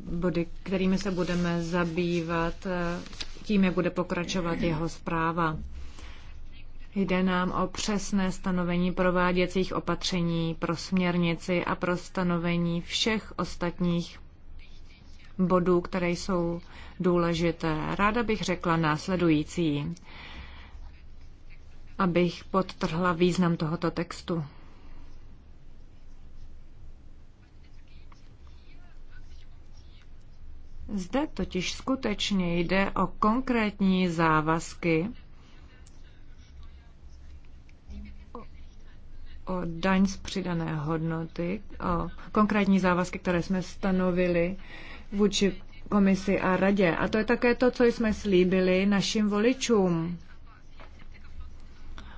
body, kterými se budeme zabývat, e, tím, jak bude pokračovat jeho zpráva. Jde nám o přesné stanovení prováděcích opatření pro směrnici a pro stanovení všech ostatních bodů, které jsou důležité. Ráda bych řekla následující, abych podtrhla význam tohoto textu. Zde totiž skutečně jde o konkrétní závazky, o daň z přidané hodnoty, o konkrétní závazky, které jsme stanovili vůči komisi a radě. A to je také to, co jsme slíbili našim voličům.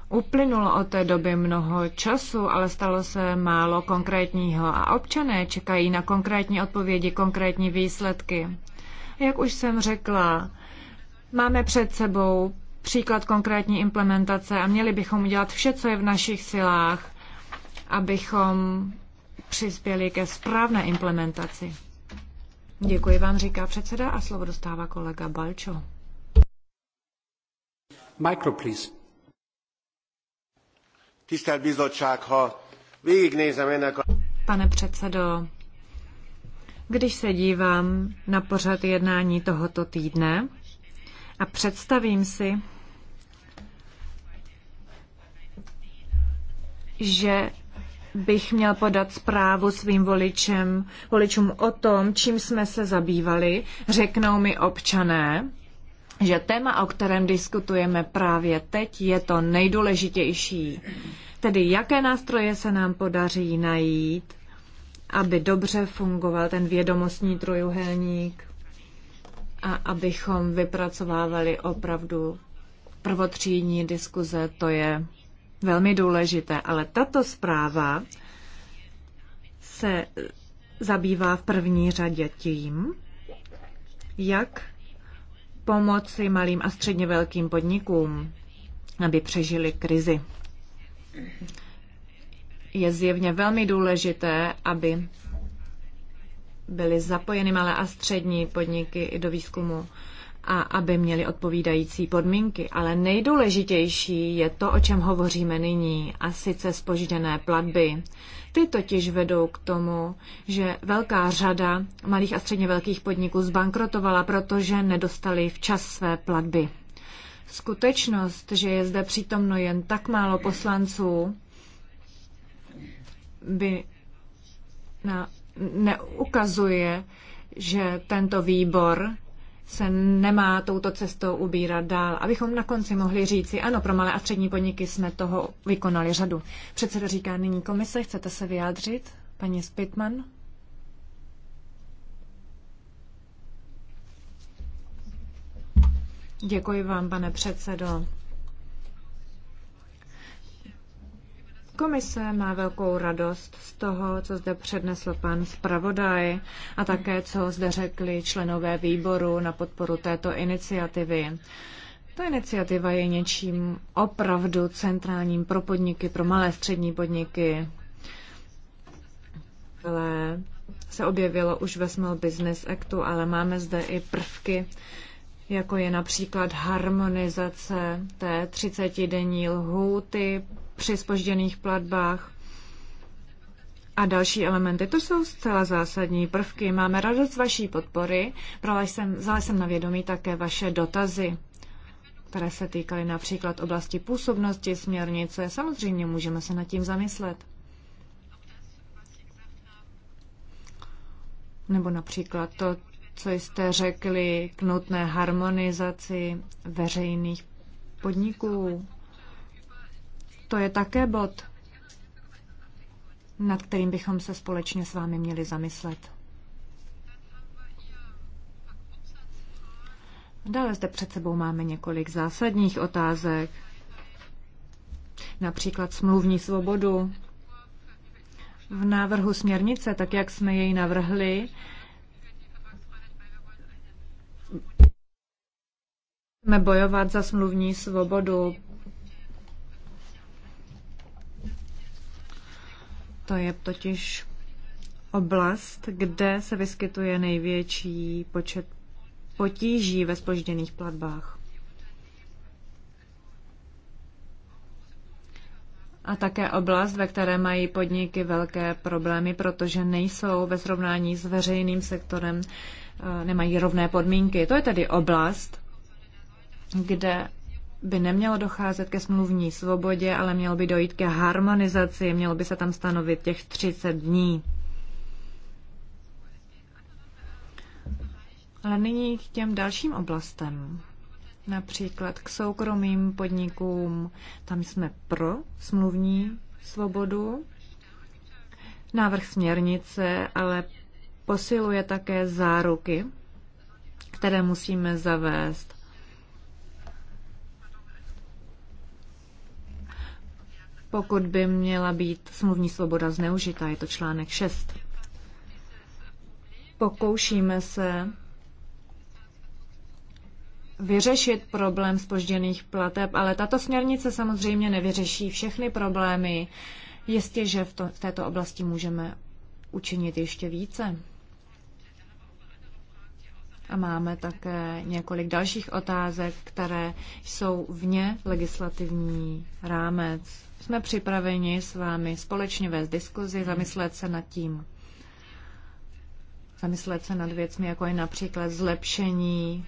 Uplynulo od té doby mnoho času, ale stalo se málo konkrétního a občané čekají na konkrétní odpovědi, konkrétní výsledky. Jak už jsem řekla, máme před sebou příklad konkrétní implementace a měli bychom udělat vše, co je v našich silách, abychom přispěli ke správné implementaci. Děkuji vám, říká předseda a slovo dostává kolega Balčo. Micro, please. Tisztelt bizottság, ha végignézem ennek a... Pane předsedo, když se dívám na pořad jednání tohoto týdne a představím si, že bych měl podat zprávu svým voličem, voličům o tom, čím jsme se zabývali, řeknou mi občané, že téma, o kterém diskutujeme právě teď, je to nejdůležitější. Tedy jaké nástroje se nám podaří najít, aby dobře fungoval ten vědomostní trojuhelník a abychom vypracovávali opravdu prvotřídní diskuze, to je velmi důležité, ale tato zpráva se zabývá v první řadě tím, jak pomoci malým a středně velkým podnikům, aby přežili krizi. Je zjevně velmi důležité, aby byly zapojeny malé a střední podniky i do výzkumu a aby měli odpovídající podmínky. Ale nejdůležitější je to, o čem hovoříme nyní, a sice spožděné platby. Ty totiž vedou k tomu, že velká řada malých a středně velkých podniků zbankrotovala, protože nedostali včas své platby. Skutečnost, že je zde přítomno jen tak málo poslanců, by na, neukazuje, že tento výbor se nemá touto cestou ubírat dál, abychom na konci mohli říci, ano, pro malé a střední podniky jsme toho vykonali řadu. Předseda říká nyní komise, chcete se vyjádřit? Paní Spitman? Děkuji vám, pane předsedo. Komise má velkou radost z toho, co zde přednesl pan zpravodaj a také, co zde řekli členové výboru na podporu této iniciativy. Ta iniciativa je něčím opravdu centrálním pro podniky, pro malé střední podniky. Ale se objevilo už ve Small Business Actu, ale máme zde i prvky, jako je například harmonizace té 30-denní lhůty při spožděných platbách a další elementy. To jsou zcela zásadní prvky. Máme radost vaší podpory. Brala jsem, vzala jsem na vědomí také vaše dotazy, které se týkaly například oblasti působnosti směrnice. Samozřejmě můžeme se nad tím zamyslet. Nebo například to, co jste řekli k nutné harmonizaci veřejných podniků. To je také bod, nad kterým bychom se společně s vámi měli zamyslet. Dále zde před sebou máme několik zásadních otázek, například smluvní svobodu. V návrhu směrnice, tak jak jsme jej navrhli, chceme bojovat za smluvní svobodu To je totiž oblast, kde se vyskytuje největší počet potíží ve spožděných platbách. A také oblast, ve které mají podniky velké problémy, protože nejsou ve srovnání s veřejným sektorem, eh, nemají rovné podmínky. To je tedy oblast, kde by nemělo docházet ke smluvní svobodě, ale mělo by dojít ke harmonizaci, mělo by se tam stanovit těch 30 dní. Ale nyní k těm dalším oblastem, například k soukromým podnikům, tam jsme pro smluvní svobodu. Návrh směrnice ale posiluje také záruky, které musíme zavést pokud by měla být smluvní svoboda zneužita. Je to článek 6. Pokoušíme se vyřešit problém spožděných plateb, ale tato směrnice samozřejmě nevyřeší všechny problémy. Jistě, že v, to, v této oblasti můžeme učinit ještě více. A máme také několik dalších otázek, které jsou vně legislativní rámec. Jsme připraveni s vámi společně vést diskuzi, zamyslet se nad tím. Zamyslet se nad věcmi, jako je například zlepšení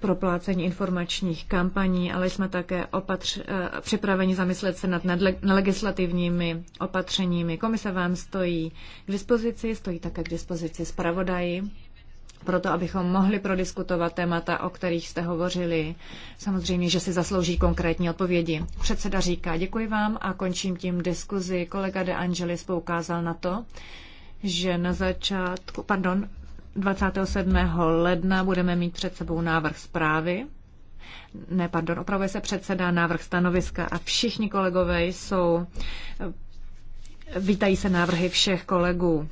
proplácení informačních kampaní, ale jsme také opatř, eh, připraveni zamyslet se nad legislativními opatřeními. Komise vám stojí k dispozici, stojí také k dispozici zpravodaji proto abychom mohli prodiskutovat témata, o kterých jste hovořili. Samozřejmě, že si zaslouží konkrétní odpovědi. Předseda říká, děkuji vám a končím tím diskuzi. Kolega De Angelis poukázal na to, že na začátku, pardon, 27. ledna budeme mít před sebou návrh zprávy. Ne, pardon, opravuje se předseda návrh stanoviska a všichni kolegové jsou, vítají se návrhy všech kolegů.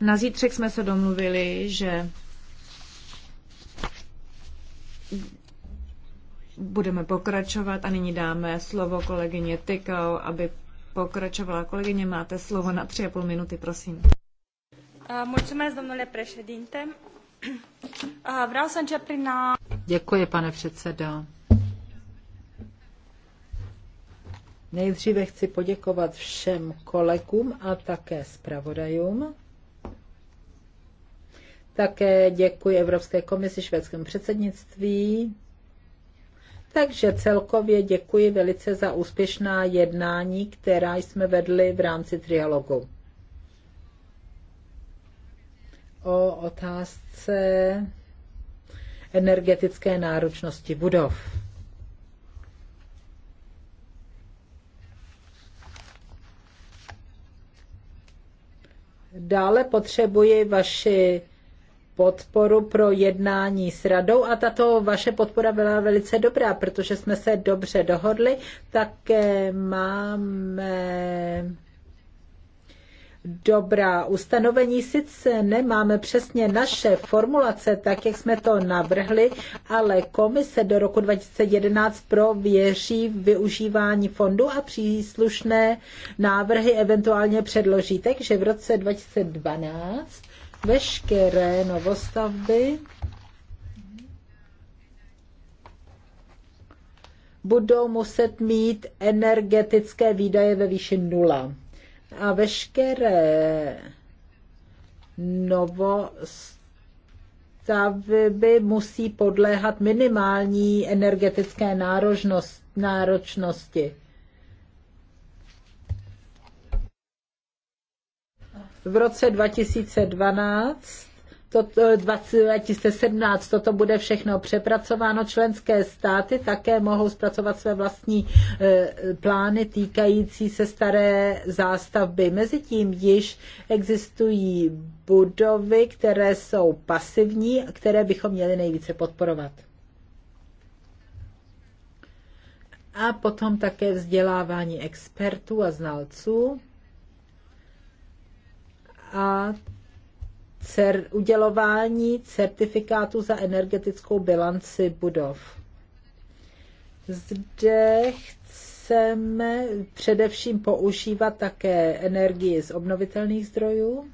Na zítřek jsme se domluvili, že budeme pokračovat a nyní dáme slovo kolegyně Tykau, aby pokračovala. Kolegyně, máte slovo na tři a půl minuty, prosím. Eh, mulțumesc, domnule președinte. Eh, vreau să încep prin a... Děkuji, pane předsedo. Nejdříve chci poděkovat všem kolegům a také zpravodajům. Také děkuji Evropské komisi, švédskému předsednictví. Takže celkově děkuji velice za úspěšná jednání, která jsme vedli v rámci trialogu. O otázce energetické náročnosti budov. Dále potřebuji vaši podporu pro jednání s radou a tato vaše podpora byla velice dobrá, protože jsme se dobře dohodli. Také máme dobrá ustanovení. Sice nemáme přesně naše formulace, tak jak jsme to navrhli, ale komise do roku 2011 prověří využívání fondu a příslušné návrhy eventuálně předloží. Takže v roce 2012 veškeré novostavby budou muset mít energetické výdaje ve výši nula. A veškeré novostavby musí podléhat minimální energetické náročnosti. v roce 2012 to, 2017 eh, toto bude všechno přepracováno. Členské státy také mohou zpracovat své vlastní e, plány týkající se staré zástavby. Mezitím již existují budovy, které jsou pasivní, které bychom měli nejvíce podporovat. A potom také vzdělávání expertů a znalců a cer- udělování certifikátu za energetickou bilanci budov. Zde chceme především používat také energii z obnovitelných zdrojů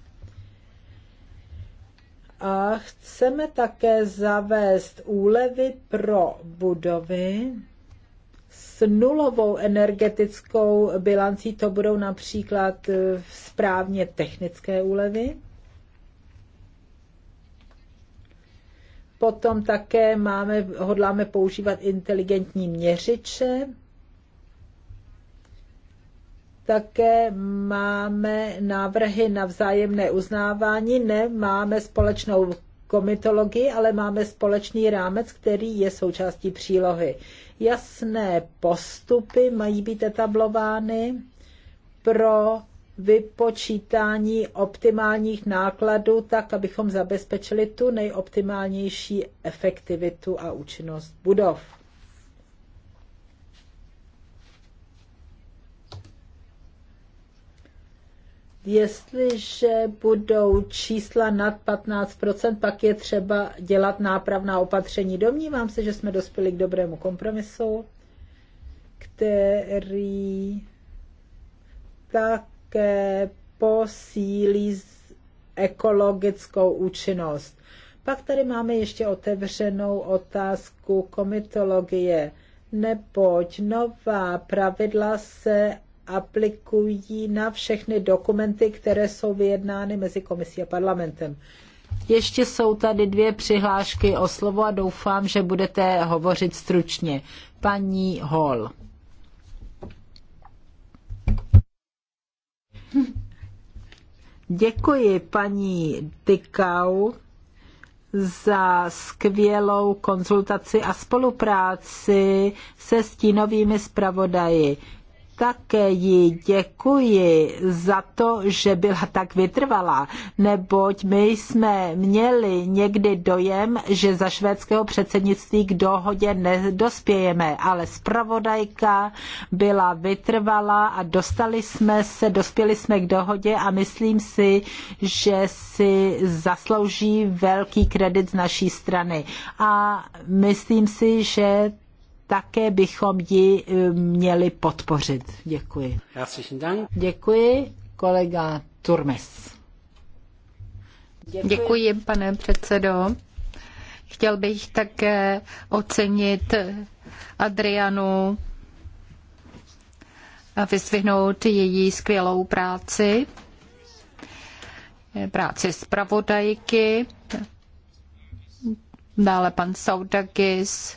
a chceme také zavést úlevy pro budovy, s nulovou energetickou bilancí, to budou například eh, správně technické úlevy. Potom také máme, hodláme používat inteligentní měřiče. Také máme návrhy na vzájemné uznávání, ne máme společnou komitologii, ale máme společný rámec, který je součástí přílohy. Jasné postupy mají být etablovány pro vypočítání optimálních nákladů, tak abychom zabezpečili tu nejoptimálnější efektivitu a účinnost budov. Jestliže budou čísla nad 15%, pak je třeba dělat nápravná opatření. Domnívám se, že jsme dospěli k dobrému kompromisu, který také posílí ekologickou účinnost. Pak tady máme ještě otevřenou otázku komitologie, neboť nová pravidla se aplikují na všechny dokumenty, které jsou vyjednány mezi komisí a parlamentem. Ještě jsou tady dvě přihlášky o slovo a doufám, že budete hovořit stručně. Paní Hall. Děkuji paní Tykau za skvělou konzultaci a spolupráci se stínovými zpravodaji také jí děkuji za to, že byla tak vytrvalá, neboť my jsme měli někdy dojem, že za švédského předsednictví k dohodě nedospějeme, ale zpravodajka byla vytrvalá a dostali jsme se, dospěli jsme k dohodě a myslím si, že si zaslouží velký kredit z naší strany. A myslím si, že také bychom ji eh, měli podpořit. Děkuji. Děkuji, kolega Turmes. Děkuji, Děkuji pane předsedo. Chtěl bych také ocenit Adrianu a vysvihnout její skvělou práci, práci zpravodajky, dále pan Saudagis,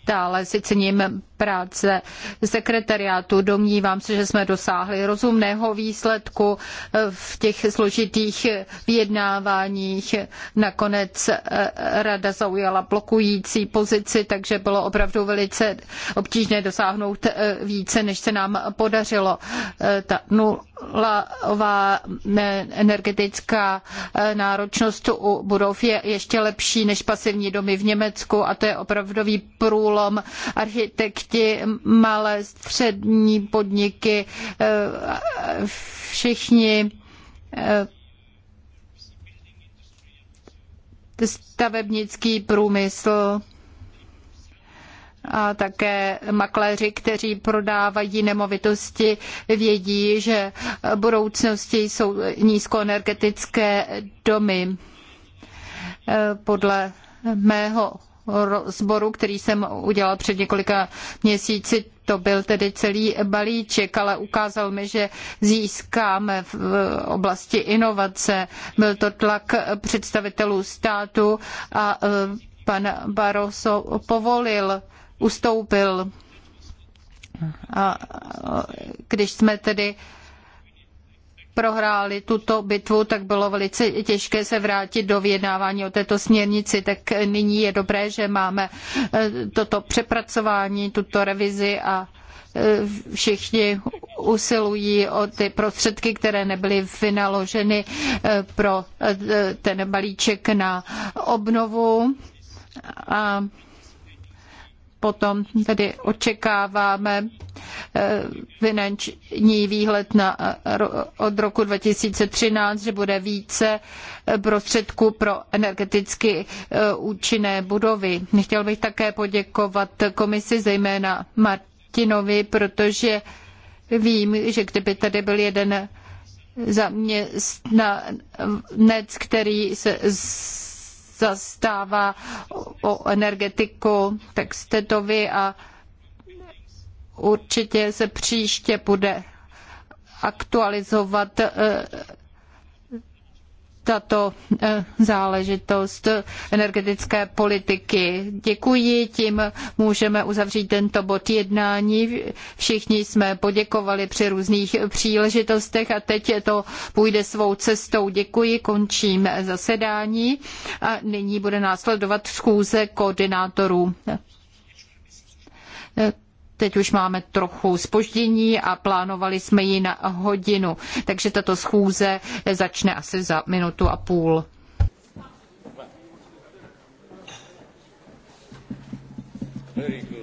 Ale si cením práce sekretariátu. Domnívám se, že jsme dosáhli rozumného výsledku v těch složitých vyjednáváních. Nakonec eh, rada zaujala blokující pozici, takže bylo opravdu velice obtížné dosáhnout eh, více, než se nám podařilo. Eh, ta nulová energetická náročnost u budov je ještě lepší než pasivní domy v Německu a to je opravdový průlom průmyslom, architekti, malé střední podniky, eh, všichni eh, stavebnický průmysl a také makléři, kteří prodávají nemovitosti, vědí, že budoucností jsou nízkoenergetické domy. Eh, podle mého rozboru, který jsem udělal před několika měsíci. To byl tedy celý balíček, ale ukázal mi, že získáme v oblasti inovace. Byl to tlak představitelů státu a e, pan Barroso povolil, ustoupil. A e, když jsme tedy prohráli tuto bitvu, tak bylo velice těžké se vrátit do vyjednávání o této směrnici, tak nyní je dobré, že máme eh, toto přepracování, tuto revizi a eh, všichni usilují o ty prostředky, které nebyly vynaloženy eh, pro ten balíček na obnovu. A potom tedy očekáváme eh, finanční výhled na, eh, od roku 2013, že bude více eh, prostředků pro energeticky účinné budovy. Chtěl bych také poděkovat komisi, zejména Martinovi, protože vím, že kdyby tady byl jeden zaměstnanec, který se zastává o energetiku Textedovi a určitě se příště bude aktualizovat eh, tato eh, záležitost energetické politiky. Děkuji, tím můžeme uzavřít tento bod jednání. Všichni jsme poděkovali při různých příležitostech a teď to půjde svou cestou. Děkuji, končím zasedání a nyní bude následovat schůze koordinátorů. Teď už máme trochu spoždění a plánovali jsme ji na hodinu, takže tato schůze začne asi za minutu a půl. Very good.